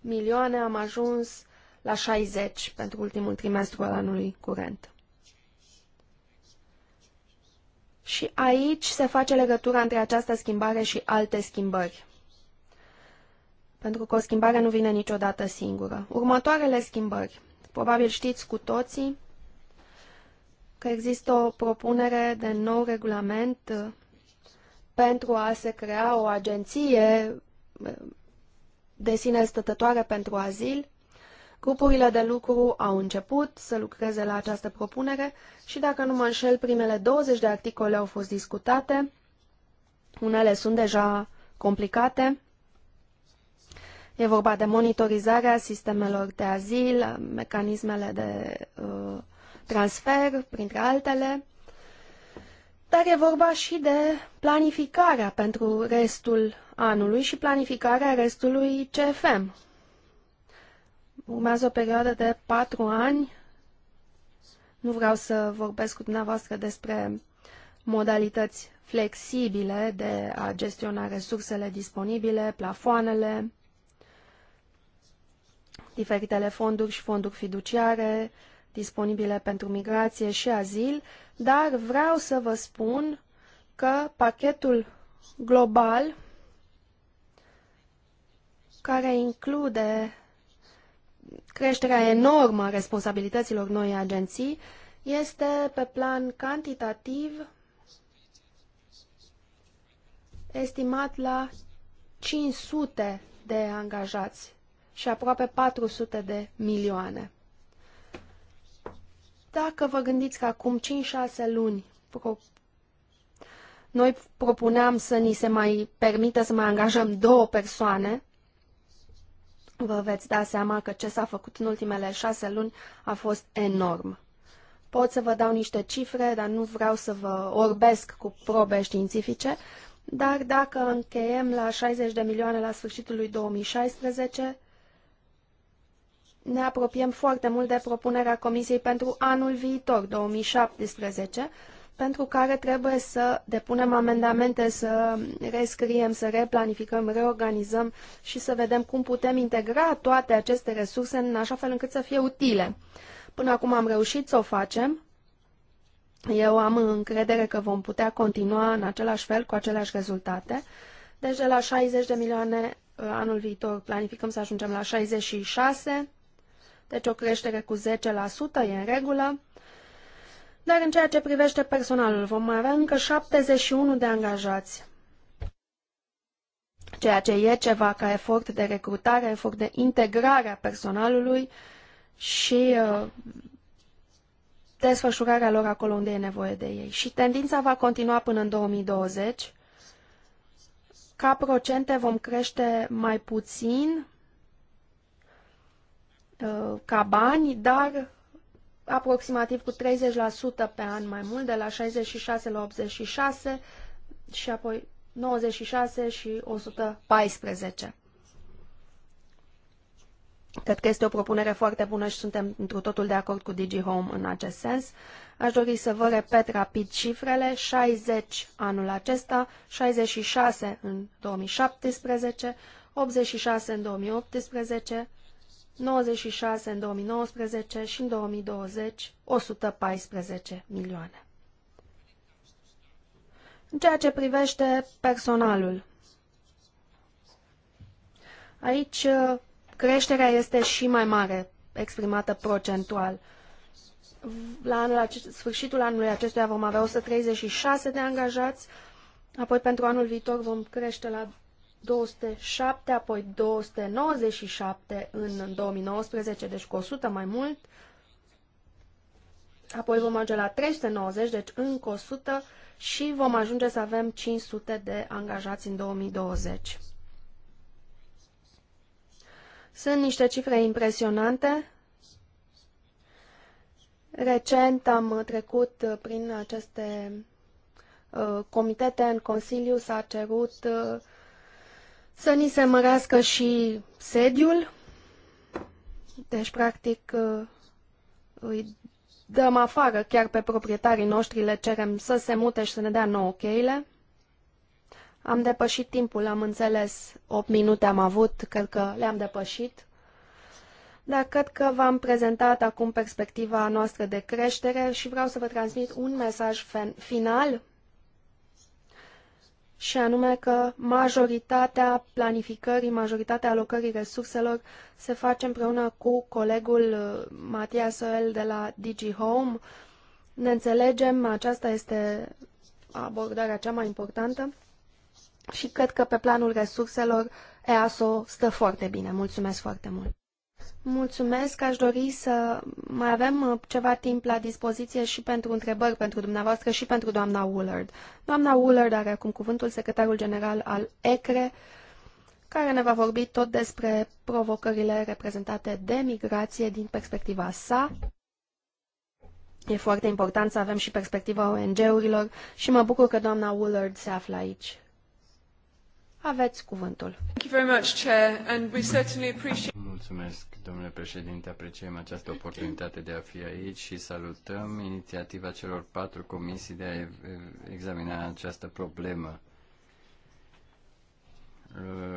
milioane, am ajuns la 60 pentru ultimul trimestru al anului curent. Și aici se face legătura între această schimbare și alte schimbări. Pentru că o schimbare nu vine niciodată singură. Următoarele schimbări. Probabil știți cu toții că există o propunere de nou regulament uh, pentru a se crea o agenție uh, de sine stătătoare pentru azil. Grupurile de lucru au început să lucreze la această propunere și, dacă nu mă înșel, primele 20 de articole au fost discutate. Unele sunt deja complicate. E vorba de monitorizarea sistemelor de azil, mecanismele de uh, transfer, printre altele, dar e vorba și de planificarea pentru restul anului și planificarea restului CFM. Urmează o perioadă de patru ani. Nu vreau să vorbesc cu dumneavoastră despre modalități flexibile de a gestiona resursele disponibile, plafoanele, diferitele fonduri și fonduri fiduciare disponibile pentru migrație și azil, dar vreau să vă spun că pachetul global care include creșterea enormă a responsabilităților noi agenții, este pe plan cantitativ estimat la 500 de angajați și aproape 400 de milioane. Dacă vă gândiți că acum 5-6 luni pro... noi propuneam să ni se mai permită să mai angajăm două persoane, vă veți da seama că ce s-a făcut în ultimele șase luni a fost enorm. Pot să vă dau niște cifre, dar nu vreau să vă orbesc cu probe științifice, dar dacă încheiem la 60 de milioane la sfârșitul lui 2016, ne apropiem foarte mult de propunerea Comisiei pentru anul viitor, 2017, pentru care trebuie să depunem amendamente, să rescriem, să replanificăm, reorganizăm și să vedem cum putem integra toate aceste resurse în așa fel încât să fie utile. Până acum am reușit să o facem. Eu am încredere că vom putea continua în același fel, cu aceleași rezultate. Deci de la 60 de milioane uh, anul viitor planificăm să ajungem la 66, deci o creștere cu 10% e în regulă dar în ceea ce privește personalul, vom mai avea încă 71 de angajați, ceea ce e ceva ca efort de recrutare, efort de integrare a personalului și uh, desfășurarea lor acolo unde e nevoie de ei. Și tendința va continua până în 2020. Ca procente vom crește mai puțin uh, ca bani, dar aproximativ cu 30% pe an mai mult, de la 66 la 86 și apoi 96 și 114. Cred că este o propunere foarte bună și suntem într totul de acord cu DigiHome în acest sens. Aș dori să vă repet rapid cifrele. 60 anul acesta, 66 în 2017, 86 în 2018, 96 în 2019 și în 2020 114 milioane. În ceea ce privește personalul, aici uh, creșterea este și mai mare, exprimată procentual. La anul, sfârșitul anului acestuia vom avea 136 de angajați, apoi pentru anul viitor vom crește la 207, apoi 297 în 2019, deci cu 100 mai mult. Apoi vom ajunge la 390, deci încă 100 și vom ajunge să avem 500 de angajați în 2020. Sunt niște cifre impresionante. Recent am trecut prin aceste uh, comitete în Consiliu, s-a cerut uh, să ni se mărească și sediul. Deci, practic, îi dăm afară chiar pe proprietarii noștri, le cerem să se mute și să ne dea nouă cheile. Am depășit timpul, am înțeles, 8 minute am avut, cred că le-am depășit. Dar cred că v-am prezentat acum perspectiva noastră de creștere și vreau să vă transmit un mesaj final și anume că majoritatea planificării, majoritatea alocării resurselor se face împreună cu colegul uh, Matia Soel de la DigiHome. Ne înțelegem, aceasta este abordarea cea mai importantă și cred că pe planul resurselor EASO stă foarte bine. Mulțumesc foarte mult! Mulțumesc, aș dori să mai avem uh, ceva timp la dispoziție și pentru întrebări pentru dumneavoastră și pentru doamna Woolard. Doamna Woolard are acum cuvântul secretarul general al ECRE, care ne va vorbi tot despre provocările reprezentate de migrație din perspectiva sa. E foarte important să avem și perspectiva ONG-urilor și mă bucur că doamna Woolard se află aici. Aveți cuvântul. Mulțumesc, domnule președinte. Apreciem această oportunitate de a fi aici și salutăm inițiativa celor patru comisii de a examina această problemă.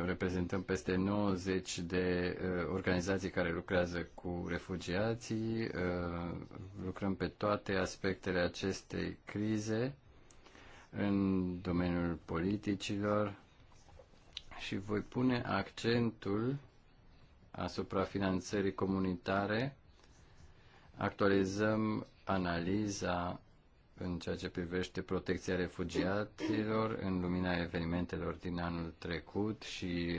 Reprezentăm peste 90 de ă, organizații care lucrează cu refugiații. Ă, lucrăm pe toate aspectele acestei crize în domeniul politicilor, și voi pune accentul asupra finanțării comunitare. Actualizăm analiza în ceea ce privește protecția refugiaților în lumina evenimentelor din anul trecut și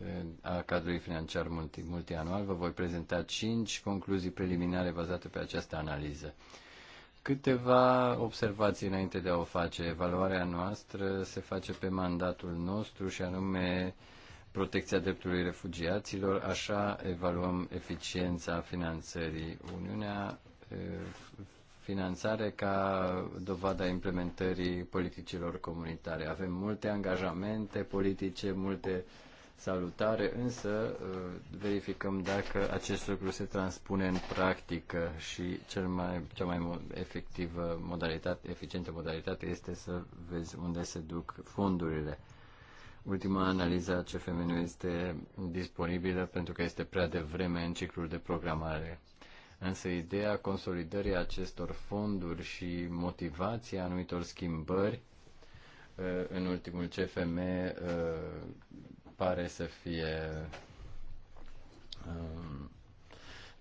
uh, a cadrului financiar multianual. Vă voi prezenta cinci concluzii preliminare bazate pe această analiză. Câteva observații înainte de a o face. Evaluarea noastră se face pe mandatul nostru și anume protecția dreptului refugiaților, așa evaluăm eficiența finanțării. Uniunea finanțare ca dovada implementării politicilor comunitare. Avem multe angajamente politice, multe uh, salutare, însă uh, verificăm dacă acest lucru se transpune în practică și cel mai, cea mai efectivă modalitate, eficientă modalitate este să vezi unde se duc fondurile. Ultima analiză a CFM nu este disponibilă pentru că este prea devreme în ciclul de programare. Însă ideea consolidării acestor fonduri și motivația anumitor schimbări uh, în ultimul CFM uh, pare să fie um,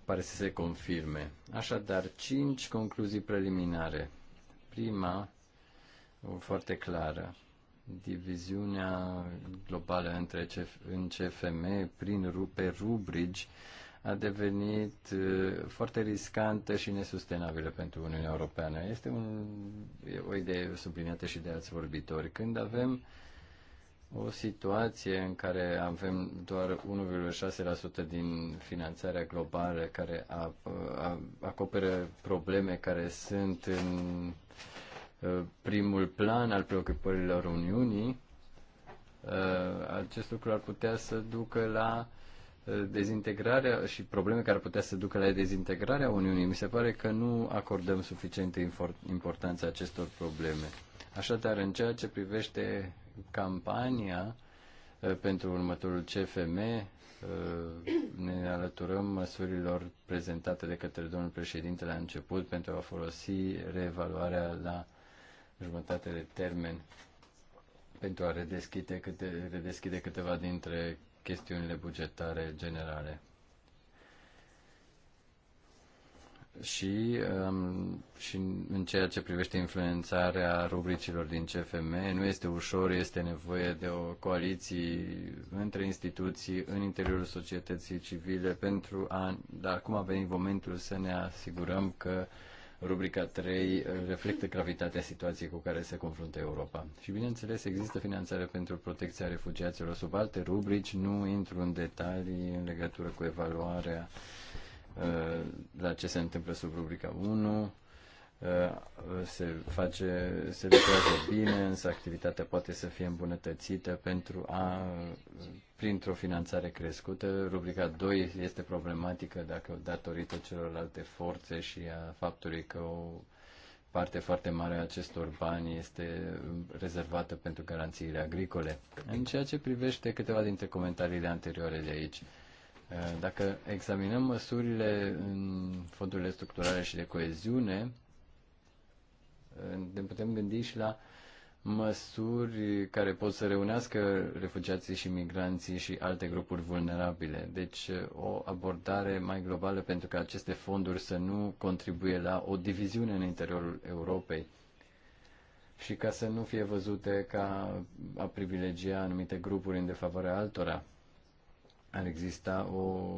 pare să se confirme. Așadar, cinci concluzii preliminare. Prima, foarte clară, diviziunea globală între CF, în CFM prin rupe rubrici a devenit uh, foarte riscantă și nesustenabilă pentru Uniunea Europeană. Este un, o idee subliniată și de alți vorbitori. Când avem uh, o situație în care avem doar 1,6% din finanțarea globală care a, a, acoperă probleme care sunt în ă, primul plan al preocupărilor Uniunii, ă, acest lucru ar putea să ducă la ă, dezintegrarea și probleme care ar putea să ducă la dezintegrarea Uniunii. Mi se pare că nu acordăm suficientă importanță acestor probleme. Așadar, în ceea ce privește campania uh, pentru următorul CFM, uh, ne alăturăm măsurilor prezentate de către domnul președinte la început pentru a folosi reevaluarea la jumătate de termen pentru a redeschide, câte, redeschide câteva dintre chestiunile bugetare generale. și, um, și în ceea ce privește influențarea rubricilor din CFM, nu este ușor, este nevoie de o coaliție între instituții în interiorul societății civile pentru a, dar acum a venit momentul să ne asigurăm că rubrica 3 reflectă gravitatea situației cu care se confruntă Europa. Și bineînțeles există finanțare pentru protecția refugiaților sub alte rubrici, nu intru în detalii în legătură cu evaluarea Uh, la ce se întâmplă sub rubrica 1, uh, se face, se lucrează bine, însă activitatea poate să fie îmbunătățită pentru a, printr-o finanțare crescută. Rubrica 2 este problematică dacă datorită celorlalte forțe și a faptului că o parte foarte mare a acestor bani este rezervată pentru garanțiile agricole. În ceea ce privește câteva dintre comentariile anterioare de aici, Eh, dacă examinăm măsurile în fondurile structurale și de coeziune, eh, ne putem gândi și la măsuri care pot să reunească refugiații și migranții și alte grupuri vulnerabile. Deci eh, o abordare mai globală pentru că aceste fonduri să nu contribuie la o diviziune în interiorul Europei și ca să nu fie văzute ca a privilegia anumite grupuri în defavoarea altora ar exista o,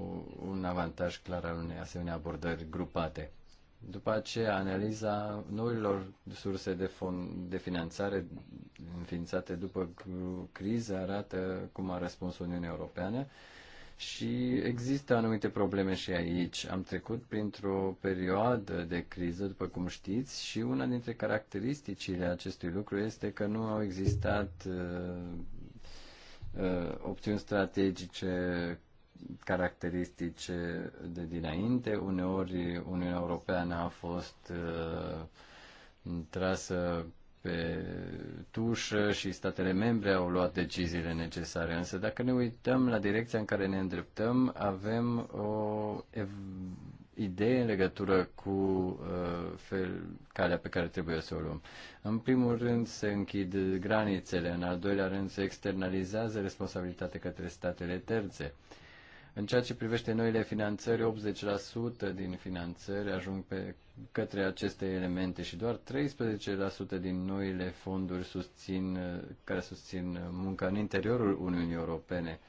un avantaj clar al unei asemenea abordări grupate. După aceea, analiza noilor surse de, fond, de finanțare înființate după criză arată cum a răspuns Uniunea Europeană și există anumite probleme și aici. Am trecut printr-o perioadă de criză, după cum știți, și una dintre caracteristicile acestui lucru este că nu au existat uh, Uh, opțiuni strategice caracteristice de dinainte. Uneori Uniunea Europeană a fost uh, trasă pe tușă și statele membre au luat deciziile necesare. Însă dacă ne uităm la direcția în care ne îndreptăm, avem o idee în legătură cu uh, fel, calea pe care trebuie să o luăm. În primul rând se închid granițele, în al doilea rând se externalizează responsabilitatea către statele terțe. În ceea ce privește noile finanțări, 80% din finanțări ajung pe, către aceste elemente și doar 13% din noile fonduri susțin, uh, care susțin munca în interiorul Uniunii Europene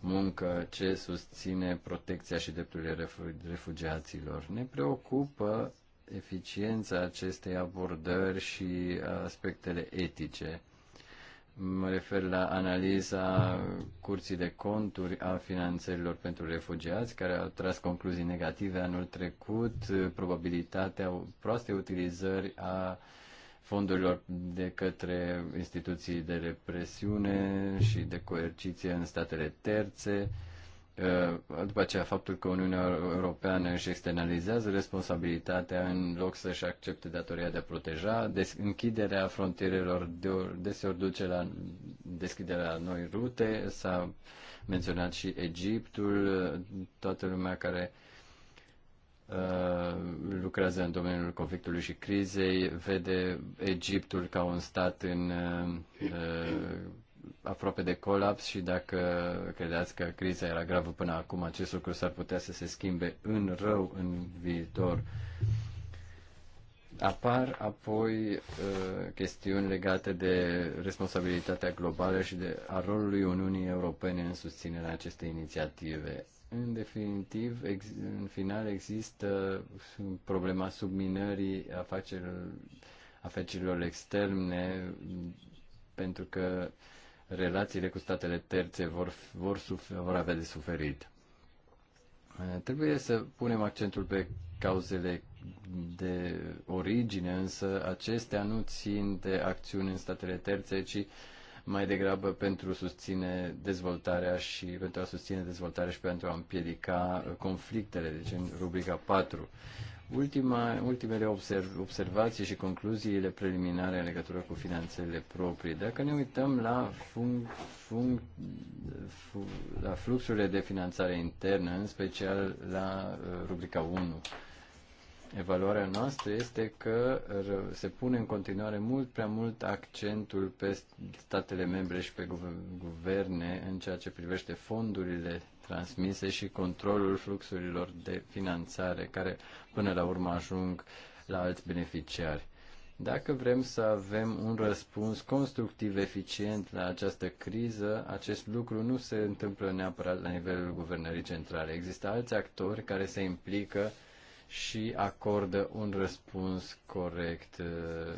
muncă ce susține protecția și drepturile refugiaților. Ne preocupă eficiența acestei abordări și aspectele etice. Mă refer la analiza curții de conturi a finanțărilor pentru refugiați, care au tras concluzii negative anul trecut, probabilitatea proastei utilizări a fondurilor de către instituții de represiune și de coerciție în statele terțe. Uh, după aceea, faptul că Uniunea Europeană își externalizează responsabilitatea în loc să-și accepte datoria de a proteja, des- închiderea frontierelor deseori duce la deschiderea noi rute, s-a menționat și Egiptul, uh, toată lumea care uh, Uh, lucrează în domeniul conflictului și crizei, vede Egiptul ca un stat în uh, uh, aproape de colaps și dacă credeți că criza era gravă până acum, acest lucru s-ar putea să se schimbe în rău în viitor. Apar apoi chestiuni legate de responsabilitatea globală și de a rolului Uniunii Europene în susținerea acestei inițiative. În definitiv, ex- în final există problema subminării afacerilor, afacerilor externe pentru că relațiile cu statele terțe vor, vor, sufer, vor avea de suferit. Uh, trebuie să punem accentul pe cauzele de origine, însă acestea nu țin de acțiuni în statele terțe, ci mai degrabă pentru susține dezvoltarea și pentru a susține dezvoltarea și pentru a împiedica conflictele, deci în rubrica 4. Ultima, ultimele observ, observații și concluziile preliminare în legătură cu finanțele proprii. Dacă ne uităm la, fun, func, la fluxurile de finanțare internă, în special la uh, rubrica 1, Evaluarea noastră este că se pune în continuare mult prea mult accentul pe statele membre și pe guverne în ceea ce privește fondurile transmise și controlul fluxurilor de finanțare care până la urmă ajung la alți beneficiari. Dacă vrem să avem un răspuns constructiv, eficient la această criză, acest lucru nu se întâmplă neapărat la nivelul guvernării centrale. Există alți actori care se implică și acordă un răspuns corect uh,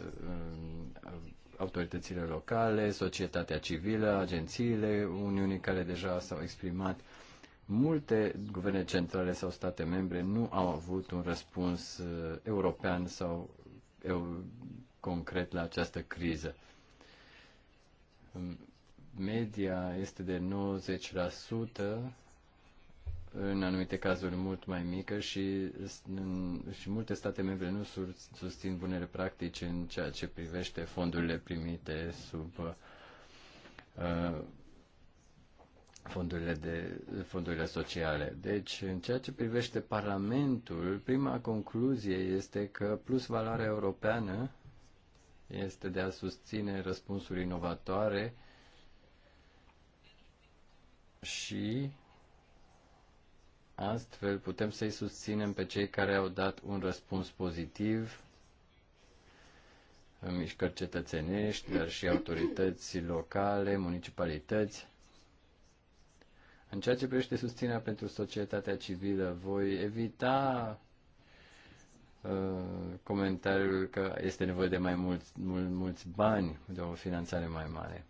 autoritățile locale, societatea civilă, agențiile Uniunii care deja s-au exprimat. Multe guverne centrale sau state membre nu au avut un răspuns uh, european sau eu, concret la această criză. Media este de 90% în anumite cazuri mult mai mică și, în, și multe state membre nu susțin bunele practici în ceea ce privește fondurile primite sub uh, fondurile, de, fondurile sociale. Deci, în ceea ce privește Parlamentul, prima concluzie este că plus valoarea europeană este de a susține răspunsuri inovatoare și Astfel putem să-i susținem pe cei care au dat un răspuns pozitiv în mișcări cetățenești, dar și autorități locale, municipalități. În ceea ce privește susținerea pentru societatea civilă, voi evita uh, comentariul că este nevoie de mai mulți, mul, mulți bani, de o finanțare mai mare.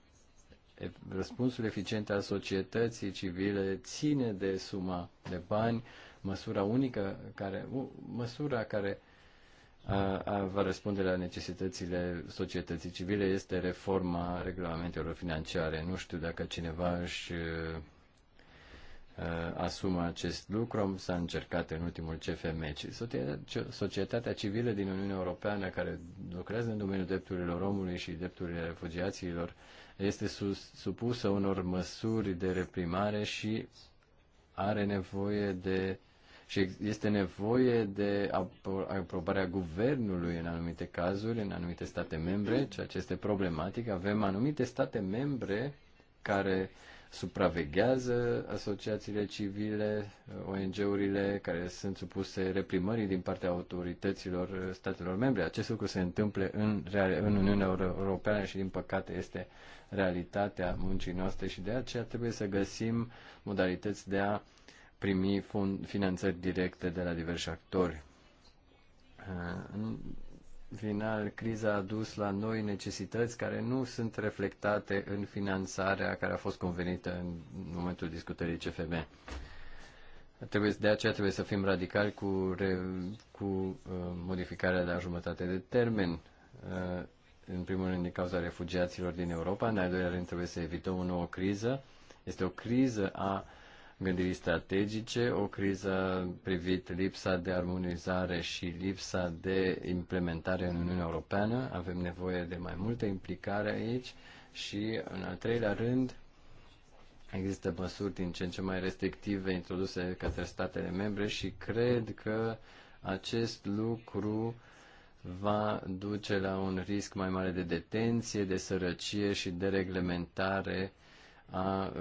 Răspunsul eficient al societății civile ține de suma de bani, măsura unică care, măsura care a, a, va răspunde la necesitățile societății civile este reforma regulamentelor financiare. Nu știu dacă cineva își asumă acest lucru. S-a încercat în ultimul CFM. Societatea civilă din Uniunea Europeană care lucrează în domeniul drepturilor omului și drepturile refugiaților este supusă unor măsuri de reprimare și are nevoie de și este nevoie de aprobarea guvernului în anumite cazuri, în anumite state membre, ceea ce este problematic. Avem anumite state membre care supraveghează asociațiile civile, ONG-urile care sunt supuse reprimării din partea autorităților statelor membre. Acest lucru se întâmplă în, în Uniunea Europeană și, din păcate, este realitatea muncii noastre și de aceea trebuie să găsim modalități de a primi finanțări directe de la diversi actori final, criza a dus la noi necesități care nu sunt reflectate în finanțarea care a fost convenită în momentul discutării CFM. Trebuie, de aceea trebuie să fim radicali cu, re, cu uh, modificarea la jumătate de termen. Uh, în primul rând din cauza refugiaților din Europa, în al doilea rând trebuie să evităm o nouă criză. Este o criză a uh, gândirii strategice, o criză privit lipsa de armonizare și lipsa de implementare în Uniunea Europeană. Avem nevoie de mai multă implicare aici și, în al treilea rând, există măsuri din ce în ce mai restrictive introduse către statele membre și cred că acest lucru va duce la un risc mai mare de detenție, de sărăcie și de reglementare a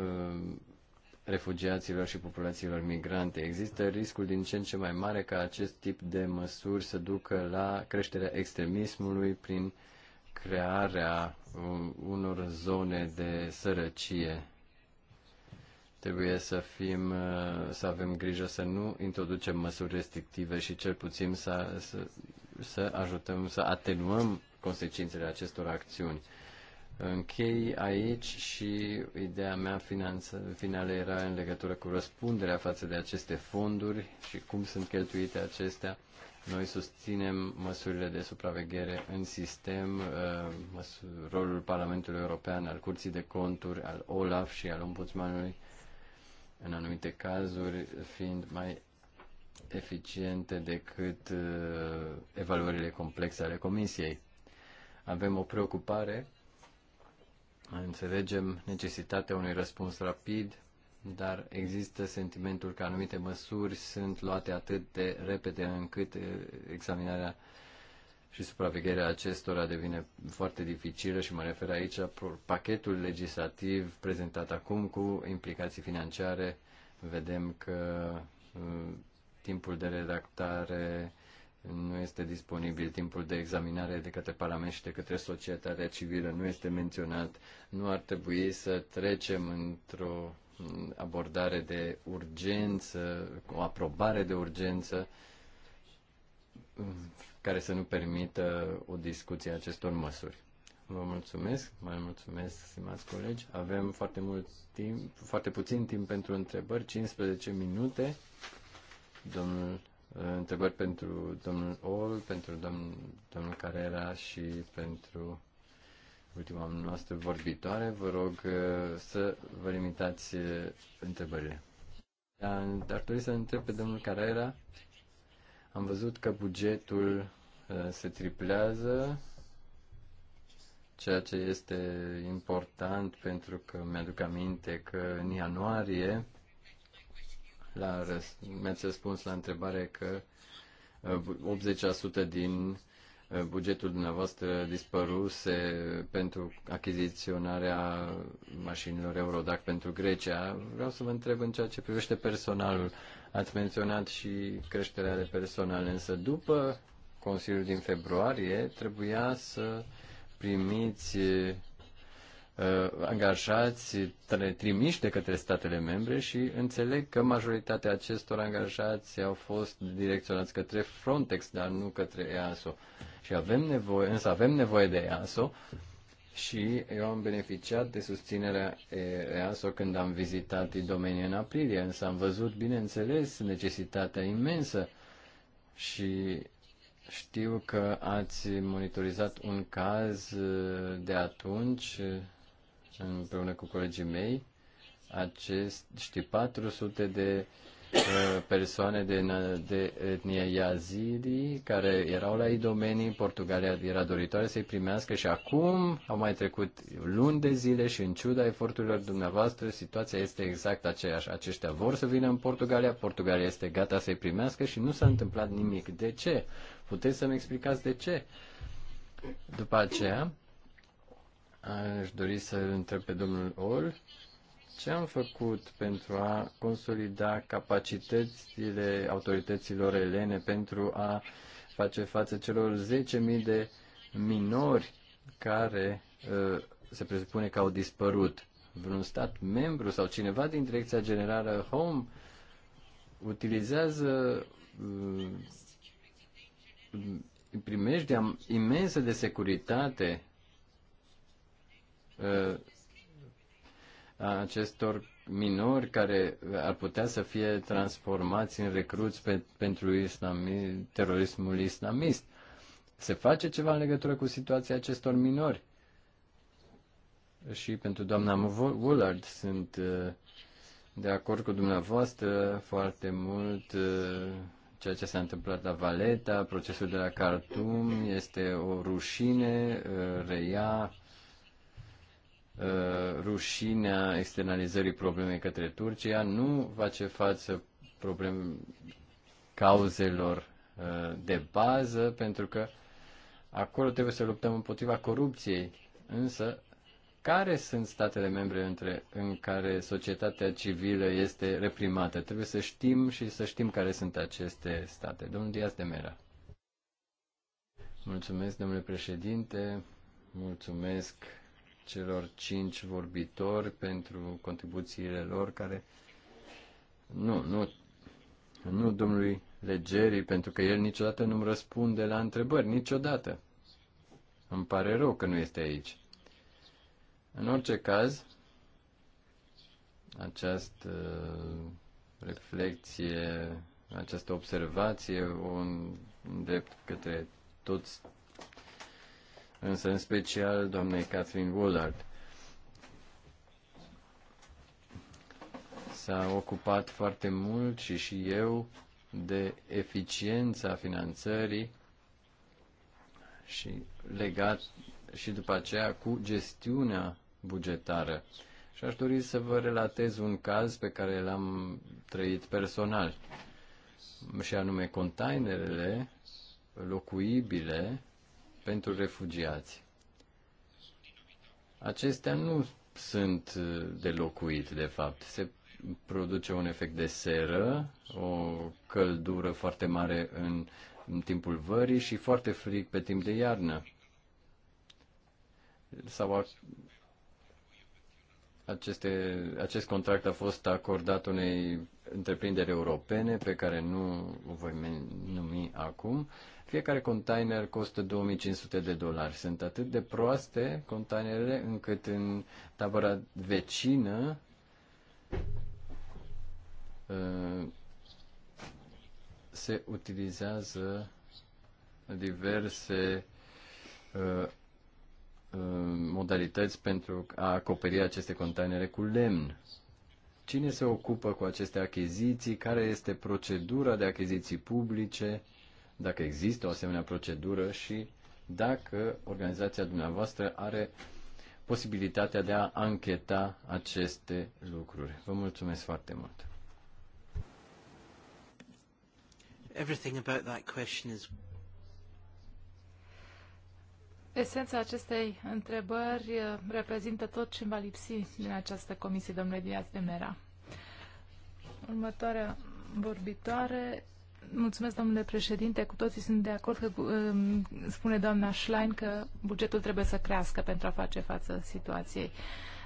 refugiaților și populațiilor migrante. Există riscul din ce în ce mai mare ca acest tip de măsuri să ducă la creșterea extremismului prin crearea unor zone de sărăcie. Trebuie să fim, uh, să avem grijă să nu introducem măsuri restrictive și cel puțin să, să, să ajutăm să atenuăm consecințele acestor acțiuni Închei aici și ideea mea finanță, finală era în legătură cu răspunderea față de aceste fonduri și cum sunt cheltuite acestea. Noi susținem măsurile de supraveghere în sistem, uh, rolul Parlamentului European, al Curții de Conturi, al OLAF și al Ombudsmanului, în anumite cazuri, fiind mai eficiente decât uh, evaluările complexe ale Comisiei. Avem o preocupare Înțelegem necesitatea unui răspuns rapid, dar există sentimentul că anumite măsuri sunt luate atât de repede încât examinarea și supravegherea acestora devine foarte dificilă și mă refer aici la pachetul legislativ prezentat acum cu implicații financiare. Vedem că timpul de redactare nu este disponibil timpul de examinare de către Parlament și de către societatea civilă, nu este menționat, nu ar trebui să trecem într-o abordare de urgență, o aprobare de urgență care să nu permită o discuție a acestor măsuri. Vă mulțumesc, mai mulțumesc, stimați colegi. Avem foarte mult timp, foarte puțin timp pentru întrebări, 15 minute. Domnul întrebări pentru domnul Ol, pentru domn, domnul Carrera și pentru ultima noastră vorbitoare. Vă rog uh, să vă limitați uh, întrebările. dar da, trebuie să întreb pe domnul Carrera. Am văzut că bugetul uh, se triplează, ceea ce este important pentru că mi-aduc aminte că în ianuarie la, mi-ați răspuns la întrebare că 80% uh, din uh, bugetul dumneavoastră dispăruse pentru achiziționarea mașinilor Eurodac pentru Grecia. Vreau să vă întreb în ceea ce privește personalul. Ați menționat și creșterea de personal, însă după Consiliul din februarie trebuia să primiți Uh, angajați trimiși de către statele membre și înțeleg că majoritatea acestor angajați au fost direcționați către Frontex, dar nu către EASO. Și avem nevoie, însă avem nevoie de EASO și eu am beneficiat de susținerea EASO când am vizitat domeniul în aprilie, însă am văzut, bineînțeles, necesitatea imensă și știu că ați monitorizat un caz uh, de atunci împreună cu colegii mei acești 400 de uh, persoane de, de etnie yazidi care erau la idomenii, Portugalia era doritoare să-i primească și acum au mai trecut luni de zile și în ciuda eforturilor dumneavoastră, situația este exact aceeași. Aceștia vor să vină în Portugalia, Portugalia este gata să-i primească și nu s-a întâmplat nimic. De ce? Puteți să-mi explicați de ce? După aceea, Aș dori să întreb pe domnul Ol ce am făcut pentru a consolida capacitățile autorităților elene pentru a face față celor 10.000 de minori care uh, se presupune că au dispărut. Vreun stat membru sau cineva din Direcția Generală Home utilizează uh, primejdea imensă de securitate Uh, a acestor minori care ar putea să fie transformați în recruți pe, pentru islami, terorismul islamist. Se face ceva în legătură cu situația acestor minori? Și pentru doamna Woolard sunt uh, de acord cu dumneavoastră foarte mult uh, ceea ce s-a întâmplat la Valeta, procesul de la Khartoum este o rușine, reia Uh, rușinea externalizării problemei către Turcia nu face față problem cauzelor uh, de bază, pentru că acolo trebuie să luptăm împotriva corupției. Însă, care sunt statele membre între, în care societatea civilă este reprimată? Trebuie să știm și să știm care sunt aceste state. Domnul Diaz de Mera. Mulțumesc, domnule președinte. Mulțumesc celor cinci vorbitori pentru contribuțiile lor care... Nu, nu, nu domnului Legerii, pentru că el niciodată nu-mi răspunde la întrebări, niciodată. Îmi pare rău că nu este aici. În orice caz, această reflexie, această observație, un îndrept către toți însă în special doamnei Catherine Woolard. S-a ocupat foarte mult și și eu de eficiența finanțării și legat și după aceea cu gestiunea bugetară. Și aș dori să vă relatez un caz pe care l-am trăit personal, și anume containerele locuibile pentru refugiați. Acestea nu sunt uh, de locuit, de fapt. Se produce un efect de seră, o căldură foarte mare în, în timpul vării și foarte frig pe timp de iarnă. Sau aceste, acest contract a fost acordat unei întreprinderi europene pe care nu o voi numi acum. Fiecare container costă 2500 de dolari. Sunt atât de proaste containerele încât în tabăra vecină uh, se utilizează diverse uh, uh, modalități pentru a acoperi aceste containere cu lemn. Cine se ocupă cu aceste achiziții? Care este procedura de achiziții publice? Dacă există o asemenea procedură și dacă organizația dumneavoastră are posibilitatea de a ancheta aceste lucruri. Vă mulțumesc foarte mult. Everything about that question is Esența acestei întrebări eh, reprezintă tot ce va lipsi din această comisie, domnule Diaz de Mera. Următoarea vorbitoare. Mulțumesc, domnule președinte. Cu toții sunt de acord că eh, spune doamna Schlein că bugetul trebuie să crească pentru a face față situației.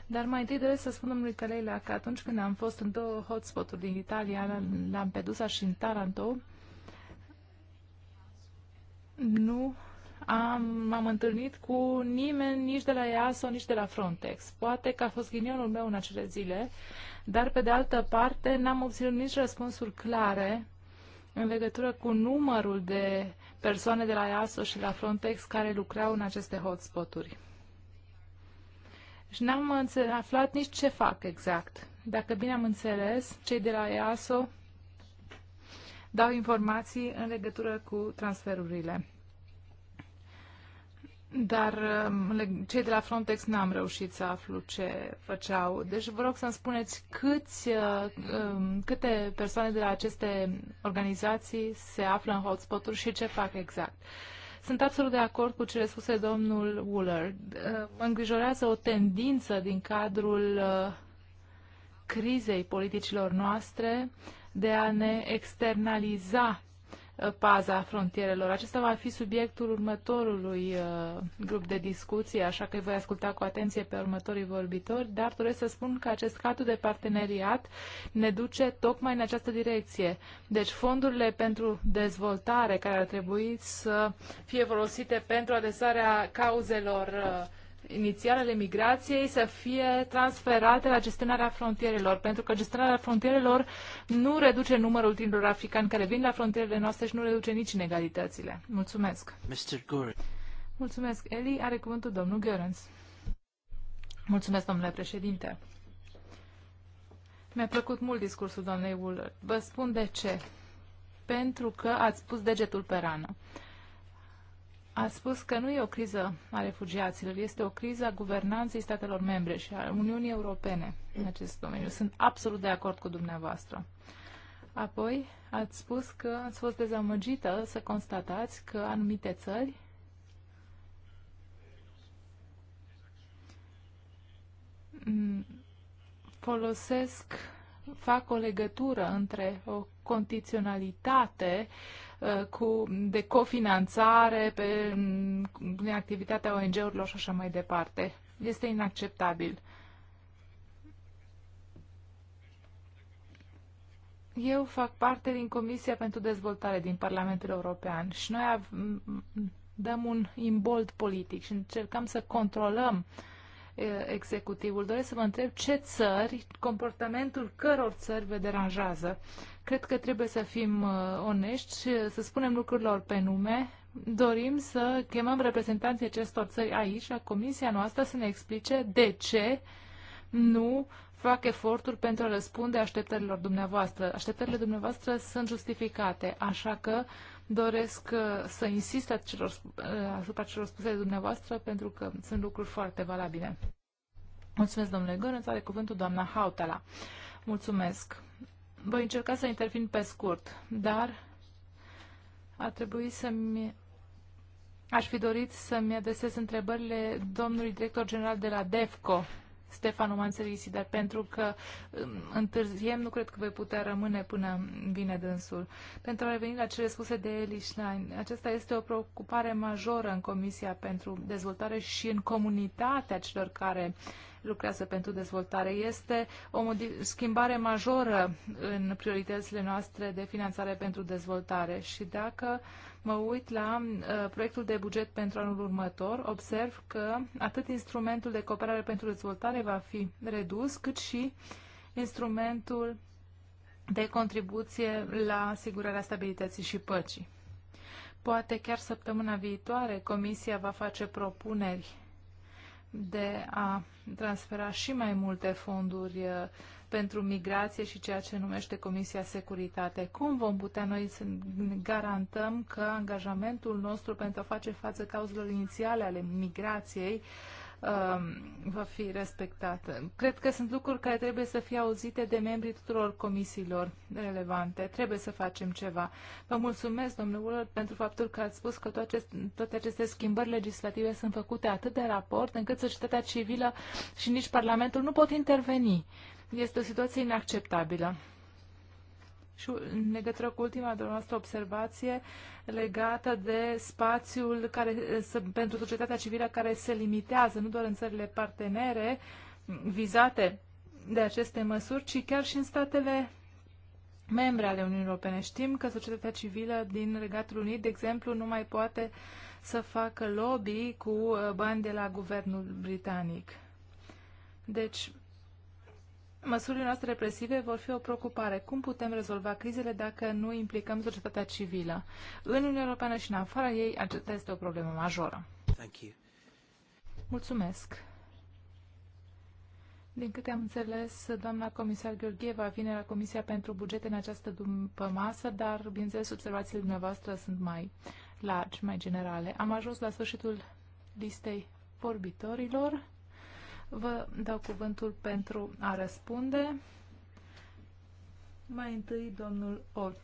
Dar mai întâi doresc să spun domnului Căleila că atunci când am fost în două hotspot-uri din Italia, la Lampedusa și în Taranto, nu am, m-am întâlnit cu nimeni nici de la EASO, nici de la Frontex. Poate că a fost ghinionul meu în acele zile, dar pe de altă parte n-am obținut nici răspunsuri clare în legătură cu numărul de persoane de la EASO și la Frontex care lucrau în aceste hotspoturi. Și n-am aflat nici ce fac exact. Dacă bine am înțeles, cei de la EASO dau informații în legătură cu transferurile. Dar um, cei de la Frontex n-am reușit să aflu ce făceau. Deci vă rog să-mi spuneți câți, uh, um, câte persoane de la aceste organizații se află în hotspot-uri și ce fac exact. Sunt absolut de acord cu cele spuse domnul Wooler. Uh, mă îngrijorează o tendință din cadrul uh, crizei politicilor noastre de a ne externaliza Uh, paza frontierelor. Acesta va fi subiectul următorului uh, grup de discuție, așa că îi voi asculta cu atenție pe următorii vorbitori, dar doresc să spun că acest cadru de parteneriat ne duce tocmai în această direcție. Deci fondurile pentru dezvoltare care ar trebui să fie folosite pentru adresarea cauzelor uh, inițiale ale migrației să fie transferate la gestionarea frontierelor, pentru că gestionarea frontierelor nu reduce numărul tinerilor africani care vin la frontierele noastre și nu reduce nici inegalitățile. Mulțumesc! Mr. Gore. Mulțumesc, Eli. Are cuvântul domnul Görens. Mulțumesc, domnule președinte. Mi-a plăcut mult discursul doamnei Wooler. Vă spun de ce. Pentru că ați pus degetul pe rană. Uh, a spus că nu e o criză a refugiaților, este o criză a guvernanței statelor membre și a Uniunii Europene în acest domeniu. Sunt absolut de acord cu dumneavoastră. Apoi ați spus că ați fost dezamăgită să constatați că anumite țări folosesc, fac o legătură între o condiționalitate uh, Uh, cu, de cofinanțare pe, activitatea ONG-urilor și așa mai departe. Este inacceptabil. Eu fac parte din Comisia pentru Dezvoltare din Parlamentul European și noi dăm un imbold politic și încercăm să controlăm uh, executivul. Doresc să vă întreb ce țări, comportamentul căror țări vă deranjează Cred că trebuie să fim uh, onești și să spunem lucrurilor pe nume. Dorim să chemăm reprezentanții acestor țări aici, la comisia noastră, să ne explice de ce nu fac eforturi pentru a răspunde așteptărilor dumneavoastră. Așteptările dumneavoastră sunt justificate, așa că doresc uh, să insist uh, asupra celor spuse de dumneavoastră pentru că sunt lucruri foarte valabile. Mulțumesc, domnule Gărânț. Are cuvântul doamna Hautala. Mulțumesc. Voi încerca să intervin pe scurt, dar a trebuit să-mi... Aș fi dorit să-mi adresez întrebările domnului director general de la DEFCO, Stefano Manțelisi, dar pentru că um, întârziem, nu cred că voi putea rămâne până vine dânsul. Pentru a reveni la cele spuse de Eli Schlein, aceasta este o preocupare majoră în Comisia pentru Dezvoltare și în comunitatea celor care uh, lucrează pentru dezvoltare. Este o schimbare majoră în prioritățile noastre de finanțare pentru dezvoltare și dacă mă uit la uh, proiectul de buget pentru anul următor, observ că atât instrumentul de cooperare pentru dezvoltare va fi redus, cât și instrumentul de contribuție la asigurarea stabilității și păcii. Poate chiar săptămâna viitoare Comisia va face propuneri de a transfera și mai multe fonduri uh, pentru migrație și ceea ce numește Comisia Securitate. Cum vom putea noi să garantăm că angajamentul nostru pentru a face față cauzelor inițiale ale migrației Um, va fi respectată. Cred că sunt lucruri care trebuie să fie auzite de membrii tuturor comisiilor relevante. Trebuie să facem ceva. Vă mulțumesc, domnule pentru faptul că ați spus că toate, aceste, toate aceste schimbări legislative sunt făcute atât de raport încât societatea civilă și nici Parlamentul nu pot interveni. Este o situație inacceptabilă. Și în legătură cu ultima dumneavoastră observație legată de spațiul care, pentru societatea civilă care se limitează nu doar în țările partenere vizate de aceste măsuri, ci chiar și în statele membre ale Uniunii Europene. Știm că societatea civilă din Regatul Unit, de exemplu, nu mai poate să facă lobby cu uh, bani de la guvernul britanic. Deci, Măsurile noastre represive vor fi o preocupare. Cum putem rezolva crizele dacă nu implicăm societatea civilă? În Uniunea Europeană și în afara ei, aceasta este o problemă majoră. Thank you. Mulțumesc. Din câte am înțeles, doamna comisar Gheorgheva vine la Comisia pentru Bugete în această după masă, dar, bineînțeles, observațiile dumneavoastră sunt mai largi, mai generale. Am ajuns la sfârșitul listei vorbitorilor. Vă dau cuvântul pentru a răspunde. Mai întâi, domnul Or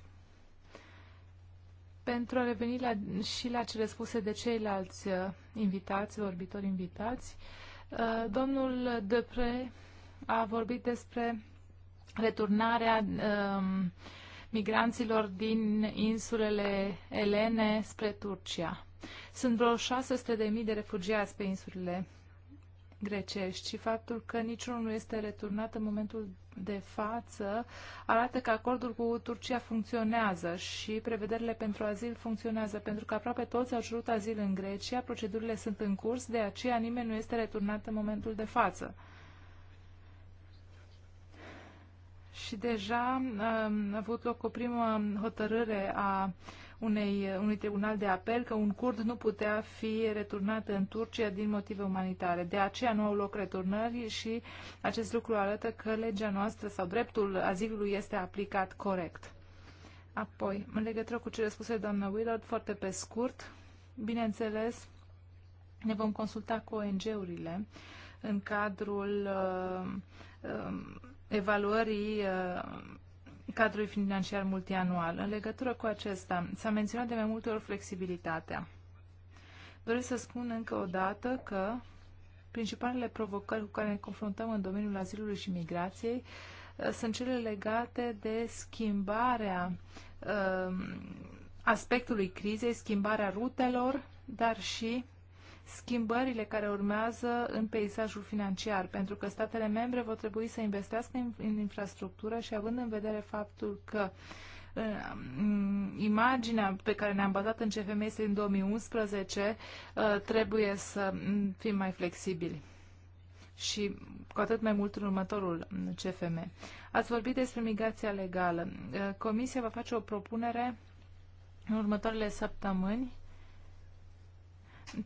Pentru a reveni la, și la cele spuse de ceilalți uh, invitați, vorbitori invitați, uh, domnul Depre a vorbit despre returnarea um, migranților din insulele Elene spre Turcia. Sunt vreo 600.000 de refugiați pe insulele grecești și faptul că niciunul nu este returnat în momentul de față arată că acordul cu Turcia funcționează și prevederile pentru azil funcționează, pentru că aproape toți au cerut azil în Grecia, procedurile sunt în curs, de aceea nimeni nu este returnat în momentul de față. Și deja um, a avut loc o primă hotărâre a unei, unui tribunal de apel că un curd nu putea fi returnat în Turcia din motive umanitare. De aceea nu au loc returnări și acest lucru arată că legea noastră sau dreptul azilului este aplicat corect. Apoi, în legătură cu cele spuse doamna Willard, foarte pe scurt, bineînțeles, ne vom consulta cu ONG-urile în cadrul uh, uh, evaluării uh, cadrului financiar multianual. În legătură cu acesta, s-a menționat de mai multe ori flexibilitatea. Doresc să spun încă o dată că principalele provocări cu care ne confruntăm în domeniul azilului și migrației uh, sunt cele legate de schimbarea uh, aspectului crizei, schimbarea rutelor, dar și schimbările care urmează în peisajul financiar, pentru că statele membre vor trebui să investească în infrastructură și având în vedere faptul că uh, mm, imaginea pe care ne-am bazat în CFM este în 2011, uh, trebuie să mm, fim mai flexibili și cu atât mai mult în următorul CFM. Mm, Ați vorbit despre migrația legală. Uh, Comisia va face o propunere în următoarele săptămâni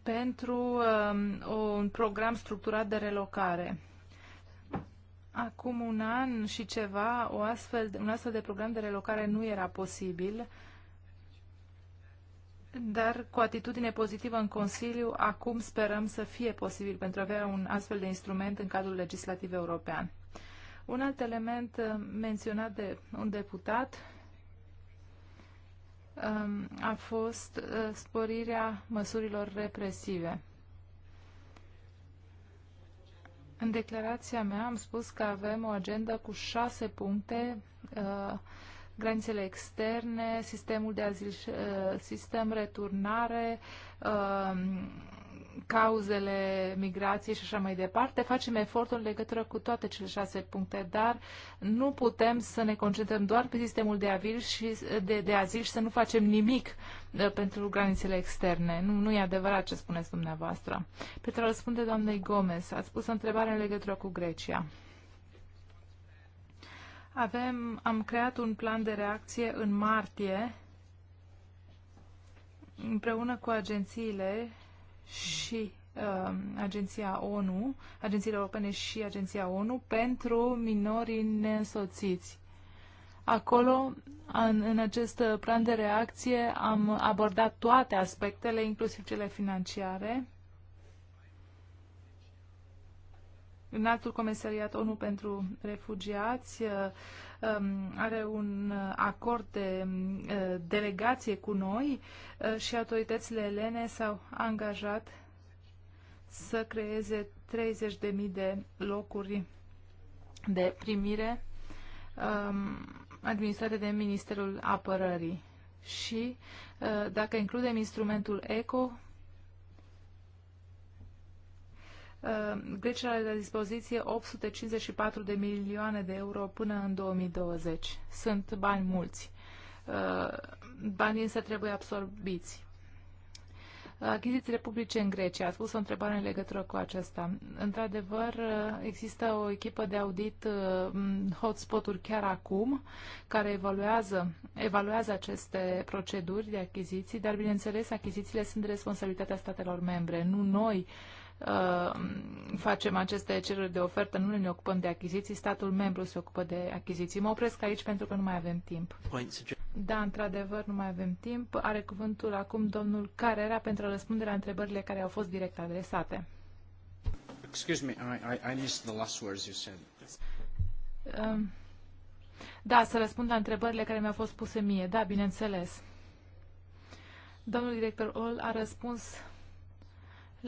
pentru um, un program structurat de relocare. Acum un an și ceva, o astfel, un astfel de program de relocare nu era posibil, dar cu atitudine pozitivă în Consiliu, acum sperăm să fie posibil pentru a avea un astfel de instrument în cadrul legislativ european. Un alt element uh, menționat de un deputat Um, a fost uh, sporirea măsurilor represive. În declarația mea am spus că avem o agendă cu șase puncte, uh, granițele externe, sistemul de azil, uh, sistem returnare, cauzele migrației și așa mai departe. Facem efortul în legătură cu toate cele șase puncte, dar nu putem să ne concentrăm doar pe sistemul de, avil și de, de azil și să nu facem nimic uh, pentru granițele externe. Nu, nu e adevărat ce spuneți dumneavoastră. Pentru a răspunde doamnei Gomez, ați pus o întrebare în legătură cu Grecia. Avem, am creat un plan de reacție în martie împreună cu agențiile și uh, Agenția ONU, Agențiile Europene și Agenția ONU pentru minorii nesoțiți. Acolo, în, în acest plan de reacție, am abordat toate aspectele, inclusiv cele financiare. În altul Comisariat ONU pentru Refugiați uh, Um, are un uh, acord de uh, delegație cu noi uh, și autoritățile elene s-au angajat să creeze 30.000 de locuri de primire um, administrate de Ministerul Apărării și dacă includem instrumentul ECO, Uh, Grecia are la dispoziție 854 de milioane de euro până în 2020. Sunt bani mulți. Uh, banii însă trebuie absorbiți. Achizițiile publice în Grecia. A spus o întrebare în legătură cu aceasta. Într-adevăr, uh, există o echipă de audit hotspot-uri chiar acum, care evaluează, evaluează aceste proceduri de achiziții, dar, bineînțeles, achizițiile sunt de responsabilitatea statelor membre, nu noi uh, Uh, facem aceste cereri de ofertă, nu ne ocupăm de achiziții, statul membru se ocupă de achiziții. Mă opresc aici pentru că nu mai avem timp. Da, într-adevăr, nu mai avem timp. Are cuvântul acum domnul Carrera pentru a răspunde la întrebările care au fost direct adresate. Excuse me, I, I, I missed the last words you said. Um, da, să răspund la întrebările care mi-au fost puse mie. Da, bineînțeles. Domnul director Ol a răspuns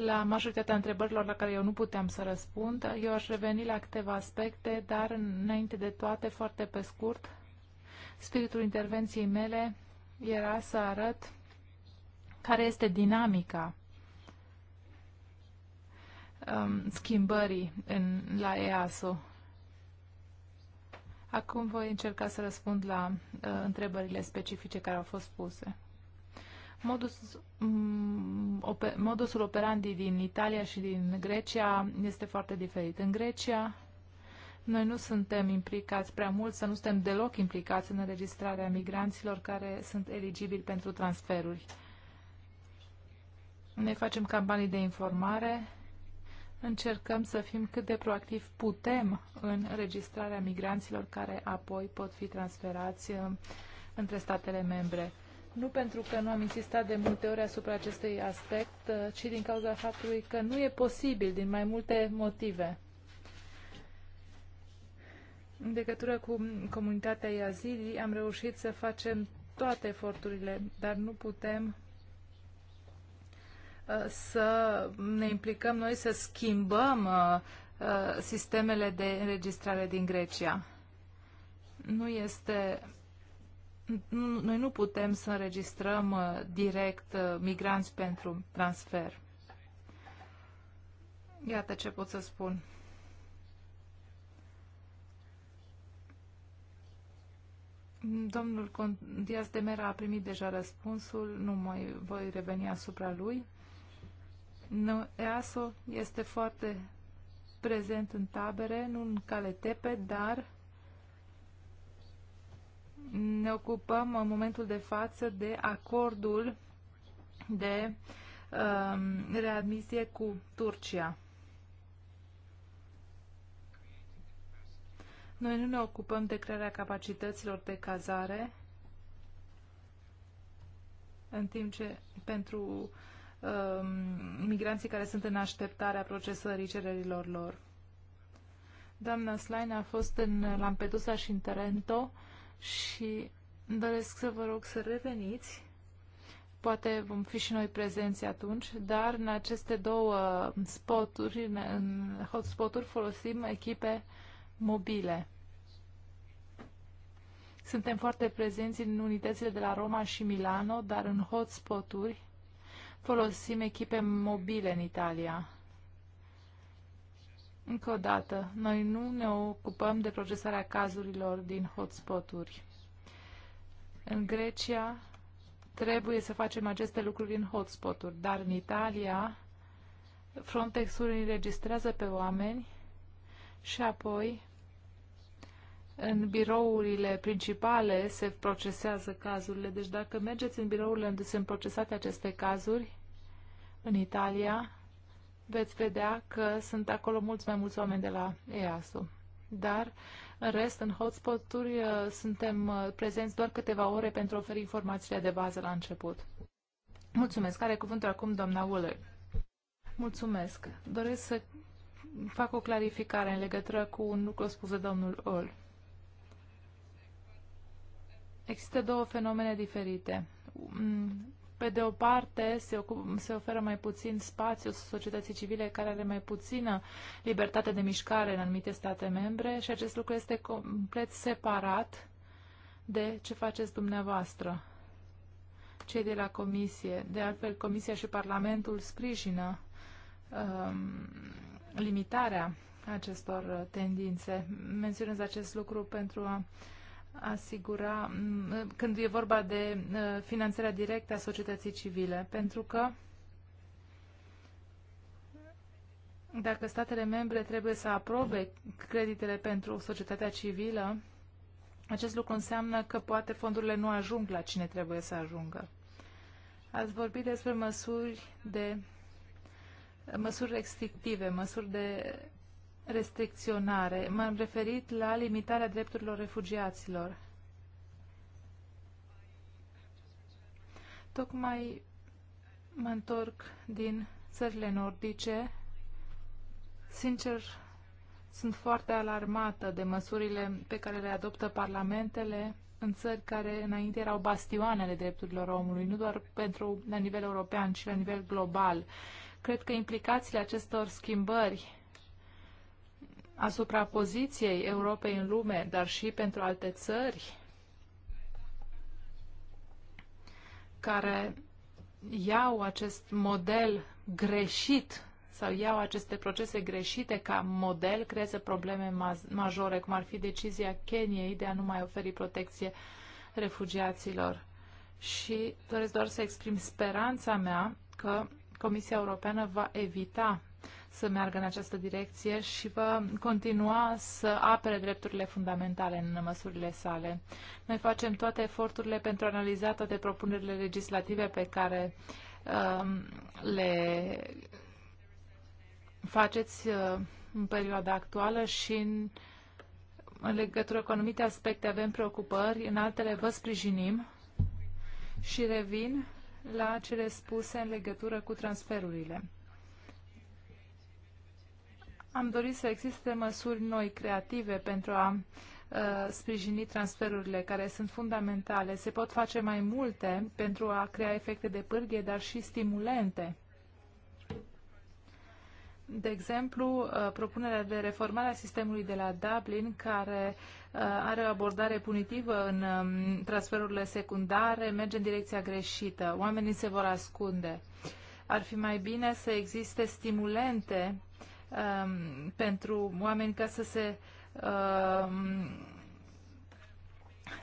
la majoritatea întrebărilor la care eu nu puteam să răspund. Eu aș reveni la câteva aspecte, dar înainte de toate, foarte pe scurt, spiritul intervenției mele era să arăt care este dinamica um, schimbării în, la EASO. Acum voi încerca să răspund la uh, întrebările specifice care au fost puse. Modus, mm, oper, modusul operandi din Italia și din Grecia este foarte diferit. În Grecia, noi nu suntem implicați prea mult, să nu suntem deloc implicați în înregistrarea migranților care sunt eligibili pentru transferuri. Ne facem campanii de informare, încercăm să fim cât de proactiv putem în registrarea migranților care apoi pot fi transferați uh, între statele membre nu pentru că nu am insistat de multe ori asupra acestui aspect, uh, ci din cauza faptului că nu e posibil din mai multe motive. În legătură cu comunitatea Yazidi am reușit să facem toate eforturile, dar nu putem uh, să ne implicăm noi să schimbăm uh, sistemele de înregistrare din Grecia. Nu este noi nu putem să înregistrăm uh, direct uh, migranți pentru transfer. Iată ce pot să spun. Domnul Diaz de Mera a primit deja răspunsul, nu mai voi reveni asupra lui. Nu, EASO este foarte prezent în tabere, nu în cale tepe, dar ne ocupăm în momentul de față de acordul de uh, readmisie cu Turcia. Noi nu ne ocupăm de crearea capacităților de cazare, în timp ce pentru uh, migranții care sunt în așteptarea procesării cererilor lor. Doamna Slaina a fost în Lampedusa și în Tarento și îmi doresc să vă rog să reveniți. Poate vom fi și noi prezenți atunci, dar în aceste două spoturi, în hotspoturi folosim echipe mobile. Suntem foarte prezenți în unitățile de la Roma și Milano, dar în hotspoturi folosim echipe mobile în Italia. Încă o dată, noi nu ne ocupăm de procesarea cazurilor din hotspoturi. În Grecia trebuie să facem aceste lucruri în hotspoturi, dar în Italia Frontex-ul înregistrează pe oameni și apoi în birourile principale se procesează cazurile. Deci dacă mergeți în birourile unde sunt procesate aceste cazuri, în Italia, veți vedea că sunt acolo mulți mai mulți oameni de la EASO. Dar, în rest, în hotspot-uri uh, suntem uh, prezenți doar câteva ore pentru a oferi informațiile de bază la început. Mulțumesc. Are cuvântul acum doamna Willer. Mulțumesc. Doresc să fac o clarificare în legătură cu un lucru spus de domnul Ol. Există două fenomene diferite. Mm, pe de o parte, se, ocup, se oferă mai puțin spațiu societății civile care are mai puțină libertate de mișcare în anumite state membre și acest lucru este complet separat de ce faceți dumneavoastră, cei de la Comisie. De altfel, Comisia și Parlamentul sprijină um, limitarea acestor uh, tendințe. Menționez acest lucru pentru a uh, asigura, când e vorba de finanțarea directă a societății civile, pentru că dacă statele membre trebuie să aprobe creditele pentru societatea civilă, acest lucru înseamnă că poate fondurile nu ajung la cine trebuie să ajungă. Ați vorbit despre măsuri de măsuri restrictive, măsuri de restricționare. M-am referit la limitarea drepturilor refugiaților. Tocmai mă întorc din țările nordice. Sincer, sunt foarte alarmată de măsurile pe care le adoptă parlamentele în țări care înainte erau bastioanele drepturilor omului, nu doar pentru la nivel european, ci la nivel global. Cred că implicațiile acestor schimbări asupra poziției Europei în lume, dar și pentru alte țări care iau acest model greșit sau iau aceste procese greșite ca model, creează probleme majore, cum ar fi decizia Keniei de a nu mai oferi protecție refugiaților. Și doresc doar să exprim speranța mea că Comisia Europeană va evita să meargă în această direcție și va continua să apere drepturile fundamentale în măsurile sale. Noi facem toate eforturile pentru a analiza toate propunerile legislative pe care uh, le faceți uh, în perioada actuală și în, în legătură cu anumite aspecte avem preocupări, în altele vă sprijinim și revin la cele spuse în legătură cu transferurile. Am dorit să existe măsuri noi, creative, pentru a uh, sprijini transferurile care sunt fundamentale. Se pot face mai multe pentru a crea efecte de pârghie, dar și stimulente. De exemplu, uh, propunerea de reformare a sistemului de la Dublin, care uh, are o abordare punitivă în um, transferurile secundare, merge în direcția greșită. Oamenii se vor ascunde. Ar fi mai bine să existe stimulente Um, pentru oameni ca să se um,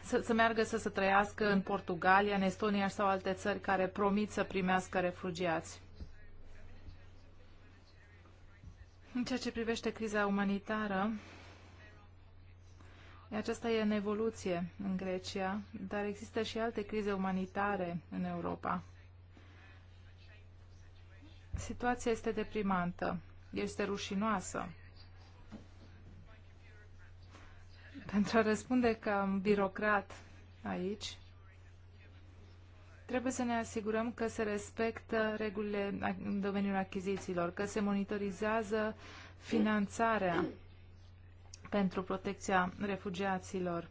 să, să meargă să se trăiască în Portugalia, în Estonia sau alte țări care promit să primească refugiați. În ceea ce privește criza umanitară, aceasta e în evoluție în Grecia, dar există și alte crize umanitare în Europa. Situația este deprimantă este rușinoasă. Pentru a răspunde ca un birocrat aici, trebuie să ne asigurăm că se respectă regulile în domeniul achizițiilor, că se monitorizează finanțarea pentru protecția refugiaților,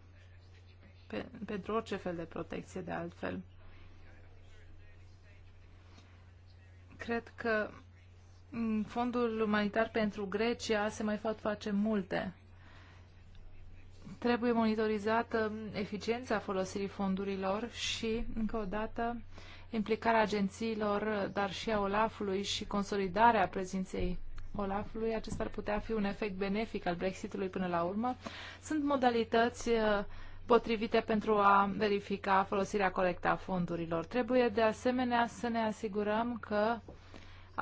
pe, pentru orice fel de protecție de altfel. Cred că Mm, fondul umanitar pentru Grecia se mai fac face multe. Trebuie monitorizată mm, eficiența folosirii fondurilor și, încă o dată, implicarea agențiilor, dar și a Olafului și consolidarea prezenței Olafului. Acesta ar putea fi un efect benefic al Brexitului până la urmă. Sunt modalități uh, potrivite pentru a verifica folosirea corectă a fondurilor. Trebuie de asemenea să ne asigurăm că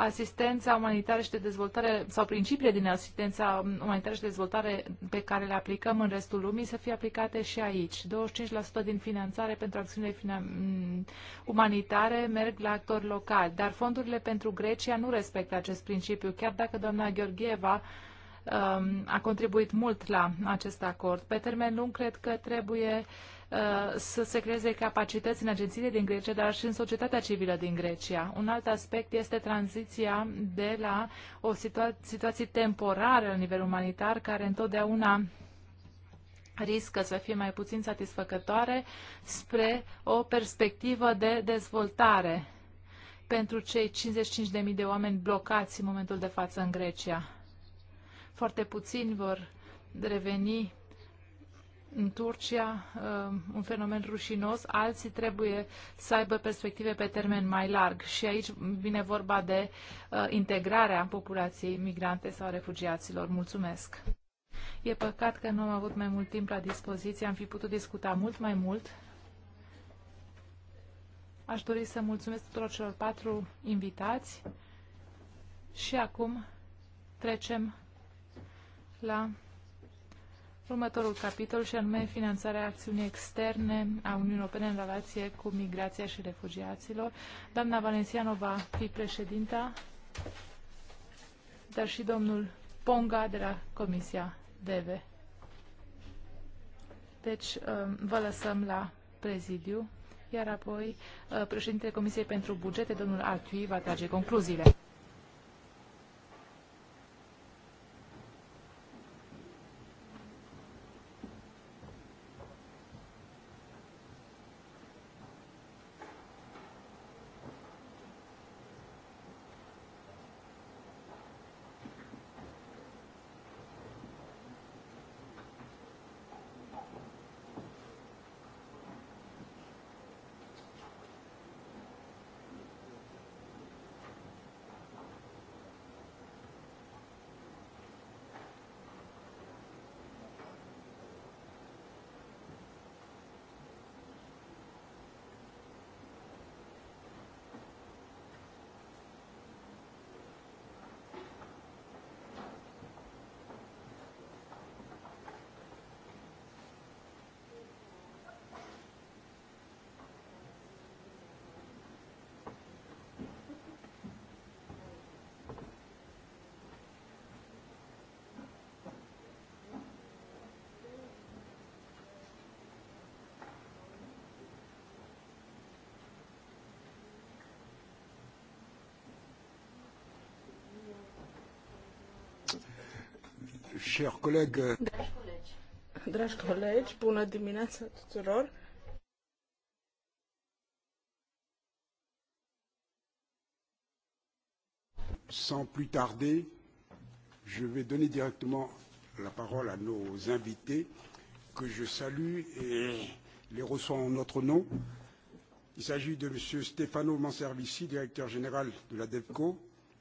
asistența umanitară și de dezvoltare sau principiile din asistența umanitară și de dezvoltare pe care le aplicăm în restul lumii să fie aplicate și aici. 25% din finanțare pentru acțiunile mm, umanitare merg la actori locali, dar fondurile pentru Grecia nu respectă acest principiu, chiar dacă doamna Gheorgheva um, a contribuit mult la acest acord. Pe termen lung, cred că trebuie uh, Uh, să se creeze capacități în agențiile din Grecia, dar și în societatea civilă din Grecia. Un alt aspect este tranziția de la o situa- situație temporară la nivel umanitar, care întotdeauna riscă să fie mai puțin satisfăcătoare spre o perspectivă de dezvoltare pentru cei 55.000 de oameni blocați în momentul de față în Grecia. Foarte puțini vor reveni în Turcia uh, un fenomen rușinos, alții trebuie să aibă perspective pe termen mai larg. Și aici vine vorba de uh, integrarea populației migrante sau refugiaților. Mulțumesc! E păcat că nu am avut mai mult timp la dispoziție, am fi putut discuta mult mai mult. Aș dori să mulțumesc tuturor celor patru invitați și acum trecem la următorul capitol și anume finanțarea acțiunii externe a Uniunii Europene în relație cu migrația și refugiaților. Doamna Valenciano va fi președinta, dar și domnul Ponga de la Comisia DEVE. Deci um, vă lăsăm la prezidiu, iar apoi uh, președintele Comisiei pentru Bugete, domnul Altui, va trage concluziile. Cher Dragi colegi, dragi colegi, bună dimineața tuturor! Sans plus tarder, je vais donner directement la parole à nos invités que je salue et les reçois en notre nom. Il s'agit de M. Stefano Manservici, directeur général de la DEVCO,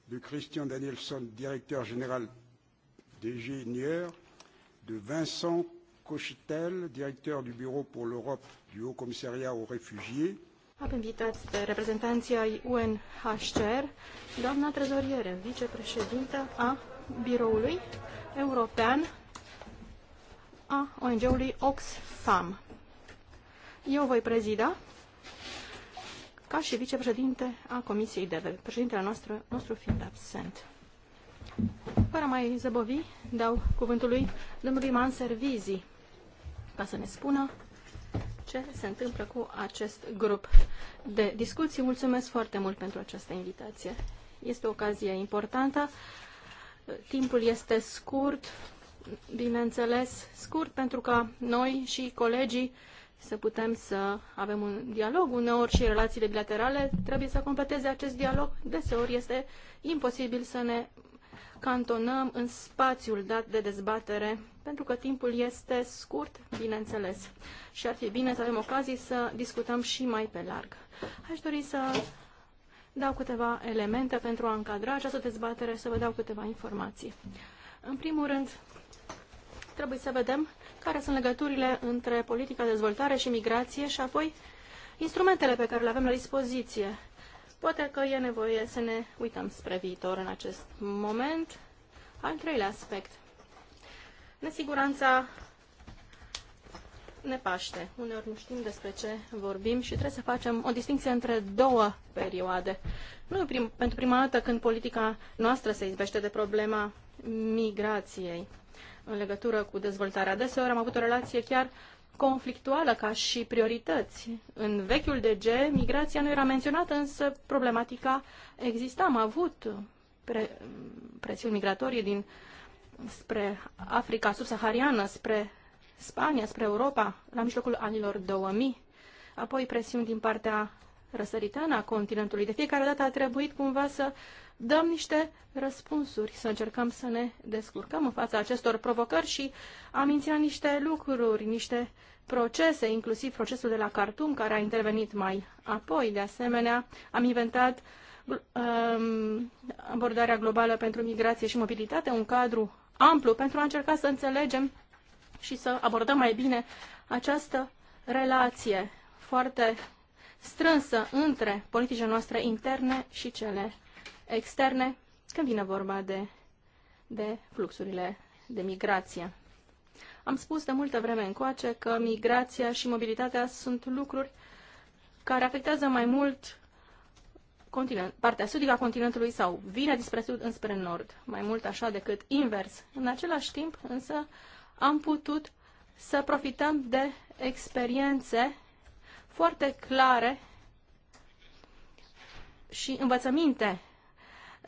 de Christian Danielson, directeur général DG NIR, de Vincent Cochitel, directeur du Bureau pour l'Europe du Haut Commissariat aux réfugiés. Am invitat pe reprezentanții ai UNHCR, doamna trezoriere, vicepreședintă a Biroului European a ONG-ului Oxfam. Eu voi prezida ca și vicepreședinte a Comisiei DEVE, președintele nostru, nostru fiind absent. Fără mai zăbovi, dau cuvântul lui domnului Manser Vizi ca să ne spună ce se întâmplă cu acest grup de discuții. Mulțumesc foarte mult pentru această invitație. Este o ocazie importantă. Timpul este scurt, bineînțeles, scurt pentru ca noi și colegii să putem să avem un dialog. Uneori și relațiile bilaterale trebuie să completeze acest dialog. Deseori este imposibil să ne cantonăm în spațiul dat de dezbatere, pentru că timpul este scurt, bineînțeles, și ar fi bine să avem ocazii să discutăm și mai pe larg. Aș dori să dau câteva elemente pentru a încadra această dezbatere, să vă dau câteva informații. În primul rând, trebuie să vedem care sunt legăturile între politica de dezvoltare și migrație și apoi instrumentele pe care le avem la dispoziție Poate că e nevoie să ne uităm spre viitor în acest moment. Al treilea aspect. Nesiguranța ne paște. Uneori nu știm despre ce vorbim și trebuie să facem o distinție între două perioade. Nu prim, pentru prima dată când politica noastră se izbește de problema migrației în legătură cu dezvoltarea. Deseori am avut o relație chiar conflictuală ca și priorități. În vechiul DG, migrația nu era menționată, însă problematica exista. Am avut pre, presiuni migratorii din spre Africa subsahariană, spre Spania, spre Europa, la mijlocul anilor 2000, apoi presiuni din partea răsăritană a continentului. De fiecare dată a trebuit cumva să uh, dăm niște răspunsuri, să încercăm să ne descurcăm în fața acestor provocări și am inițiat niște lucruri, niște procese, inclusiv procesul de la Khartoum, care a intervenit mai apoi. De asemenea, am inventat um, abordarea globală pentru migrație și mobilitate, un cadru amplu pentru a încerca să înțelegem și să abordăm mai bine această relație foarte strânsă între politicile noastre interne și cele externe când vine vorba de, de fluxurile de migrație. Am spus de multă vreme încoace că migrația și mobilitatea sunt lucruri care afectează mai mult continent, partea sudică a continentului sau vine dinspre sud înspre nord, mai mult așa decât invers. În același timp, însă, am putut să profităm de experiențe foarte clare și învățăminte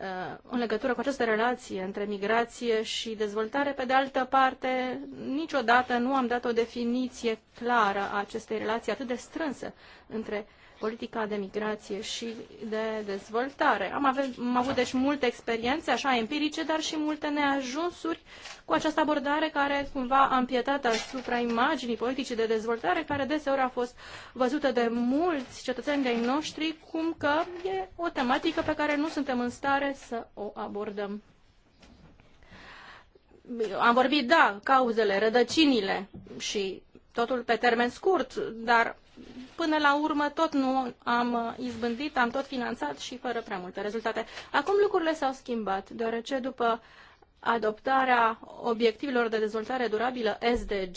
Uh, în legătură cu această relație între migrație și dezvoltare. Pe de altă parte, niciodată nu am dat o definiție clară a acestei relații atât de strânse între politica de migrație și de dezvoltare. Am, ave- am avut deci multe experiențe, așa, empirice, dar și multe neajunsuri cu această abordare care cumva a împietat asupra imaginii politicii de dezvoltare, care deseori a fost văzută de mulți cetățeni de noștri, cum că e o tematică pe care nu suntem în stare să o abordăm am vorbit, da, cauzele, rădăcinile și totul pe termen scurt, dar până la urmă tot nu am uh, izbândit, am tot finanțat și fără prea multe rezultate. Acum lucrurile s-au schimbat, deoarece după adoptarea obiectivelor de dezvoltare durabilă SDG,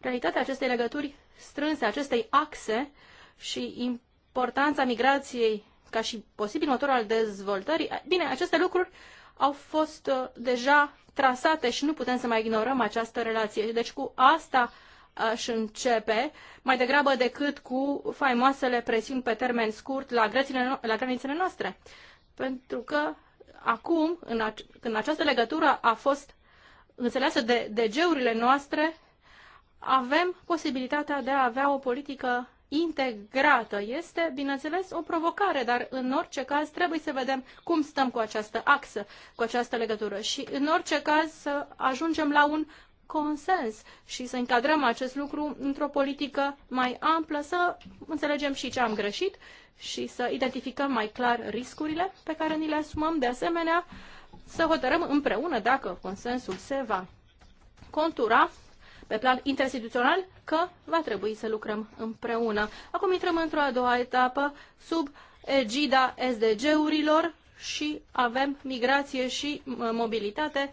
realitatea acestei legături strânse, acestei axe și importanța migrației ca și posibil motor al dezvoltării, eh, bine, aceste lucruri au fost uh, deja trasate și nu putem să mai ignorăm această relație. Deci cu asta uh, aș începe, mai degrabă decât cu faimoasele presiuni pe termen scurt la, grețile, la granițele noastre. Pentru că acum, în ac- când această legătură a fost înțeleasă de de geurile noastre, avem posibilitatea de a avea o politică integrată. Este, bineînțeles, o provocare, dar în orice caz trebuie să vedem cum stăm cu această axă, cu această legătură și în orice caz să ajungem la un consens și să încadrăm acest lucru într-o politică mai amplă, să înțelegem și ce am greșit și să identificăm mai clar riscurile pe care ni le asumăm, de asemenea să hotărăm împreună dacă consensul se va contura pe plan interinstituțional că va trebui să lucrăm împreună. Acum intrăm într-o a doua etapă sub egida SDG-urilor și avem migrație și mobilitate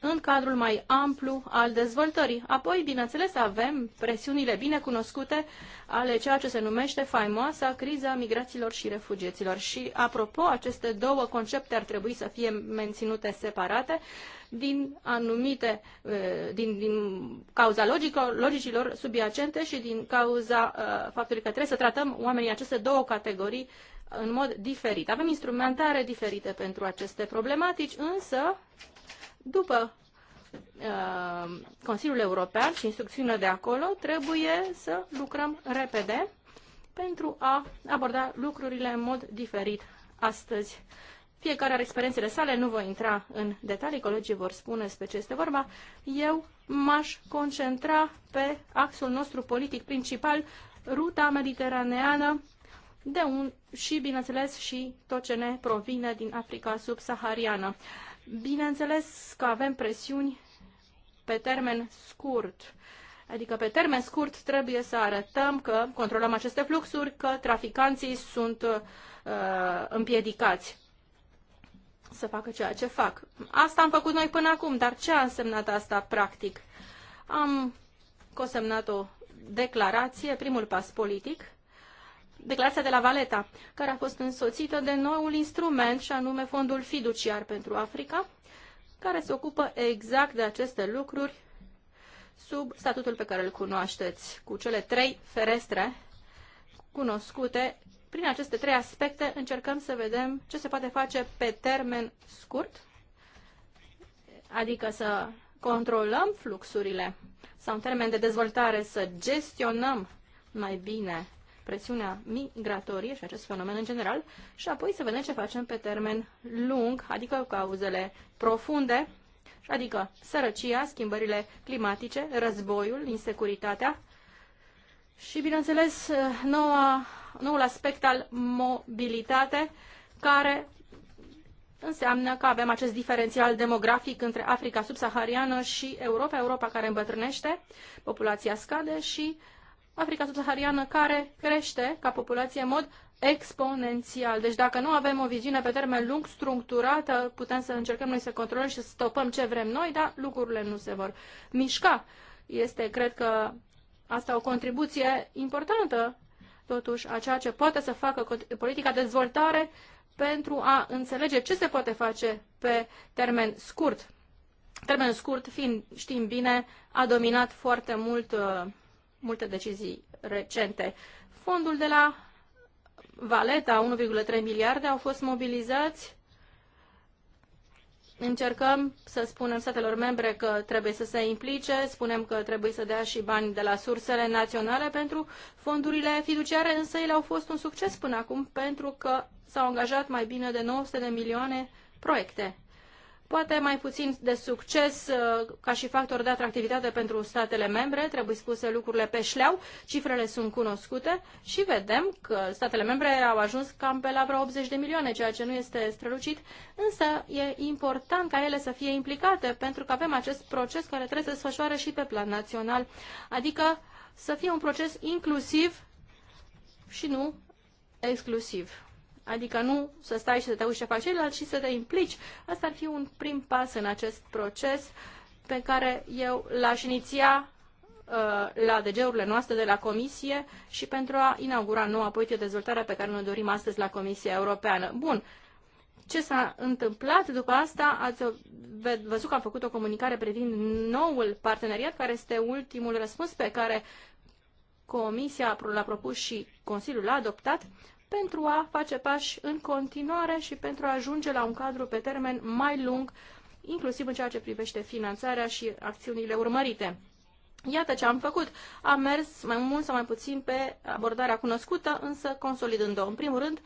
în cadrul mai amplu al dezvoltării. Apoi, bineînțeles, avem presiunile binecunoscute ale ceea ce se numește faimoasa criza migraților și refugiaților. Și, apropo, aceste două concepte ar trebui să fie menținute separate din anumite, eh, din, din cauza logică, logicilor subiacente și din cauza eh, faptului că trebuie să tratăm oamenii aceste două categorii în mod diferit. Avem instrumentare diferite pentru aceste problematici, însă după uh, Consiliul European și instrucțiunile de acolo, trebuie să lucrăm repede pentru a aborda lucrurile în mod diferit astăzi. Fiecare are experiențele sale, nu voi intra în detalii, colegii vor spune despre ce este vorba. Eu m-aș concentra pe axul nostru politic principal, ruta mediteraneană, de un, și, bineînțeles, și tot ce ne provine din Africa subsahariană. Bineînțeles că avem presiuni pe termen scurt. Adică pe termen scurt trebuie să arătăm că controlăm aceste fluxuri, că traficanții sunt uh, împiedicați să facă ceea ce fac. Asta am făcut noi până acum, dar ce a însemnat asta practic? Am consemnat o declarație, primul pas politic, declarația de la Valeta, care a fost însoțită de noul instrument, și anume Fondul Fiduciar pentru Africa, care se ocupă exact de aceste lucruri sub statutul pe care îl cunoașteți, cu cele trei ferestre cunoscute. Prin aceste trei aspecte încercăm să vedem ce se poate face pe termen scurt, adică să controlăm fluxurile sau în termen de dezvoltare să gestionăm mai bine presiunea migratorie și acest fenomen în general și apoi să vedem ce facem pe termen lung, adică cauzele profunde, adică sărăcia, schimbările climatice, războiul, insecuritatea și, bineînțeles, noua, noul aspect al mobilitate, care înseamnă că avem acest diferențial demografic între Africa subsahariană și Europa, Europa care îmbătrânește, populația scade și uh, Africa subsahariană care crește ca populație în mod exponențial. Deci dacă nu avem o viziune pe termen lung, structurată, putem să încercăm noi să controlăm și să stopăm ce vrem noi, dar lucrurile nu se vor mișca. Este, cred că, asta o contribuție importantă, totuși, a ceea ce poate să facă politica dezvoltare pentru a înțelege ce se poate face pe termen scurt. Termen scurt, fiind, știm bine, a dominat foarte mult uh, multe decizii recente. Fondul de la Valeta, 1,3 miliarde, au fost mobilizați. Încercăm să spunem statelor membre că trebuie să se implice, spunem că trebuie să dea și bani de la sursele naționale pentru fondurile fiduciare, însă ele au fost un succes până acum pentru că s-au angajat mai bine de 900 de milioane proiecte poate mai puțin de succes uh, ca și factor de atractivitate pentru statele membre, trebuie spuse lucrurile pe șleau, cifrele sunt cunoscute și vedem că statele membre au ajuns cam pe la vreo 80 de milioane, ceea ce nu este strălucit, însă e important ca ele să fie implicate pentru că avem acest proces care trebuie să se și pe plan național, adică să fie un proces inclusiv și nu exclusiv. Adică nu să stai și să te uiți ce fac ceilalți, ci să te implici. Asta ar fi un prim pas în acest proces pe care eu l-aș iniția uh, la DG-urile noastre de la Comisie și pentru a inaugura noua politică de dezvoltare pe care ne dorim astăzi la Comisia Europeană. Bun. Ce s-a întâmplat după asta? Ați văzut că am făcut o comunicare privind noul parteneriat, care este ultimul răspuns pe care Comisia l-a propus și Consiliul l-a adoptat pentru a face pași în continuare și pentru a ajunge la un cadru pe termen mai lung, inclusiv în ceea ce privește finanțarea și acțiunile urmărite. Iată ce am făcut. Am mers mai mult sau mai puțin pe abordarea cunoscută, însă consolidând-o. În primul rând,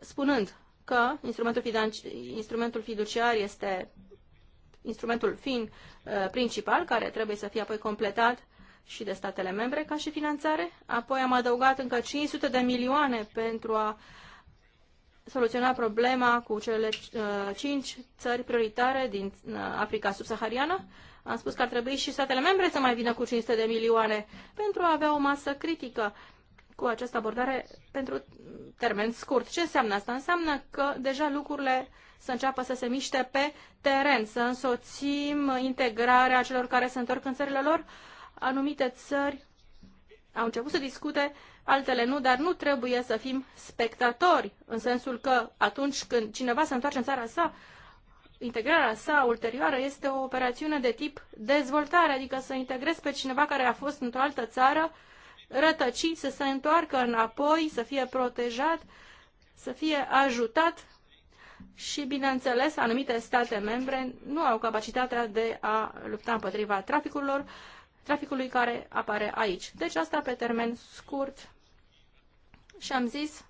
spunând că instrumentul, instrumentul fiduciar este instrumentul fin uh, principal, care trebuie să fie apoi completat și de statele membre ca și finanțare. Apoi am adăugat încă 500 de milioane pentru a soluționa problema cu cele uh, cinci țări prioritare din uh, Africa subsahariană. Am spus că ar trebui și statele membre să mai vină cu 500 de milioane pentru a avea o masă critică cu această abordare pentru termen scurt. Ce înseamnă asta? Înseamnă că deja lucrurile să înceapă să se miște pe teren, să însoțim integrarea celor care se întorc în țările lor, uh, Anumite țări au început să discute, altele nu, dar nu trebuie să fim spectatori, în sensul că atunci când cineva se întoarce în țara sa, integrarea sa ulterioară este o operațiune de tip dezvoltare, adică să integrezi pe cineva care a fost într-o altă țară, rătăcit, să se întoarcă înapoi, să fie protejat, să fie ajutat și, bineînțeles, anumite state membre nu au capacitatea de a lupta împotriva traficurilor, traficului care apare aici. Deci asta pe termen scurt și am zis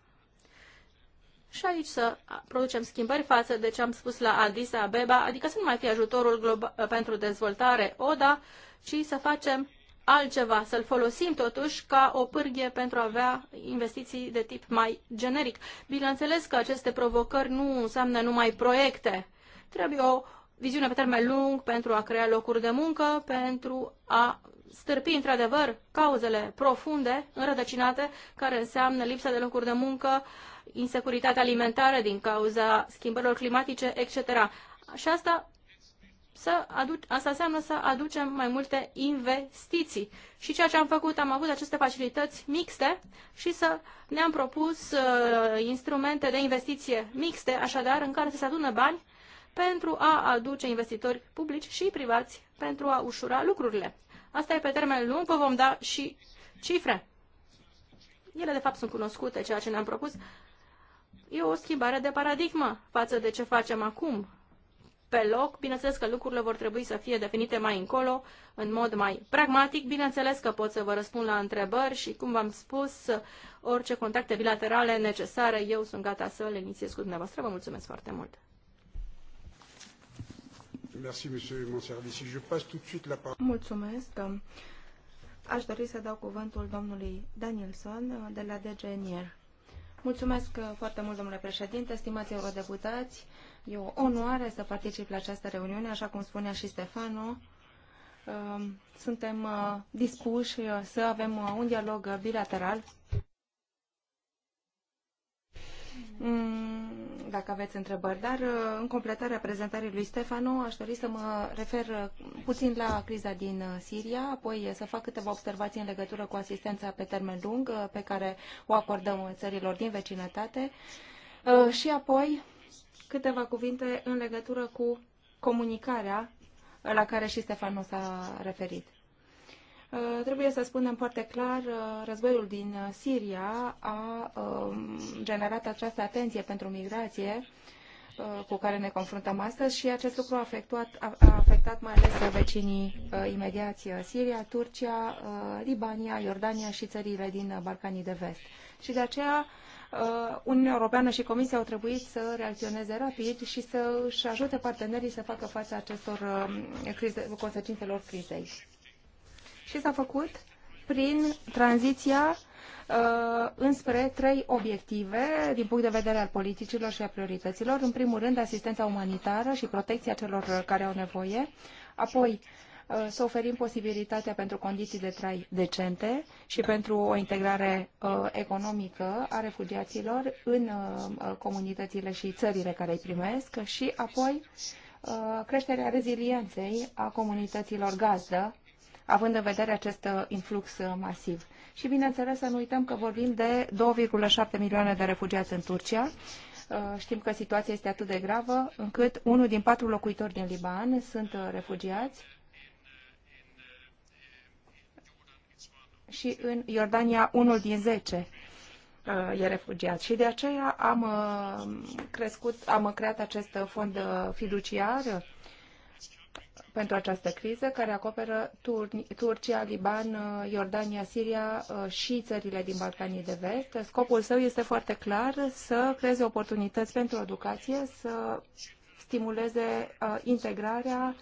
și aici să producem schimbări față de ce am spus la Addis Abeba, adică să nu mai fie ajutorul global, pentru dezvoltare ODA, ci să facem altceva, să-l folosim totuși ca o pârghie pentru a avea investiții de tip mai generic. Bineînțeles că aceste provocări nu înseamnă numai proiecte. Trebuie o viziune pe termen lung pentru a crea locuri de muncă, pentru a stârpi într-adevăr cauzele profunde, înrădăcinate, care înseamnă lipsa de locuri de muncă, insecuritatea alimentară din cauza schimbărilor climatice, etc. Și asta, să aduc, asta înseamnă să aducem mai multe investiții. Și ceea ce am făcut, am avut aceste facilități mixte și să ne-am propus uh, instrumente de investiție mixte, așadar, în care să se adună bani pentru a aduce investitori publici și privați pentru a ușura lucrurile. Asta e pe termen lung, vă vom da și cifre. Ele, de fapt, sunt cunoscute, ceea ce ne-am propus. E o schimbare de paradigmă față de ce facem acum. Pe loc, bineînțeles că lucrurile vor trebui să fie definite mai încolo, în mod mai pragmatic. Bineînțeles că pot să vă răspund la întrebări și, cum v-am spus, orice contacte bilaterale necesare, eu sunt gata să le inițiez cu dumneavoastră. Vă mulțumesc foarte mult! Mulțumesc. Aș dori să dau cuvântul domnului Danielson de la DG Mulțumesc foarte mult, domnule președinte, stimați eurodeputați. E o onoare să particip la această reuniune, așa cum spunea și Stefano. Suntem uh, dispuși uh, să avem uh, un dialog bilateral Mm, dacă aveți întrebări, dar uh, în completarea prezentării lui Stefano aș dori să mă refer uh, puțin la criza din uh, Siria, apoi să fac câteva observații în legătură cu asistența pe termen lung pe care o acordăm țărilor din vecinătate și apoi câteva cuvinte în legătură cu comunicarea la care și Stefano s-a referit. Uh, trebuie să spunem foarte clar, uh, războiul din uh, Siria a um, generat această atenție pentru migrație cu care ne confruntăm astăzi și acest lucru a afectat, a afectat mai ales vecinii imediați Siria, Turcia, Libania, Iordania și țările din Balcanii de Vest. Și de aceea Uniunea Europeană și Comisia au trebuit să reacționeze rapid și să își ajute partenerii să facă față acestor crize, consecințelor crizei și s-a făcut prin tranziția uh, înspre trei obiective din punct de vedere al politicilor și a priorităților. În primul rând, asistența umanitară și protecția celor care au nevoie, apoi uh, să oferim posibilitatea pentru condiții de trai decente și pentru o integrare uh, economică a refugiaților în uh, comunitățile și țările care îi primesc și apoi uh, creșterea rezilienței a comunităților gazdă având în vedere acest uh, influx uh, masiv. Și bineînțeles să nu uităm că vorbim de 2,7 milioane de refugiați în Turcia. Uh, știm că situația este atât de gravă încât unul din patru locuitori din Liban sunt refugiați. Și în Iordania unul din zece e refugiat. Și de aceea am crescut, am creat acest fond fiduciar pentru această criză, care acoperă Tur Turcia, Liban, uh, Iordania, Siria uh, și țările din Balcanii de Vest. Scopul său este foarte clar, să creeze oportunități pentru educație, să stimuleze uh, integrarea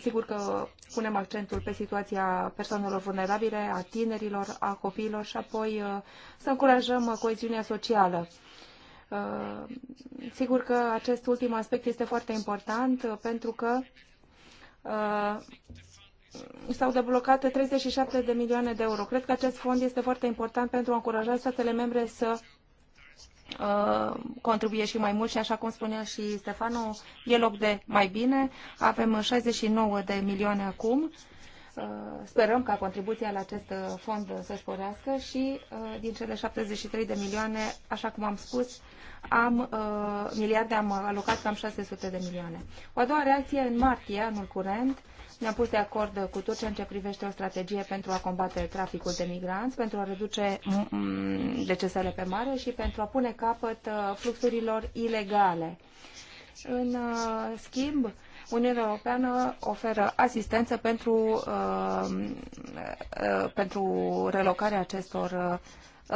sigur că punem accentul pe situația persoanelor vulnerabile, a tinerilor, a copiilor și apoi să încurajăm coeziunea socială Uh, sigur că acest ultim aspect este foarte important uh, pentru că uh, s-au deblocat 37 de milioane de euro. Cred că acest fond este foarte important pentru a încuraja statele membre să contribuie și mai mult și așa cum spunea și Stefano, e loc de mai bine. Avem 69 de milioane acum Uh, sperăm ca contribuția la acest uh, fond să sporească și uh, din cele 73 de milioane, așa cum am spus, am miliarde, am alocat cam 600 de milioane. O a doua reacție în martie, anul curent, ne-am pus de acord cu Turcia în ce privește o strategie pentru a combate traficul de migranți, pentru a reduce mm, mm, decesele pe mare și pentru a pune capăt fluxurilor ilegale. În schimb, Uniunea Europeană oferă asistență pentru, uh, uh, pentru relocarea acestor uh,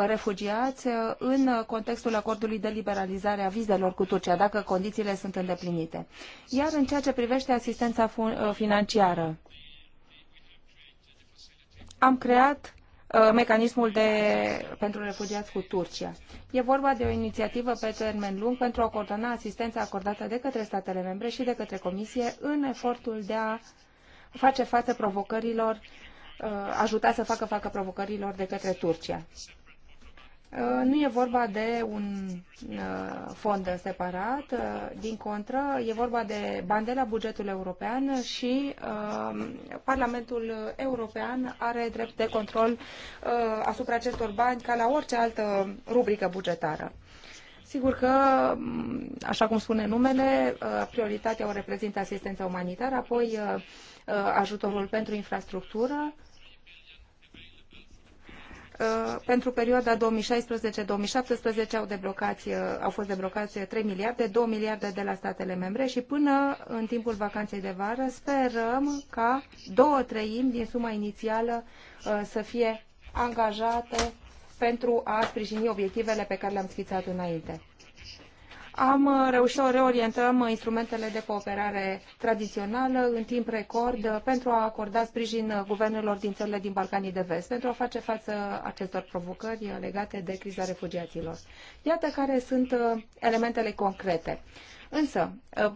refugiați în contextul acordului de liberalizare a vizelor cu Turcia, dacă condițiile sunt îndeplinite. Iar în ceea ce privește asistența financiară, am creat Uh, mecanismul de, pentru refugiați cu Turcia. E vorba de o inițiativă pe termen lung pentru a coordona asistența acordată de către statele membre și de către Comisie în efortul de a face față provocărilor, uh, ajuta să facă față provocărilor de către Turcia. Uh, nu e vorba de un uh, fond separat, uh, din contră, e vorba de bani de la bugetul european și Parlamentul European are drept de control asupra acestor bani ca la orice altă rubrică bugetară. Sigur că, mm, așa cum spune numele, prioritatea o reprezintă asistența umanitară, apoi ajutorul pentru infrastructură, Uh, pentru perioada 2016-2017 au, deblocați, uh, au fost deblocați 3 miliarde, 2 miliarde de la statele membre și până în timpul vacanței de vară sperăm ca două treimi din suma inițială uh, să fie angajate pentru a sprijini obiectivele pe care le-am schițat înainte am uh, reușit să reorientăm instrumentele de cooperare tradițională în timp record uh, pentru a acorda sprijin uh, guvernelor din țările din Balcanii de Vest, pentru a face față acestor provocări legate de criza refugiaților. Iată care sunt elementele concrete. Însă,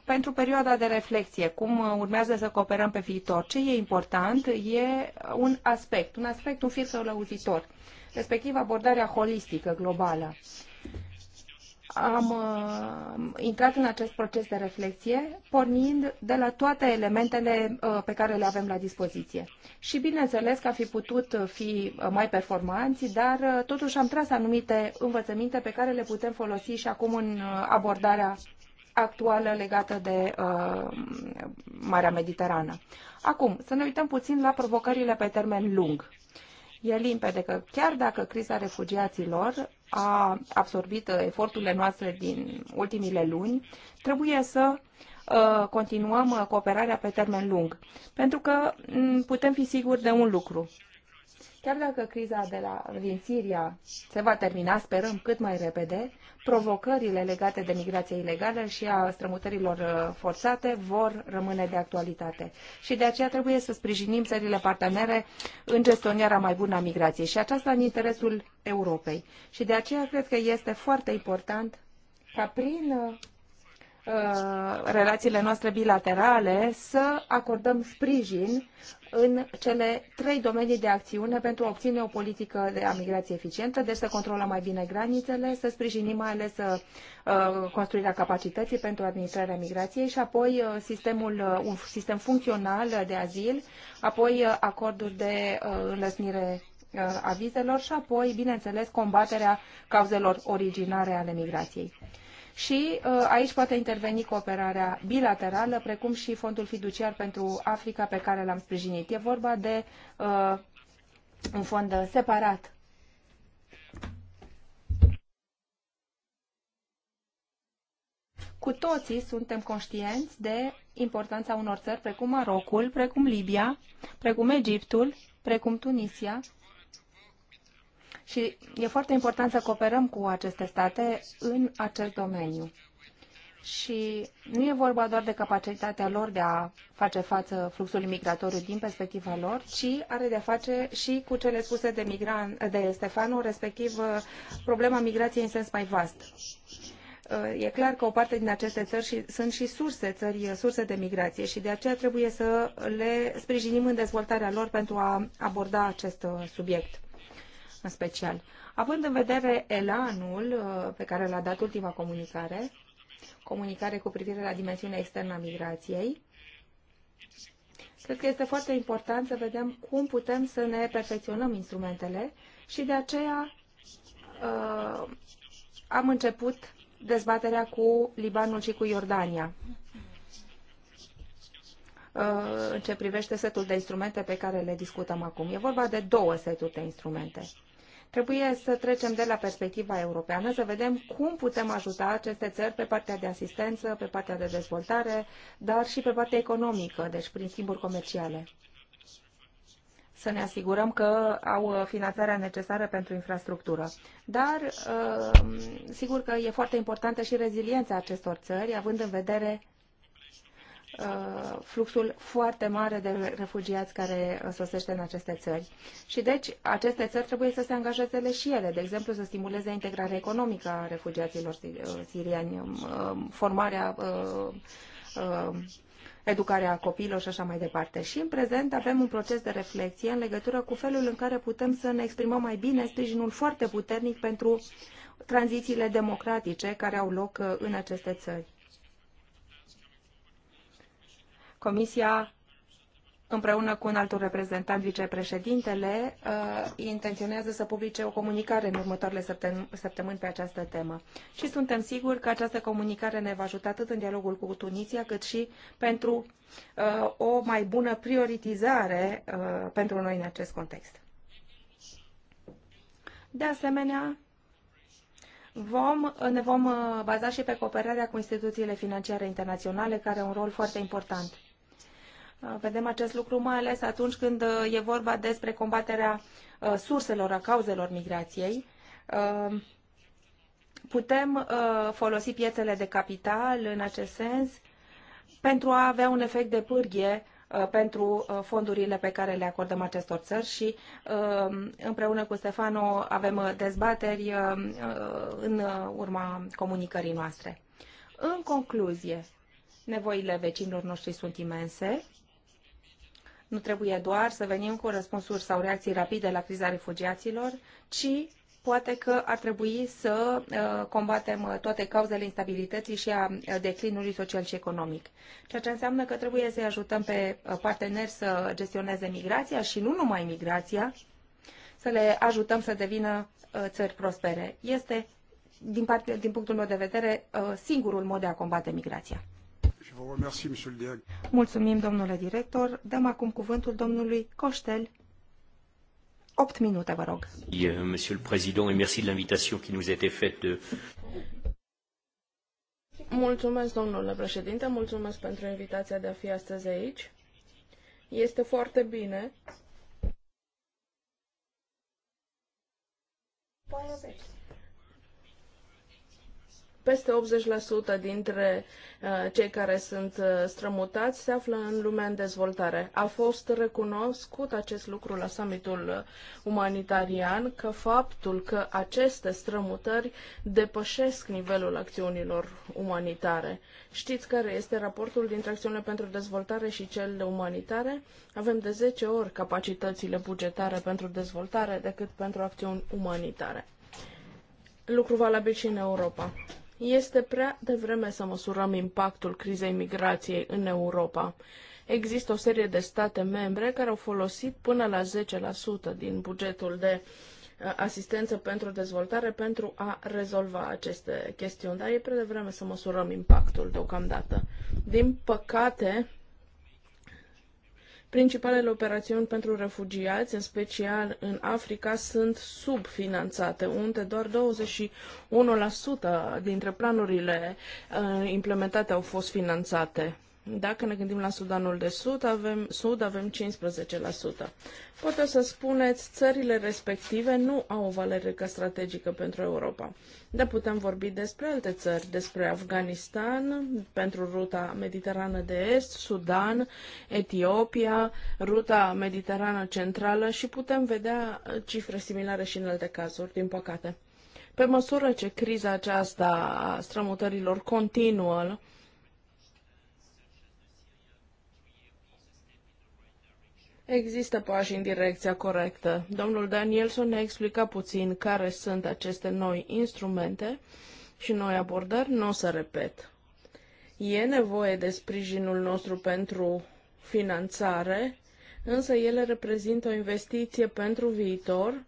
pentru perioada de reflexie, cum urmează să cooperăm pe viitor, ce e important e un aspect, un aspect, un fir sălăuzitor, respectiv abordarea holistică, globală am uh, intrat în acest proces de reflexie pornind de la toate elementele uh, pe care le avem la dispoziție. Și bineînțeles că am fi putut uh, fi uh, mai performanți, dar uh, totuși am tras anumite învățăminte pe care le putem folosi și acum în uh, abordarea actuală legată de uh, Marea Mediterană. Acum, să ne uităm puțin la provocările pe termen lung. E limpede că chiar dacă criza refugiaților a absorbit uh, eforturile noastre din ultimile luni, trebuie să uh, continuăm uh, cooperarea pe termen lung, pentru că mm, putem fi siguri de un lucru. Chiar dacă criza de la, din Siria se va termina, sperăm, cât mai repede, provocările legate de migrația ilegală și a strămutărilor uh, forțate vor rămâne de actualitate. Și de aceea trebuie să sprijinim țările partenere în gestionarea mai bună a migrației și aceasta în interesul Europei. Și de aceea cred că este foarte important ca prin uh, Uh, relațiile noastre bilaterale să acordăm sprijin în cele trei domenii de acțiune pentru a obține o politică de a migrație eficientă, deci să controlăm mai bine granițele, să sprijinim mai ales uh, construirea capacității pentru administrarea migrației și apoi uh, sistemul, un sistem funcțional de azil, apoi acorduri de înlăsnire a vizelor și apoi, bineînțeles, combaterea cauzelor originare ale migrației și uh, aici poate interveni cooperarea bilaterală, precum și fondul fiduciar pentru Africa pe care l-am sprijinit. E vorba de uh, un fond separat. Cu toții suntem conștienți de importanța unor țări precum Marocul, precum Libia, precum Egiptul, precum Tunisia, și e foarte important să cooperăm cu aceste state în acest domeniu. Și nu e vorba doar de capacitatea lor de a face față fluxului migratoriu din perspectiva lor, ci are de-a face și cu cele spuse de, migran, de Stefano, respectiv uh, problema migrației în sens mai vast. Uh, e clar că o parte din aceste țări sunt și surse, țări, surse de migrație și de aceea trebuie să le sprijinim în dezvoltarea lor pentru a aborda acest uh, subiect în special. Având în vedere elanul uh, pe care l-a dat ultima comunicare, comunicare cu privire la dimensiunea externă a migrației, cred că este foarte important să vedem cum putem să ne perfecționăm instrumentele și de aceea uh, am început dezbaterea cu Libanul și cu Iordania uh, în ce privește setul de instrumente pe care le discutăm acum. E vorba de două seturi de instrumente. Trebuie să trecem de la perspectiva europeană, să vedem cum putem ajuta aceste țări pe partea de asistență, pe partea de dezvoltare, dar și pe partea economică, deci prin schimburi comerciale. Să ne asigurăm că au finanțarea necesară pentru infrastructură. Dar, uh, sigur că e foarte importantă și reziliența acestor țări, având în vedere Uh, fluxul foarte mare de refugiați care uh, sosește în aceste țări. Și deci aceste țări trebuie să se angajeze și ele, de exemplu să stimuleze integrarea economică a refugiaților uh, siriani, um, um, formarea, um, educarea copiilor și așa mai departe. Și în prezent avem un proces de reflexie în legătură cu felul în care putem să ne exprimăm mai bine sprijinul foarte puternic pentru tranzițiile democratice care au loc în aceste țări Comisia împreună cu un altul reprezentant, vicepreședintele, uh, intenționează să publice o comunicare în următoarele săptămâni pe această temă. Și suntem siguri că această comunicare ne va ajuta atât în dialogul cu Tunisia, cât și pentru uh, o mai bună prioritizare uh, pentru noi în acest context. De asemenea, Vom, ne vom baza și pe cooperarea cu instituțiile financiare internaționale, care au un rol foarte important Vedem acest lucru mai ales atunci când uh, e vorba despre combaterea uh, surselor, a cauzelor migrației. Uh, putem folosi piețele de capital în acest sens pentru a avea un efect de pârghie pentru fondurile pe care le acordăm acestor țări și împreună cu Stefano avem dezbateri în urma comunicării noastre. În concluzie, nevoile vecinilor noștri sunt imense nu trebuie doar să venim cu răspunsuri sau reacții rapide la criza refugiaților, ci poate că ar trebui să uh, combatem uh, toate cauzele instabilității și a uh, declinului social și economic. Ceea ce înseamnă că trebuie să-i ajutăm pe parteneri să gestioneze migrația și nu numai migrația, să le ajutăm să devină țări prospere. Este, din, parte, din punctul meu de vedere, singurul mod de a combate migrația. Mulțumim, domnule director. Dăm acum cuvântul domnului Coștel. 8 minute, vă rog. Euh, monsieur le Président, et merci de l'invitation qui nous a été faite de... Mulțumesc, domnule președinte, mulțumesc pentru invitația de a fi astăzi aici. Este foarte bine. Poate păi, peste 80% dintre uh, cei care sunt uh, strămutați se află în lumea în dezvoltare. A fost recunoscut acest lucru la summitul uh, umanitarian că faptul că aceste strămutări depășesc nivelul acțiunilor umanitare. Știți care este raportul dintre acțiunile pentru dezvoltare și cele umanitare? Avem de 10 ori capacitățile bugetare pentru dezvoltare decât pentru acțiuni umanitare. Lucru valabil și în Europa. Este prea devreme să măsurăm impactul crizei migrației în Europa. Există o serie de state membre care au folosit până la 10% din bugetul de uh, asistență pentru dezvoltare pentru a rezolva aceste chestiuni, dar e prea devreme să măsurăm impactul deocamdată. Din păcate, Principalele operațiuni pentru refugiați, în special în Africa, sunt subfinanțate, unde doar 21% dintre planurile uh, implementate au fost finanțate. Dacă ne gândim la Sudanul de Sud, avem, Sud avem 15%. Poate să spuneți, țările respective nu au o valoare ca strategică pentru Europa. Dar putem vorbi despre alte țări, despre Afganistan, pentru ruta mediterană de est, Sudan, Etiopia, ruta mediterană centrală și putem vedea cifre similare și în alte cazuri, din păcate. Pe măsură ce criza aceasta a strămutărilor continuă, Există pași în direcția corectă. Domnul Danielson ne-a explicat puțin care sunt aceste noi instrumente și noi abordări. Nu o să repet. E nevoie de sprijinul nostru pentru finanțare, însă ele reprezintă o investiție pentru viitor,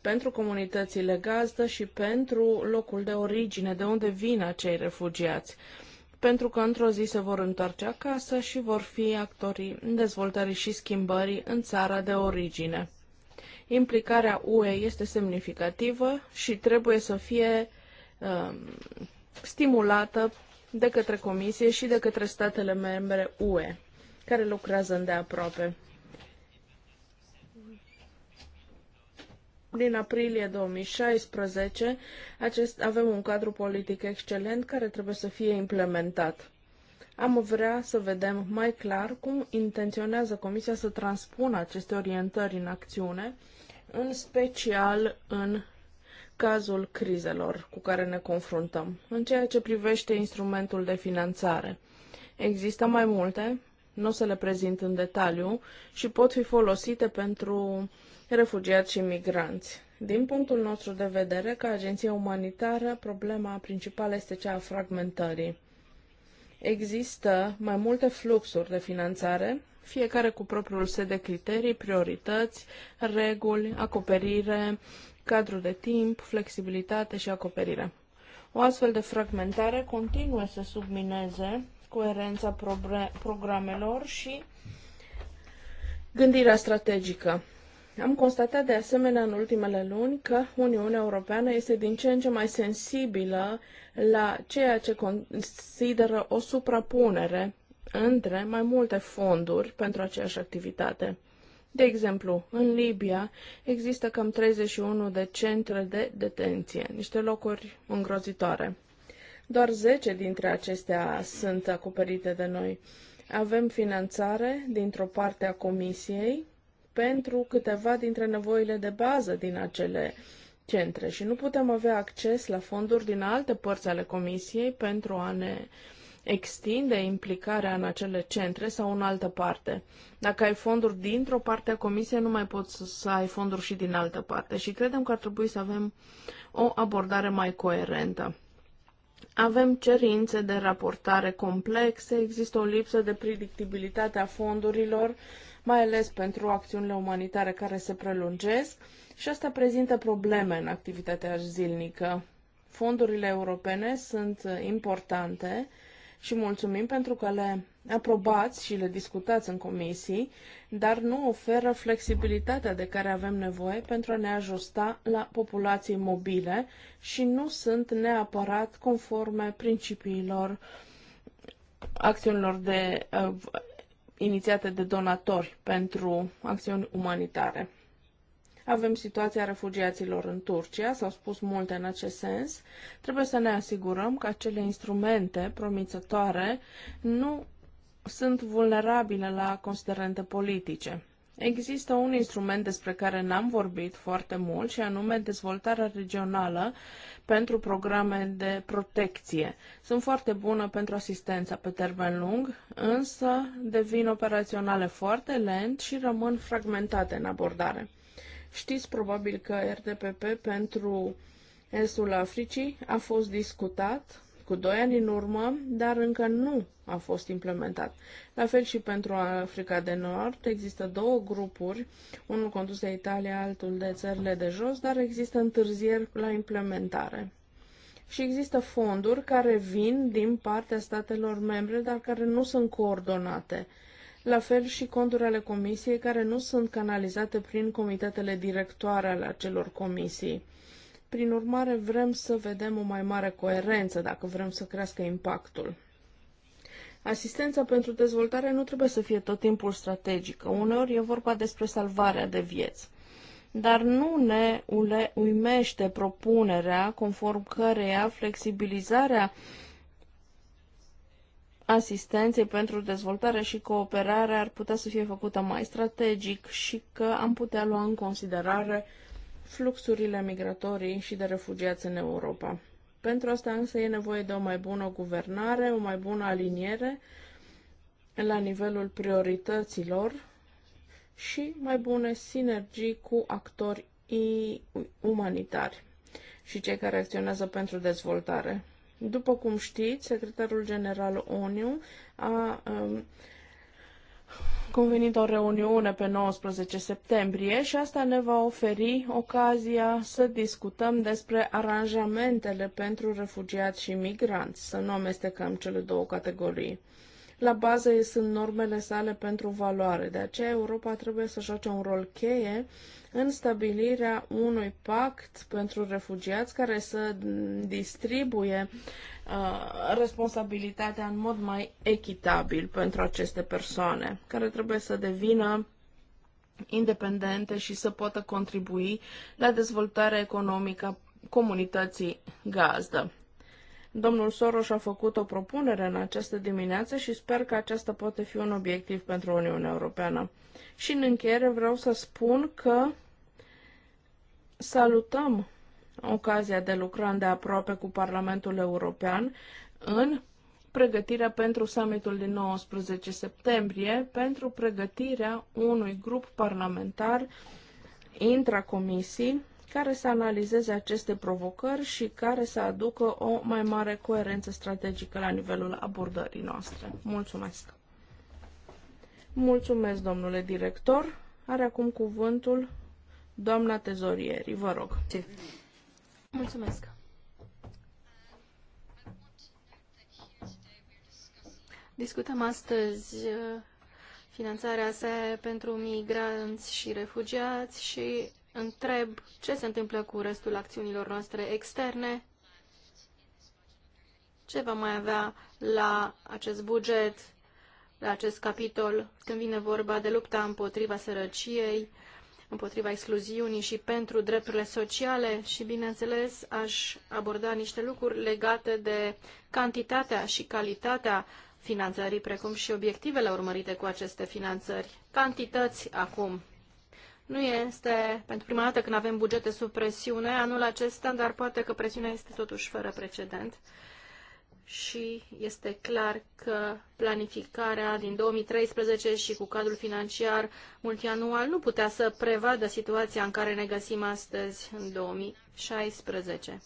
pentru comunitățile gazdă și pentru locul de origine, de unde vin acei refugiați pentru că într-o zi se vor întoarce acasă și vor fi actorii dezvoltării și schimbării în țara de origine. Implicarea UE este semnificativă și trebuie să fie uh, stimulată de către Comisie și de către statele membre UE, care lucrează îndeaproape. Din aprilie 2016 acest, avem un cadru politic excelent care trebuie să fie implementat. Am vrea să vedem mai clar cum intenționează Comisia să transpună aceste orientări în acțiune, în special în cazul crizelor cu care ne confruntăm. În ceea ce privește instrumentul de finanțare, există mai multe, nu o să le prezint în detaliu, și pot fi folosite pentru refugiați și migranți. Din punctul nostru de vedere, ca agenție umanitară, problema principală este cea a fragmentării. Există mai multe fluxuri de finanțare, fiecare cu propriul set de criterii, priorități, reguli, acoperire, cadru de timp, flexibilitate și acoperire. O astfel de fragmentare continuă să submineze coerența programelor și gândirea strategică. Am constatat de asemenea în ultimele luni că Uniunea Europeană este din ce în ce mai sensibilă la ceea ce consideră o suprapunere între mai multe fonduri pentru aceeași activitate. De exemplu, în Libia există cam 31 de centre de detenție, niște locuri îngrozitoare. Doar 10 dintre acestea sunt acoperite de noi. Avem finanțare dintr-o parte a Comisiei, pentru câteva dintre nevoile de bază din acele centre și nu putem avea acces la fonduri din alte părți ale Comisiei pentru a ne extinde implicarea în acele centre sau în altă parte. Dacă ai fonduri dintr-o parte a comisiei, nu mai poți să, ai fonduri și din altă parte și credem că ar trebui să avem o abordare mai coerentă. Avem cerințe de raportare complexe, există o lipsă de predictibilitate a fondurilor mai ales pentru acțiunile umanitare care se prelungesc și asta prezintă probleme în activitatea zilnică. Fondurile europene sunt importante și mulțumim pentru că le aprobați și le discutați în comisii, dar nu oferă flexibilitatea de care avem nevoie pentru a ne ajusta la populații mobile și nu sunt neapărat conforme principiilor acțiunilor de uh, inițiate de donatori pentru acțiuni umanitare. Avem situația refugiaților în Turcia, s-au spus multe în acest sens. Trebuie să ne asigurăm că acele instrumente promițătoare nu sunt vulnerabile la considerente politice. Există un instrument despre care n-am vorbit foarte mult și anume dezvoltarea regională pentru programe de protecție. Sunt foarte bună pentru asistența pe termen lung, însă devin operaționale foarte lent și rămân fragmentate în abordare. Știți probabil că RDPP pentru Estul Africii a fost discutat cu 2 ani în urmă, dar încă nu a fost implementat. La fel și pentru Africa de Nord, există două grupuri, unul condus de Italia, altul de țările de jos, dar există întârzieri la implementare. Și există fonduri care vin din partea statelor membre, dar care nu sunt coordonate. La fel și ale comisiei care nu sunt canalizate prin comitetele directoare ale acelor comisii prin urmare, vrem să vedem o mai mare coerență dacă vrem să crească impactul. Asistența pentru dezvoltare nu trebuie să fie tot timpul strategică. Uneori e vorba despre salvarea de vieți. Dar nu ne uimește propunerea conform căreia flexibilizarea asistenței pentru dezvoltare și cooperare ar putea să fie făcută mai strategic și că am putea lua în considerare uh, fluxurile migratorii și de refugiați în Europa. Pentru asta însă e nevoie de o mai bună guvernare, o mai bună aliniere la nivelul priorităților și mai bune sinergii cu actori umanitari și cei care acționează pentru dezvoltare. După cum știți, secretarul general ONU a um, convenit o reuniune pe 19 septembrie și asta ne va oferi ocazia să discutăm despre aranjamentele pentru refugiați și migranți, să nu amestecăm cele două categorii. La bază sunt normele sale pentru valoare. De aceea Europa trebuie să joace un rol cheie în stabilirea unui pact pentru refugiați care să distribuie uh, responsabilitatea în mod mai echitabil pentru aceste persoane, care trebuie să devină independente și să poată contribui la dezvoltarea economică a comunității gazdă. Domnul Soros a făcut o propunere în această dimineață și sper că aceasta poate fi un obiectiv pentru Uniunea Europeană. Și în încheiere vreau să spun că salutăm ocazia de lucra de aproape cu Parlamentul European în pregătirea pentru summitul din 19 septembrie, pentru pregătirea unui grup parlamentar intracomisii care să analizeze aceste provocări și care să aducă o mai mare coerență strategică la nivelul abordării noastre. Mulțumesc! Mulțumesc, domnule director. Are acum cuvântul doamna tezorieri. Vă rog. Mulțumesc. Discutăm astăzi uh, finanțarea SE pentru migranți și refugiați și întreb ce se întâmplă cu restul acțiunilor noastre externe, ce va mai avea la acest buget, la acest capitol, când vine vorba de lupta împotriva sărăciei, împotriva excluziunii și pentru drepturile sociale și, bineînțeles, aș aborda niște lucruri legate de cantitatea și calitatea finanțării, precum și obiectivele urmărite cu aceste finanțări. Cantități acum. Nu este pentru prima dată când avem bugete sub presiune anul acesta, dar poate că presiunea este totuși fără precedent și este clar că planificarea din 2013 și cu cadrul financiar multianual nu putea să prevadă situația în care ne găsim astăzi, în 2016.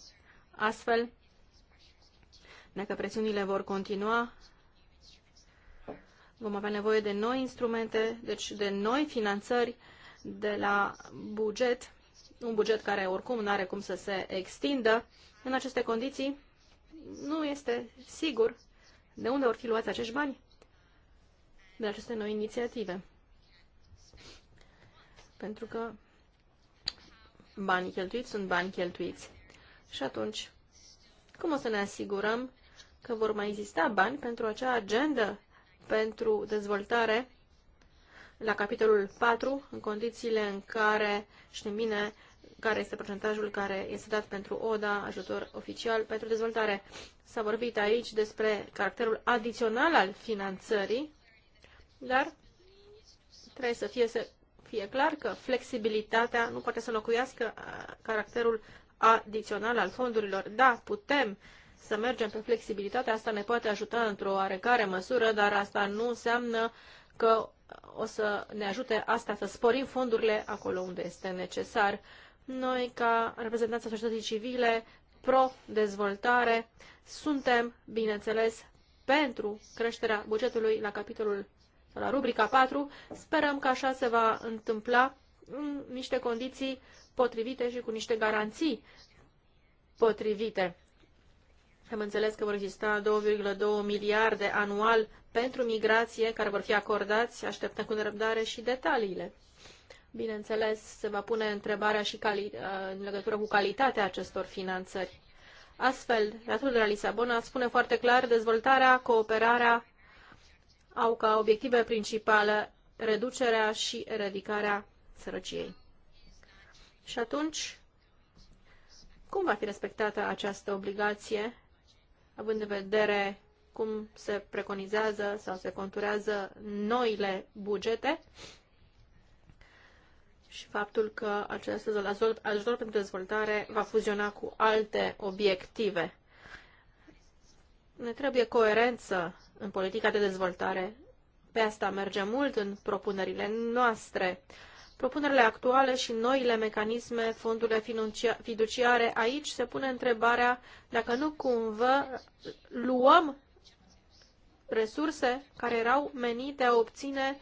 Astfel, dacă presiunile vor continua, vom avea nevoie de noi instrumente, deci de noi finanțări de la buget, un buget care oricum nu are cum să se extindă, în aceste condiții nu este sigur de unde vor fi luați acești bani de aceste noi inițiative. Pentru că banii cheltuiți sunt bani cheltuiți. Și atunci, cum o să ne asigurăm că vor mai exista bani pentru acea agendă pentru dezvoltare la capitolul 4, în condițiile în care știm bine care este procentajul care este dat pentru ODA, ajutor oficial pentru dezvoltare. S-a vorbit aici despre caracterul adițional al finanțării, dar trebuie să fie, să fie clar că flexibilitatea nu poate să locuiască caracterul adițional al fondurilor. Da, putem să mergem pe flexibilitate, asta ne poate ajuta într-o oarecare măsură, dar asta nu înseamnă că o să ne ajute asta să sporim fondurile acolo unde este necesar. Noi, ca reprezentanța societății civile, pro-dezvoltare, suntem, bineînțeles, pentru creșterea bugetului la capitolul sau la rubrica 4. Sperăm că așa se va întâmpla în niște condiții potrivite și cu niște garanții potrivite. Am înțeles că vor exista 2,2 miliarde anual pentru migrație care vor fi acordați. Așteptăm cu nerăbdare și detaliile. Bineînțeles, se va pune întrebarea și cali- uh, în legătură cu calitatea acestor finanțări. Astfel, datul de la Lisabona spune foarte clar dezvoltarea, cooperarea au ca obiective principale reducerea și eradicarea sărăciei. Și atunci, cum va fi respectată această obligație având în vedere cum se preconizează sau se conturează noile bugete și faptul că acest ajutor pentru dezvoltare va fuziona cu alte obiective. Ne trebuie coerență în politica de dezvoltare. Pe asta merge mult în propunerile noastre. Uh, propunerile actuale și noile mecanisme, fondurile fiduciare, aici se pune întrebarea dacă nu cumva luăm resurse care erau menite a obține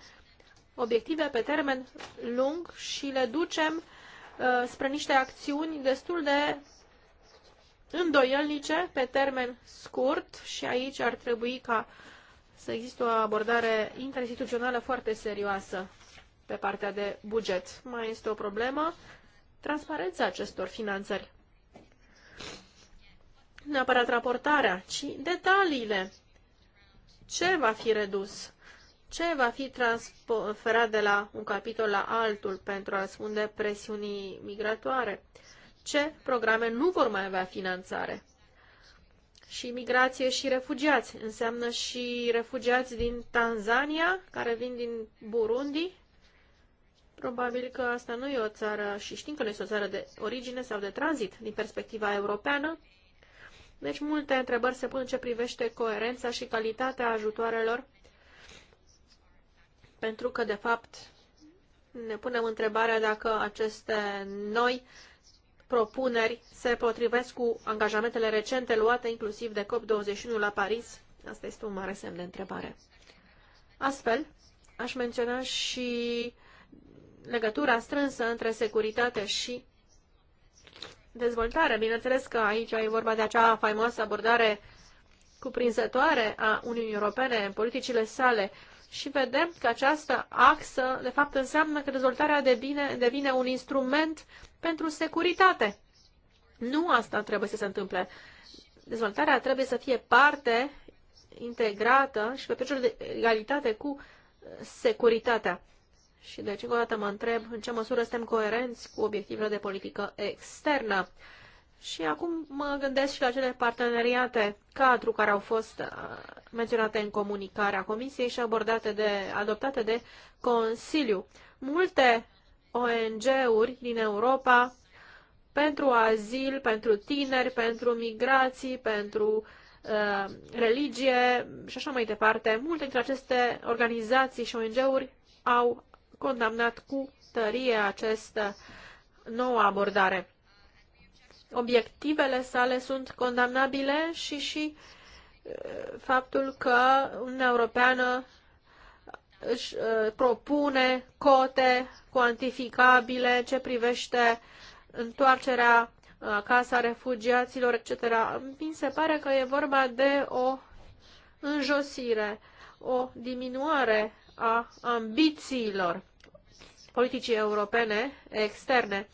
obiective pe termen lung și le ducem uh, spre niște acțiuni destul de îndoielnice pe termen scurt și aici ar trebui ca să existe o abordare interinstituțională foarte serioasă pe partea de buget. Mai este o problemă, transparența acestor finanțări. Neapărat raportarea, ci detaliile. Ce va fi redus? Ce va fi transferat de la un capitol la altul pentru a răspunde presiunii migratoare? Ce programe nu vor mai avea finanțare? și migrație și refugiați. Înseamnă și refugiați din Tanzania, care vin din Burundi Probabil că asta nu e o țară, și știm că nu este o țară de origine sau de tranzit din perspectiva europeană, deci multe întrebări se pun în ce privește coerența și calitatea ajutoarelor, pentru că, de fapt, ne punem întrebarea dacă aceste noi propuneri se potrivesc cu angajamentele recente luate inclusiv de COP21 la Paris. Asta este un mare semn de întrebare. Astfel, aș menționa și legătura strânsă între securitate și dezvoltare. Bineînțeles că aici e vorba de acea faimoasă abordare cuprinzătoare a Uniunii Europene în politicile sale și vedem că această axă, de fapt, înseamnă că dezvoltarea devine, devine un instrument pentru securitate. Nu asta trebuie să se întâmple. Dezvoltarea trebuie să fie parte integrată și pe piciorul de egalitate cu securitatea. Și deci, încă o dată mă întreb în ce măsură suntem coerenți cu obiectivele de politică externă. Și acum mă gândesc și la cele parteneriate cadru care au fost uh, menționate în comunicarea Comisiei și abordate de, adoptate de Consiliu. Multe ONG-uri din Europa pentru azil, pentru tineri, pentru migrații, pentru uh, religie și așa mai departe. Multe dintre aceste organizații și ONG-uri au condamnat cu tărie această nouă abordare. Obiectivele sale sunt condamnabile și și uh, faptul că Uniunea Europeană își uh, propune cote cuantificabile ce privește întoarcerea uh, acasă a refugiaților, etc. Mi se pare că e vorba de o înjosire, o diminuare a ambițiilor politicii europene externe.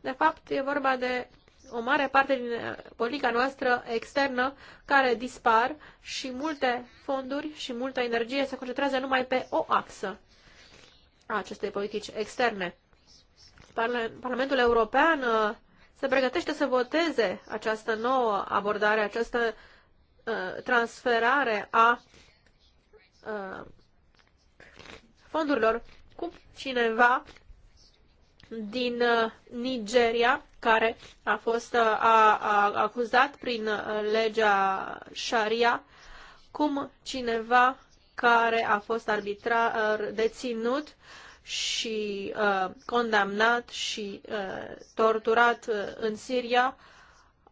De fapt, e vorba de o mare parte din politica noastră externă care dispar și multe fonduri și multă energie se concentrează numai pe o axă a acestei politici externe. Parlamentul European uh, se pregătește să voteze această nouă abordare, această uh, transferare a uh, fondurilor cu cineva din uh, Nigeria, care a fost uh, a, a, acuzat prin uh, legea Sharia, cum cineva care a fost arbitrar deținut și uh, condamnat și uh, torturat în Siria.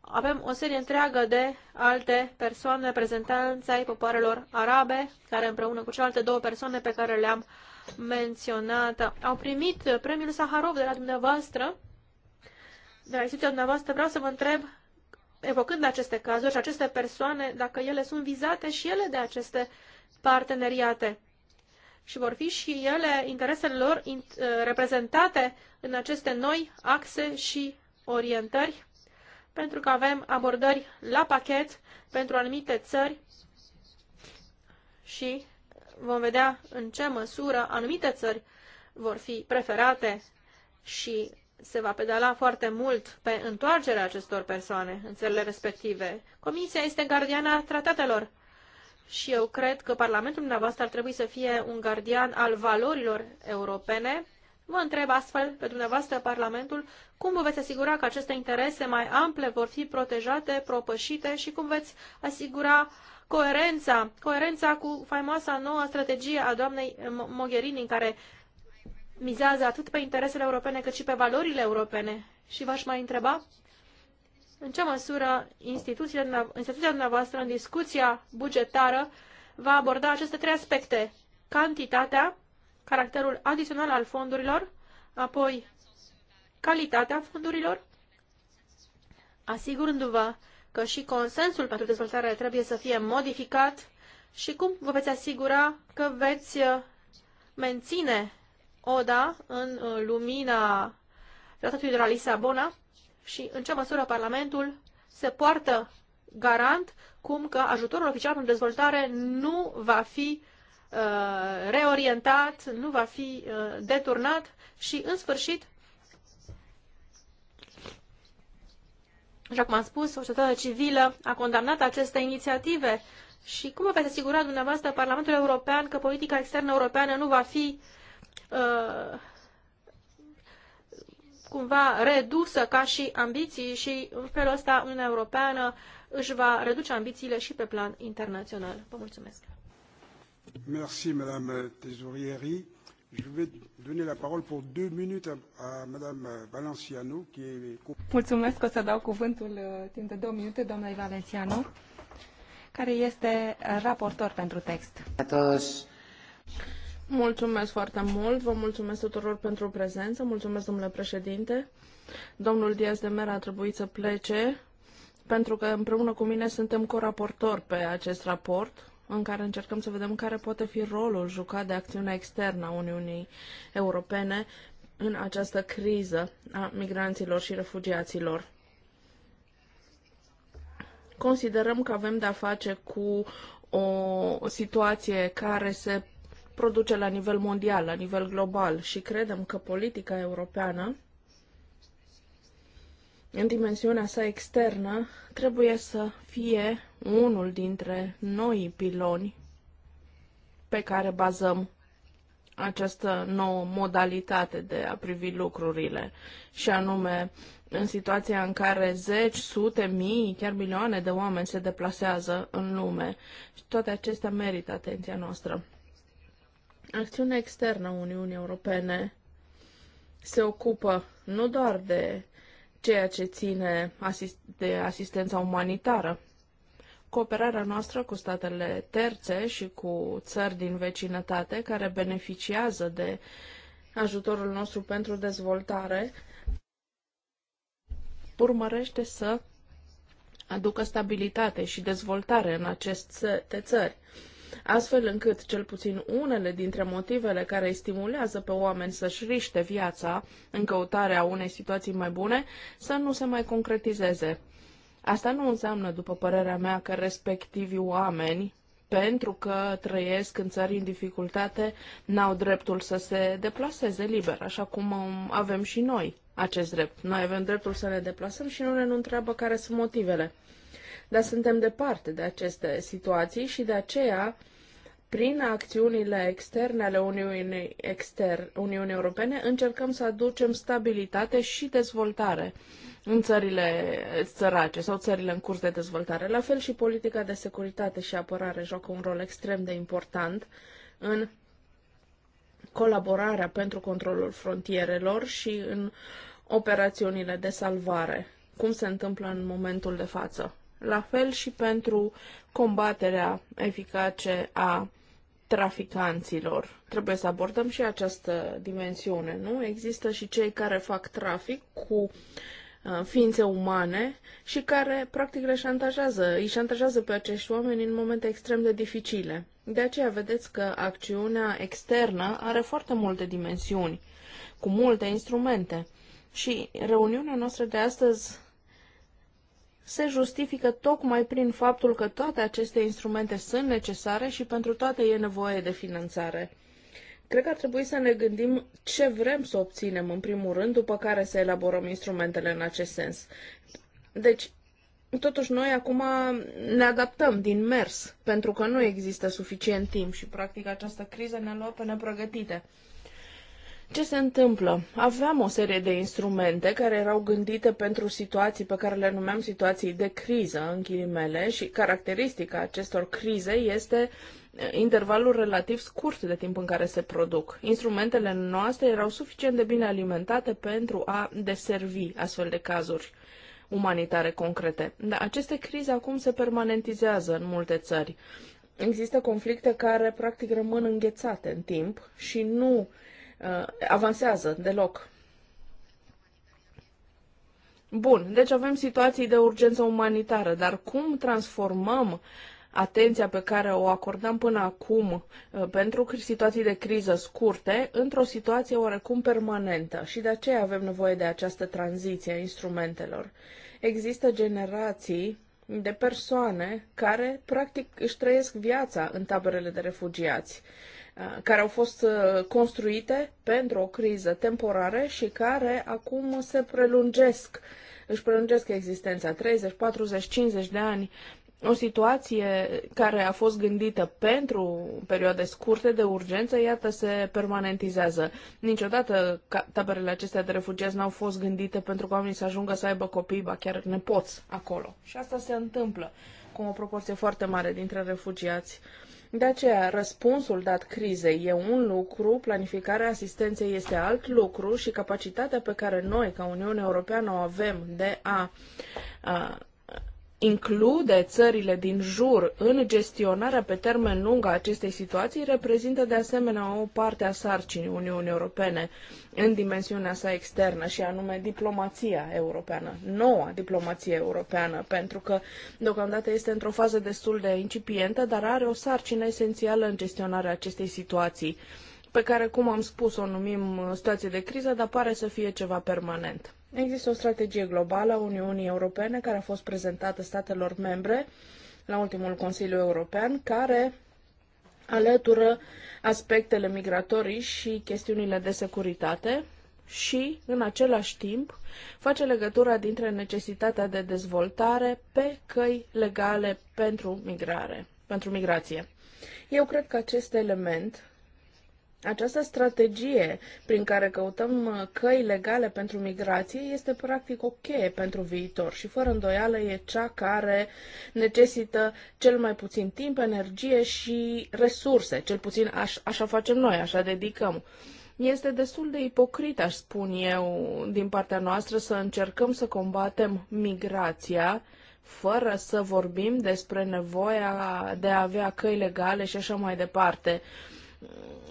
Avem o serie întreagă de alte persoane, reprezentanți ai popoarelor arabe, care împreună cu celelalte două persoane pe care le-am uh, menționată, au primit premiul Saharov de la dumneavoastră, de la instituția dumneavoastră. Vreau să vă întreb, evocând aceste cazuri și aceste persoane, dacă ele sunt vizate și ele de aceste parteneriate și vor fi și ele, interesele lor, uh, reprezentate în aceste noi axe și orientări, pentru că avem abordări la pachet pentru anumite țări și vom vedea în ce măsură anumite țări vor fi preferate și se va pedala foarte mult pe întoarcerea acestor persoane în țările respective. Comisia este gardiana tratatelor și eu cred că Parlamentul dumneavoastră ar trebui să fie un gardian al valorilor europene. Vă întreb astfel pe dumneavoastră Parlamentul cum vă veți asigura că aceste interese mai ample vor fi protejate, propășite și cum veți asigura uh, coerența, coerența cu faimoasa noua strategie a doamnei Mogherini, în care mizează atât pe interesele europene cât și pe valorile europene. Și v-aș mai întreba în ce măsură instituția, instituția dumneavoastră în discuția bugetară va aborda aceste trei aspecte. Cantitatea, caracterul adițional al fondurilor, apoi calitatea fondurilor, asigurându-vă că și consensul pentru dezvoltare trebuie să fie modificat și cum vă veți asigura că veți uh, menține ODA în uh, lumina tratatului de la Lisabona și în ce măsură Parlamentul se poartă garant cum că ajutorul oficial pentru dezvoltare nu va fi uh, reorientat, nu va fi uh, deturnat și, în sfârșit, Așa cum am spus, societatea civilă a condamnat aceste inițiative. Și cum vă veți asigura dumneavoastră Parlamentul European că politica externă europeană nu va fi uh, cumva redusă ca și ambiții și în felul ăsta Uniunea Europeană își va reduce ambițiile și pe plan internațional. Vă mulțumesc. Merci, Madame Je vais donner la parole pour deux minutes à, à Madame Valenciano, qui est... Mulțumesc că o să dau cuvântul uh, timp de două minute doamnei Valenciano, care este raportor pentru text. A toți. Mulțumesc foarte mult, vă mulțumesc tuturor pentru prezență, mulțumesc domnule președinte. Domnul Diaz de Mera a trebuit să plece, pentru că împreună cu mine suntem coraportori pe acest raport în care încercăm să vedem care poate fi rolul jucat de acțiunea externă a Uniunii Europene în această criză a migranților și refugiaților. Considerăm că avem de-a face cu o situație care se produce la nivel mondial, la nivel global și credem că politica europeană în dimensiunea sa externă trebuie să fie unul dintre noi piloni pe care bazăm această nouă modalitate de a privi lucrurile și anume în situația în care zeci, sute, mii, chiar milioane de oameni se deplasează în lume și toate acestea merită atenția noastră. Acțiunea externă a Uniunii Europene se ocupă nu doar de ceea ce ține de asistența umanitară. Cooperarea noastră cu statele terțe și cu țări din vecinătate care beneficiază de ajutorul nostru pentru dezvoltare urmărește să aducă stabilitate și dezvoltare în aceste țări astfel încât cel puțin unele dintre motivele care îi stimulează pe oameni să-și riște viața în căutarea unei situații mai bune să nu se mai concretizeze. Asta nu înseamnă, după părerea mea, că respectivii oameni pentru că trăiesc în țări în dificultate, n-au dreptul să se deplaseze liber, așa cum avem și noi acest drept. Noi avem dreptul să ne deplasăm și nu ne întreabă care sunt motivele dar suntem departe de aceste situații și de aceea, prin acțiunile externe ale Uniunii, exter, Uniunii Europene, încercăm să aducem stabilitate și dezvoltare în țările sărace sau țările în curs de dezvoltare. La fel și politica de securitate și apărare joacă un rol extrem de important în colaborarea pentru controlul frontierelor și în operațiunile de salvare, cum se întâmplă în momentul de față la fel și pentru combaterea eficace a traficanților. Trebuie să abordăm și această dimensiune, nu? Există și cei care fac trafic cu uh, ființe umane și care practic le șantajează, îi șantajează pe acești oameni în momente extrem de dificile. De aceea vedeți că acțiunea externă are foarte multe dimensiuni, cu multe instrumente. Și reuniunea noastră de astăzi se justifică tocmai prin faptul că toate aceste instrumente sunt necesare și pentru toate e nevoie de finanțare. Cred că ar trebui să ne gândim ce vrem să obținem în primul rând, după care să elaborăm instrumentele în acest sens. Deci, totuși noi acum ne adaptăm din mers, pentru că nu există suficient timp și practic această criză ne-a luat pe nepregătite. Ce se întâmplă? Aveam o serie de instrumente care erau gândite pentru situații pe care le numeam situații de criză, în ghilimele, și caracteristica acestor crize este eh, intervalul relativ scurt de timp în care se produc. Instrumentele noastre erau suficient de bine alimentate pentru a deservi astfel de cazuri umanitare concrete. Dar aceste crize acum se permanentizează în multe țări. Există conflicte care practic rămân înghețate în timp și nu Uh, avansează deloc. Bun, deci avem situații de urgență umanitară, dar cum transformăm atenția pe care o acordăm până acum uh, pentru situații de criză scurte într-o situație oarecum permanentă și de aceea avem nevoie de această tranziție a instrumentelor. Există generații de persoane care practic își trăiesc viața în taberele de refugiați Uh, care au fost uh, construite pentru o criză temporară și care acum se prelungesc, își prelungesc existența 30, 40, 50 de ani. O situație care a fost gândită pentru perioade scurte de urgență, iată, se permanentizează. Niciodată taberele acestea de refugiați n-au fost gândite pentru că oamenii să ajungă să aibă copii, ba chiar nepoți acolo. Și asta se întâmplă cu o proporție foarte mare dintre refugiați uh, de aceea, răspunsul dat crizei e un lucru, planificarea asistenței este alt lucru și capacitatea pe care noi, ca Uniune Europeană, o avem de a, a include țările din jur în gestionarea pe termen lung a acestei situații reprezintă de asemenea o parte a sarcinii Uniunii Europene în dimensiunea sa externă și anume diplomația europeană, noua diplomație europeană, pentru că deocamdată este într-o fază destul de incipientă, dar are o sarcină esențială în gestionarea acestei situații, pe care, cum am spus, o numim uh, situație de criză, dar pare să fie ceva permanent. Există o strategie globală a Uniunii Europene care a fost prezentată statelor membre la ultimul Consiliu European, care alătură aspectele migratorii și chestiunile de securitate și, în același timp, face legătura dintre necesitatea de dezvoltare pe căi legale pentru migrare, pentru migrație. Eu cred că acest element această strategie prin care căutăm uh, căi legale pentru migrație este practic o okay cheie pentru viitor și fără îndoială e cea care necesită cel mai puțin timp, energie și resurse. Cel puțin aș, așa facem noi, așa dedicăm. Este destul de ipocrit, aș spun eu, din partea noastră să încercăm să combatem migrația fără să vorbim despre nevoia de a avea căi legale și așa mai departe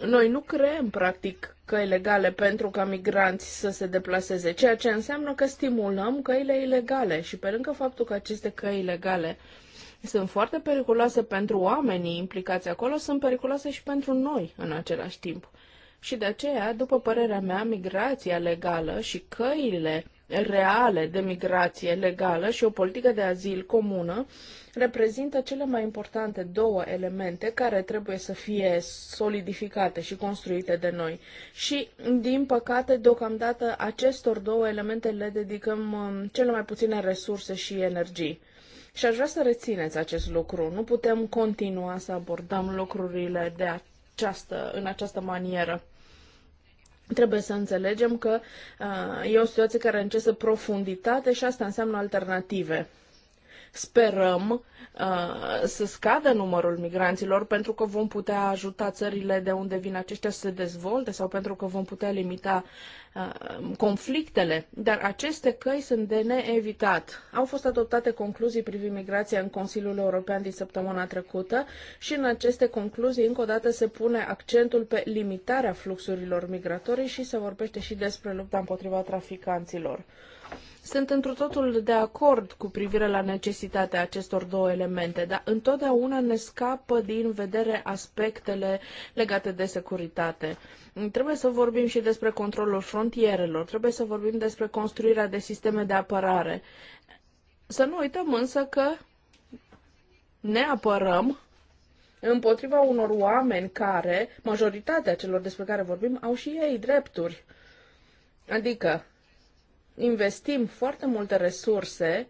noi nu creăm, practic, căi legale pentru ca migranți să se deplaseze, ceea ce înseamnă că stimulăm căile ilegale și pe lângă faptul că aceste căi ilegale sunt foarte periculoase pentru oamenii implicați acolo, sunt periculoase și pentru noi în același timp. Și de aceea, după părerea mea, migrația legală și căile reale de migrație legală și o politică de azil comună reprezintă cele mai importante două elemente care trebuie să fie solidificate și construite de noi. Și, din păcate, deocamdată acestor două elemente le dedicăm um, cele mai puține resurse și energii. Și aș vrea să rețineți acest lucru. Nu putem continua să abordăm lucrurile de această, în această manieră. Trebuie să înțelegem că uh, e o situație care începe profunditate și asta înseamnă alternative. Sperăm uh, să scadă numărul migranților pentru că vom putea ajuta țările de unde vin aceștia să se dezvolte sau pentru că vom putea limita uh, conflictele. Dar aceste căi sunt de neevitat. Au fost adoptate concluzii privind migrația în Consiliul European din săptămâna trecută și în aceste concluzii încă o dată se pune accentul pe limitarea fluxurilor migratorii și se vorbește și despre lupta împotriva traficanților. Sunt întru totul de acord cu privire la necesitatea acestor două elemente, dar întotdeauna ne scapă din vedere aspectele legate de securitate. Trebuie să vorbim și despre controlul frontierelor, trebuie să vorbim despre construirea de sisteme de apărare. Să nu uităm însă că ne apărăm împotriva unor oameni care, majoritatea celor despre care vorbim, au și ei drepturi. Adică, investim foarte multe resurse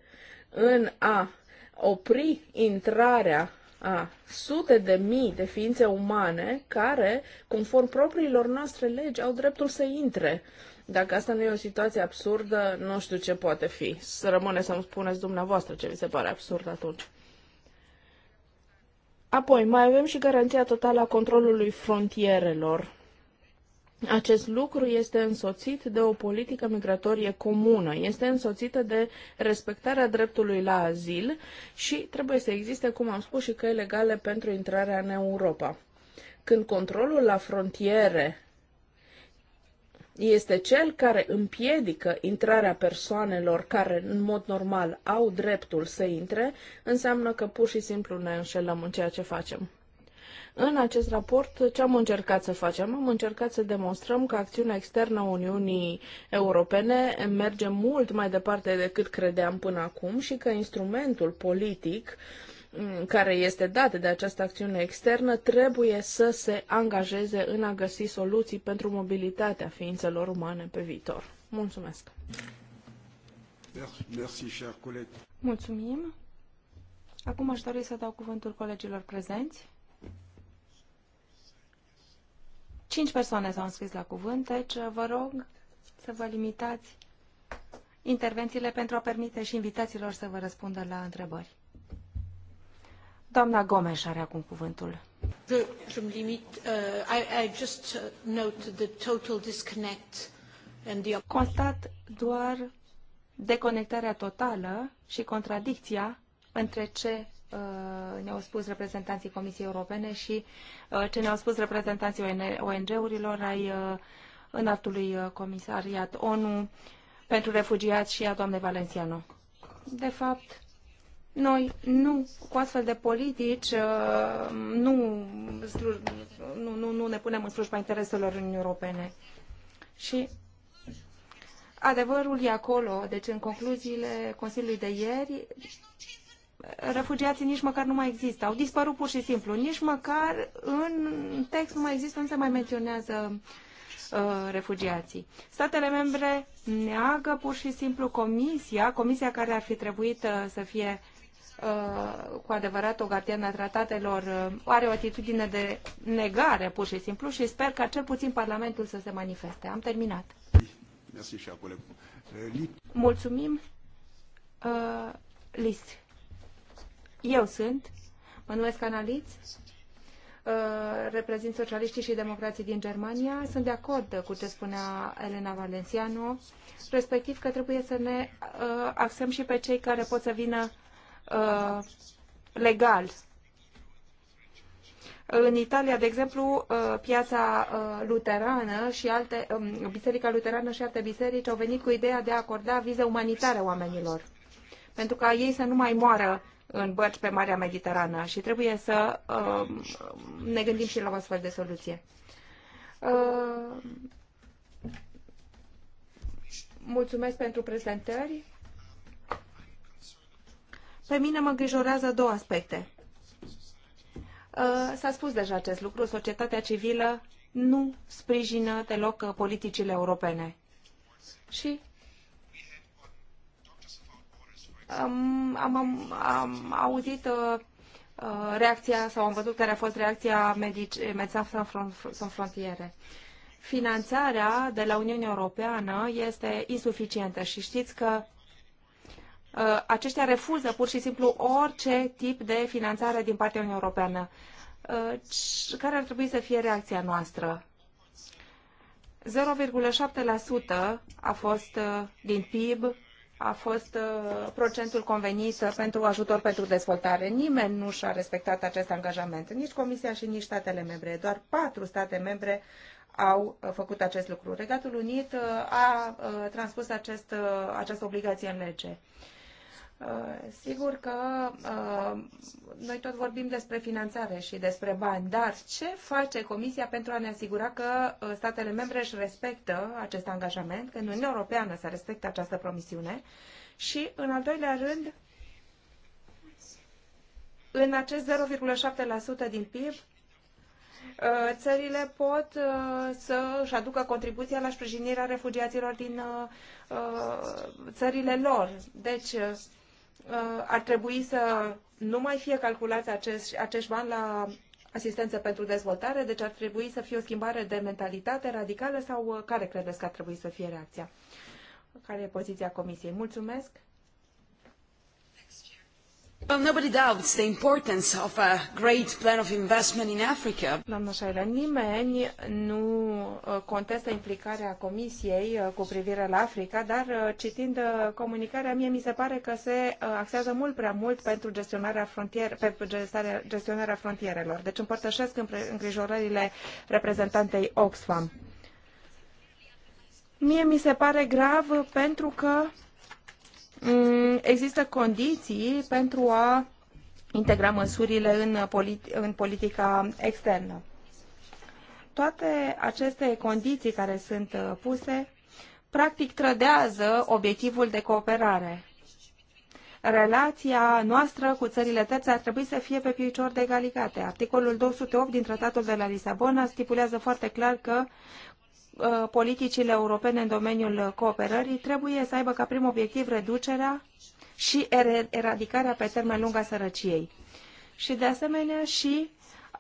în a opri intrarea a sute de mii de ființe umane care, conform propriilor noastre legi, au dreptul să intre. Dacă asta nu e o situație absurdă, nu știu ce poate fi. Să rămâne să-mi spuneți dumneavoastră ce vi se pare absurd atunci. Apoi, mai avem și garanția totală a controlului frontierelor. Acest lucru este însoțit de o politică migratorie comună, este însoțită de respectarea dreptului la azil și trebuie să existe, cum am spus, și căi legale pentru intrarea în Europa. Când controlul la frontiere este cel care împiedică intrarea persoanelor care, în mod normal, au dreptul să intre, înseamnă că pur și simplu ne înșelăm în ceea ce facem. În acest raport, ce am încercat să facem? Am încercat să demonstrăm că acțiunea externă a Uniunii Europene merge mult mai departe decât credeam până acum și că instrumentul politic mm, care este dat de această acțiune externă trebuie să se angajeze în a găsi soluții pentru mobilitatea ființelor umane pe viitor. Mulțumesc! Merci, Mulțumim! Acum aș dori să dau cuvântul colegilor prezenți. Cinci persoane s-au înscris la cuvânt, deci uh, vă rog să vă limitați intervențiile pentru a permite și invitațiilor să vă răspundă la întrebări. Doamna Gomes are acum cuvântul. Uh, uh, Constat doar deconectarea totală și contradicția între ce Uh, ne-au spus reprezentanții Comisiei Europene și uh, ce ne-au spus reprezentanții ONG-urilor ai uh, înaltului comisariat ONU pentru refugiați și a doamnei Valenciano. De fapt, noi nu, cu astfel de politici, nu, nu, nu, nu ne punem în slujba intereselor Uniunii Europene. Și adevărul e acolo. Deci, în concluziile Consiliului de ieri, refugiații nici măcar nu mai există. Au dispărut pur și simplu. Nici măcar în text nu mai există, nu se mai menționează uh, refugiații. Statele membre neagă pur și simplu comisia, comisia care ar fi trebuit uh, să fie uh, cu adevărat o gardiană a tratatelor, uh, are o atitudine de negare pur și simplu și sper ca cel puțin Parlamentul să se manifeste. Am terminat. Euh, Mulțumim. Uh, list. Eu sunt, mă numesc Analiț, uh, reprezint socialiștii și democrații din Germania. Sunt de acord cu ce spunea Elena Valenciano, respectiv că trebuie să ne uh, axăm și pe cei care pot să vină uh, legal în Italia, de exemplu, piața luterană și alte, um, biserica luterană și alte biserici au venit cu ideea de a acorda vize umanitare oamenilor, pentru ca ei să nu mai moară în bărci pe Marea Mediterană și trebuie să um, ne gândim și la o astfel de soluție. Uh, mulțumesc pentru prezentări. Pe mine mă îngrijorează două aspecte. Uh, s-a spus deja acest lucru, societatea civilă nu sprijină deloc politicile europene. Și am, am, am auzit uh, uh, reacția sau am văzut care a fost reacția Medicii Medecins Sans Frontiere. Finanțarea de la Uniunea Europeană este insuficientă și știți că uh, aceștia refuză pur și simplu orice tip de finanțare din partea Uniunii Europeană. Uh, care ar trebui să fie reacția noastră? 0,7% a fost uh, din PIB a fost uh, procentul convenit pentru ajutor pentru dezvoltare. Nimeni nu și-a respectat acest angajament, nici Comisia și nici statele membre. Doar patru state membre au uh, făcut acest lucru. Regatul Unit uh, a transpus acest, această obligație în lege. Uh, sigur că uh, noi tot vorbim despre finanțare și despre bani, dar ce face Comisia pentru a ne asigura că uh, statele membre își respectă acest angajament, că în Uniunea Europeană se respectă această promisiune? Și, în al doilea rând, în acest 0,7% din PIB, țările pot să își aducă contribuția la sprijinirea refugiaților din țările lor. Deci, Uh, ar trebui să nu mai fie calculați acești, acești bani la asistență pentru dezvoltare, deci ar trebui să fie o schimbare de mentalitate radicală sau uh, care credeți că ar trebui să fie reacția? Care e poziția Comisiei? Mulțumesc! Well, nobody doubts the importance of a great plan of investment in Africa. Doamna Șaila, nimeni nu uh, contestă implicarea Comisiei uh, cu privire la Africa, dar uh, citind comunicarea, mie mi se pare că se axează mult prea mult pentru gestionarea frontier, pe gestionarea frontierelor. Deci împărtășesc îngrijorările reprezentantei Oxfam. Mie mi se pare grav pentru că Mm, există condiții pentru a integra măsurile în, în politica externă. Toate aceste condiții care sunt uh, puse, practic trădează obiectivul de cooperare. Relația noastră cu țările terțe ar trebui să fie pe picior de egalitate. Articolul 208 din Tratatul de la Lisabona stipulează foarte clar că Uh, politicile europene în domeniul cooperării trebuie să aibă ca prim obiectiv reducerea și eradicarea pe termen lung a sărăciei. Și de asemenea și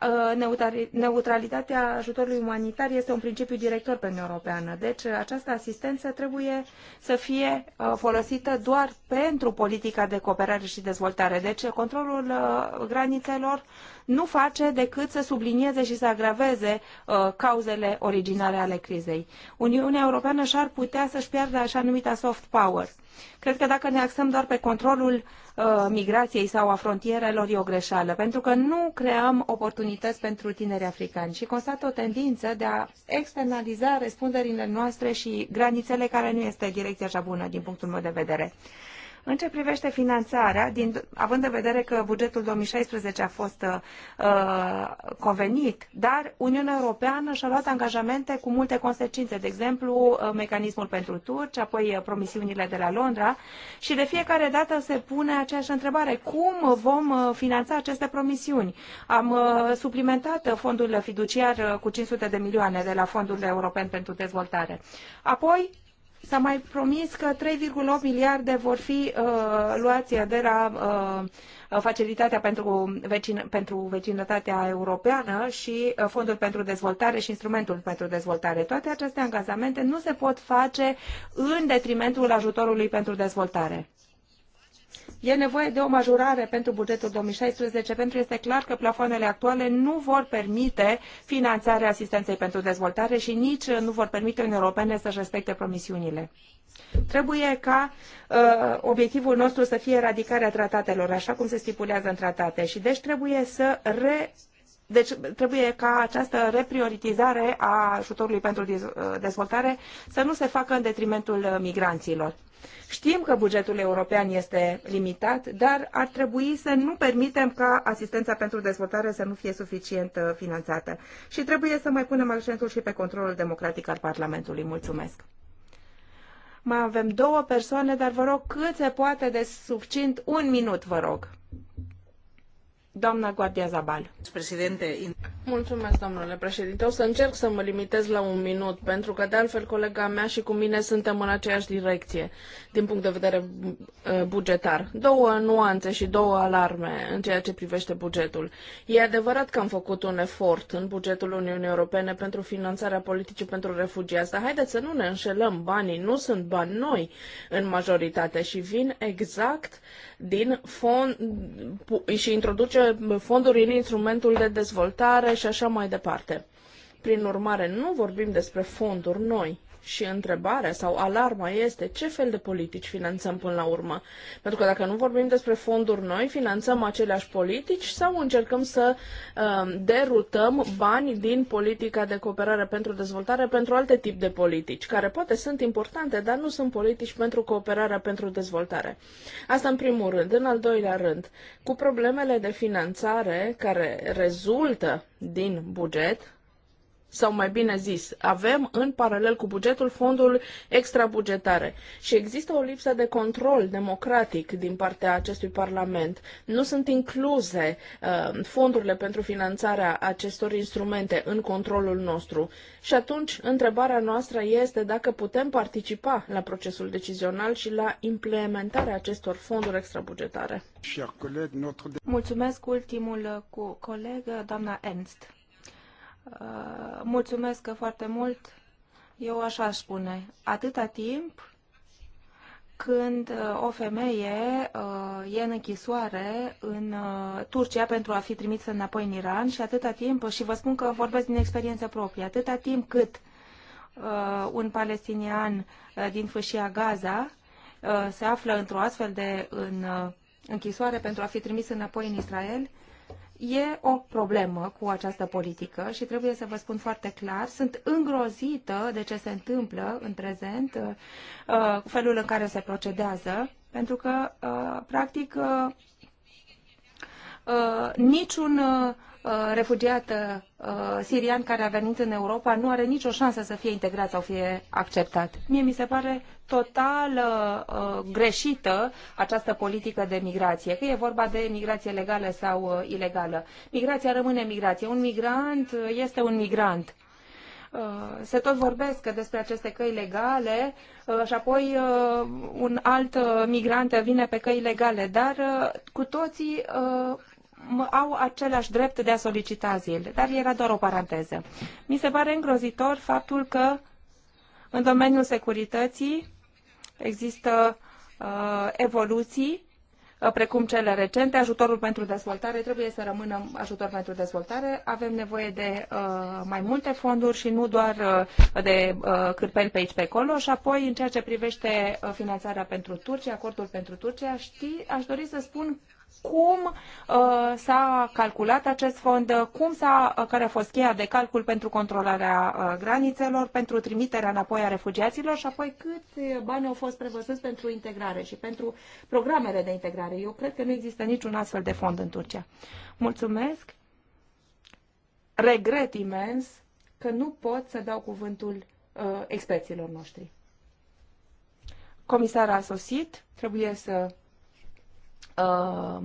Uh, neutralitatea ajutorului umanitar este un principiu director pe Uniunea Europeană. Deci uh, această asistență trebuie să fie uh, folosită doar pentru politica de cooperare și dezvoltare. Deci controlul granițelor nu face decât să sublinieze și să agraveze cauzele originale ale crizei. Uniunea Europeană și-ar putea să-și piardă așa numita soft power. Cred că dacă ne axăm doar pe controlul migrației sau a frontierelor e o greșeală, pentru că nu creăm oportunități oportunități pentru tineri africani și constată o tendință de a externaliza răspunderile noastre și granițele care nu este direcția cea bună din punctul meu de vedere. În ce privește finanțarea, din, având în vedere că bugetul 2016 a fost uh, convenit, dar Uniunea Europeană și-a luat angajamente cu multe consecințe, de exemplu, uh, mecanismul pentru turci, apoi uh, promisiunile de la Londra și de fiecare dată se pune aceeași întrebare, cum vom uh, finanța aceste promisiuni? Am uh, suplimentat fondul fiduciar cu 500 de milioane de la Fondul European pentru Dezvoltare. Apoi, S-a mai promis că 3,8 miliarde vor fi uh, luați de la uh, facilitatea pentru, vecin, pentru vecinătatea europeană și uh, fondul pentru dezvoltare și instrumentul pentru dezvoltare. Toate aceste angajamente nu se pot face în detrimentul ajutorului pentru dezvoltare. E nevoie de o majorare pentru bugetul 2016 pentru că este clar că plafoanele actuale nu vor permite finanțarea asistenței pentru dezvoltare și nici nu vor permite Uniunii Europene să-și respecte promisiunile. Trebuie ca uh, obiectivul nostru să fie eradicarea tratatelor, așa cum se stipulează în tratate și deci trebuie să re deci trebuie ca această reprioritizare a ajutorului pentru uh, dezvoltare să nu se facă în detrimentul migranților. Știm că bugetul european este limitat, dar ar trebui să nu permitem ca asistența pentru dezvoltare să nu fie suficient uh, finanțată. Și trebuie să mai punem accentul și pe controlul democratic al Parlamentului. Mulțumesc! Mai avem două persoane, dar vă rog cât se poate de succint un minut, vă rog. Doamna Guardia Zabal. Președinte. Mulțumesc, domnule președinte. O să încerc să mă limitez la un minut, pentru că de altfel colega mea și cu mine suntem în aceeași direcție din punct de vedere uh, bugetar. Două nuanțe și două alarme în ceea ce privește bugetul. E adevărat că am făcut un efort în bugetul Uniunii Europene pentru finanțarea politicii pentru refugiați, dar haideți să nu ne înșelăm. Banii nu sunt bani noi în majoritate și vin exact din fond și introduce fonduri în instrumentul de dezvoltare și așa mai departe. Prin urmare, nu vorbim despre fonduri noi, și întrebarea sau alarma este ce fel de politici finanțăm până la urmă. Pentru că dacă nu vorbim despre fonduri noi, finanțăm aceleași politici sau încercăm să uh, derutăm bani din politica de cooperare pentru dezvoltare pentru alte tip de politici, care poate sunt importante, dar nu sunt politici pentru cooperarea pentru dezvoltare. Asta în primul rând. În al doilea rând, cu problemele de finanțare care rezultă din buget, sau mai bine zis, avem în paralel cu bugetul fondul extrabugetare și există o lipsă de control democratic din partea acestui Parlament. Nu sunt incluse uh, fondurile pentru finanțarea acestor instrumente în controlul nostru și atunci întrebarea noastră este dacă putem participa la procesul decizional și la implementarea acestor fonduri extrabugetare. Mulțumesc ultimul cu coleg, doamna Ernst. Uh, mulțumesc foarte mult. Eu așa spune. Atâta timp când uh, o femeie uh, e în închisoare în Turcia pentru a fi trimisă înapoi în Iran și atâta timp, și vă spun că vorbesc din experiență proprie, atâta timp cât un palestinian din fâșia Gaza se află într-o astfel de în, închisoare pentru a fi trimis înapoi în Israel, E o problemă cu această politică și trebuie să vă spun foarte clar, sunt îngrozită de ce se întâmplă în prezent, uh, cu felul în care se procedează, pentru că, uh, practic, uh, niciun Uh, refugiat uh, sirian care a venit în Europa nu are nicio șansă să fie integrat sau fie acceptat. Mie mi se pare total uh, greșită această politică de migrație, că e vorba de migrație legală sau ilegală. Migrația rămâne migrație. Un migrant este un migrant se tot vorbesc despre aceste căi legale și apoi un alt migrant vine pe căi legale, dar cu toții au același drept de a solicita azil. Dar era doar o paranteză. Mi se pare îngrozitor faptul că în domeniul securității există uh, evoluții uh, precum cele recente, ajutorul pentru dezvoltare trebuie să rămână ajutor pentru dezvoltare. Avem nevoie de uh, mai multe fonduri și nu doar uh, de uh, cârpeli pe aici pe acolo. Și apoi, în ceea ce privește uh, finanțarea pentru Turcia, acordul pentru Turcia, știi, aș dori să spun cum uh, s-a calculat acest fond, uh, cum s-a, uh, care a fost cheia de calcul pentru controlarea uh, granițelor, pentru trimiterea înapoi a refugiaților și apoi câți uh, bani au fost prevăzuți pentru integrare și pentru programele de integrare. Eu cred că nu există niciun astfel de fond în Turcia. Mulțumesc. Regret imens că nu pot să dau cuvântul uh, experților noștri. Comisara a sosit, trebuie să Uh,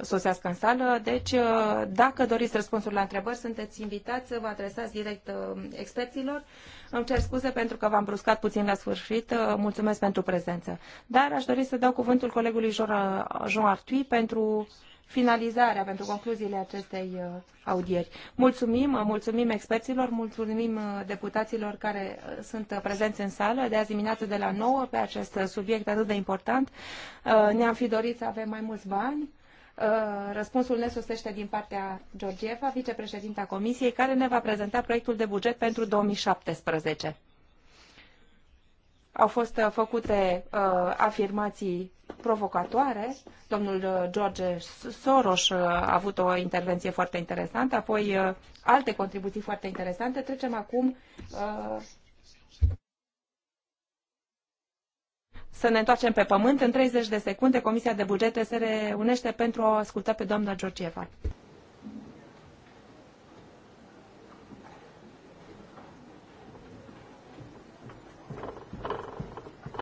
sosească în sală. Deci, uh, dacă doriți răspunsuri la întrebări, sunteți invitați să vă adresați direct uh, experților. Îmi cer scuze pentru că v-am bruscat puțin la sfârșit. Mulțumesc pentru prezență. Dar aș dori să dau cuvântul colegului Jean Artui pentru finalizarea, pentru concluziile acestei uh, audieri. Mulțumim, uh, mulțumim experților, mulțumim uh, deputaților care sunt prezenți în sală de azi dimineață de la 9 pe acest subiect atât de important. Ne-am fi dorit să avem mai mulți bani. Răspunsul ne susțește din partea Georgieva, vicepreședinta Comisiei, care ne va prezenta proiectul de buget pentru 2017. Au fost uh, făcute uh, afirmații provocatoare. Domnul uh, George Soros uh, a avut o intervenție foarte interesantă, apoi uh, alte contribuții foarte interesante. Trecem acum uh, să ne întoarcem pe pământ. În 30 de secunde, Comisia de Bugete se reunește pentru a asculta pe doamna Georgieva.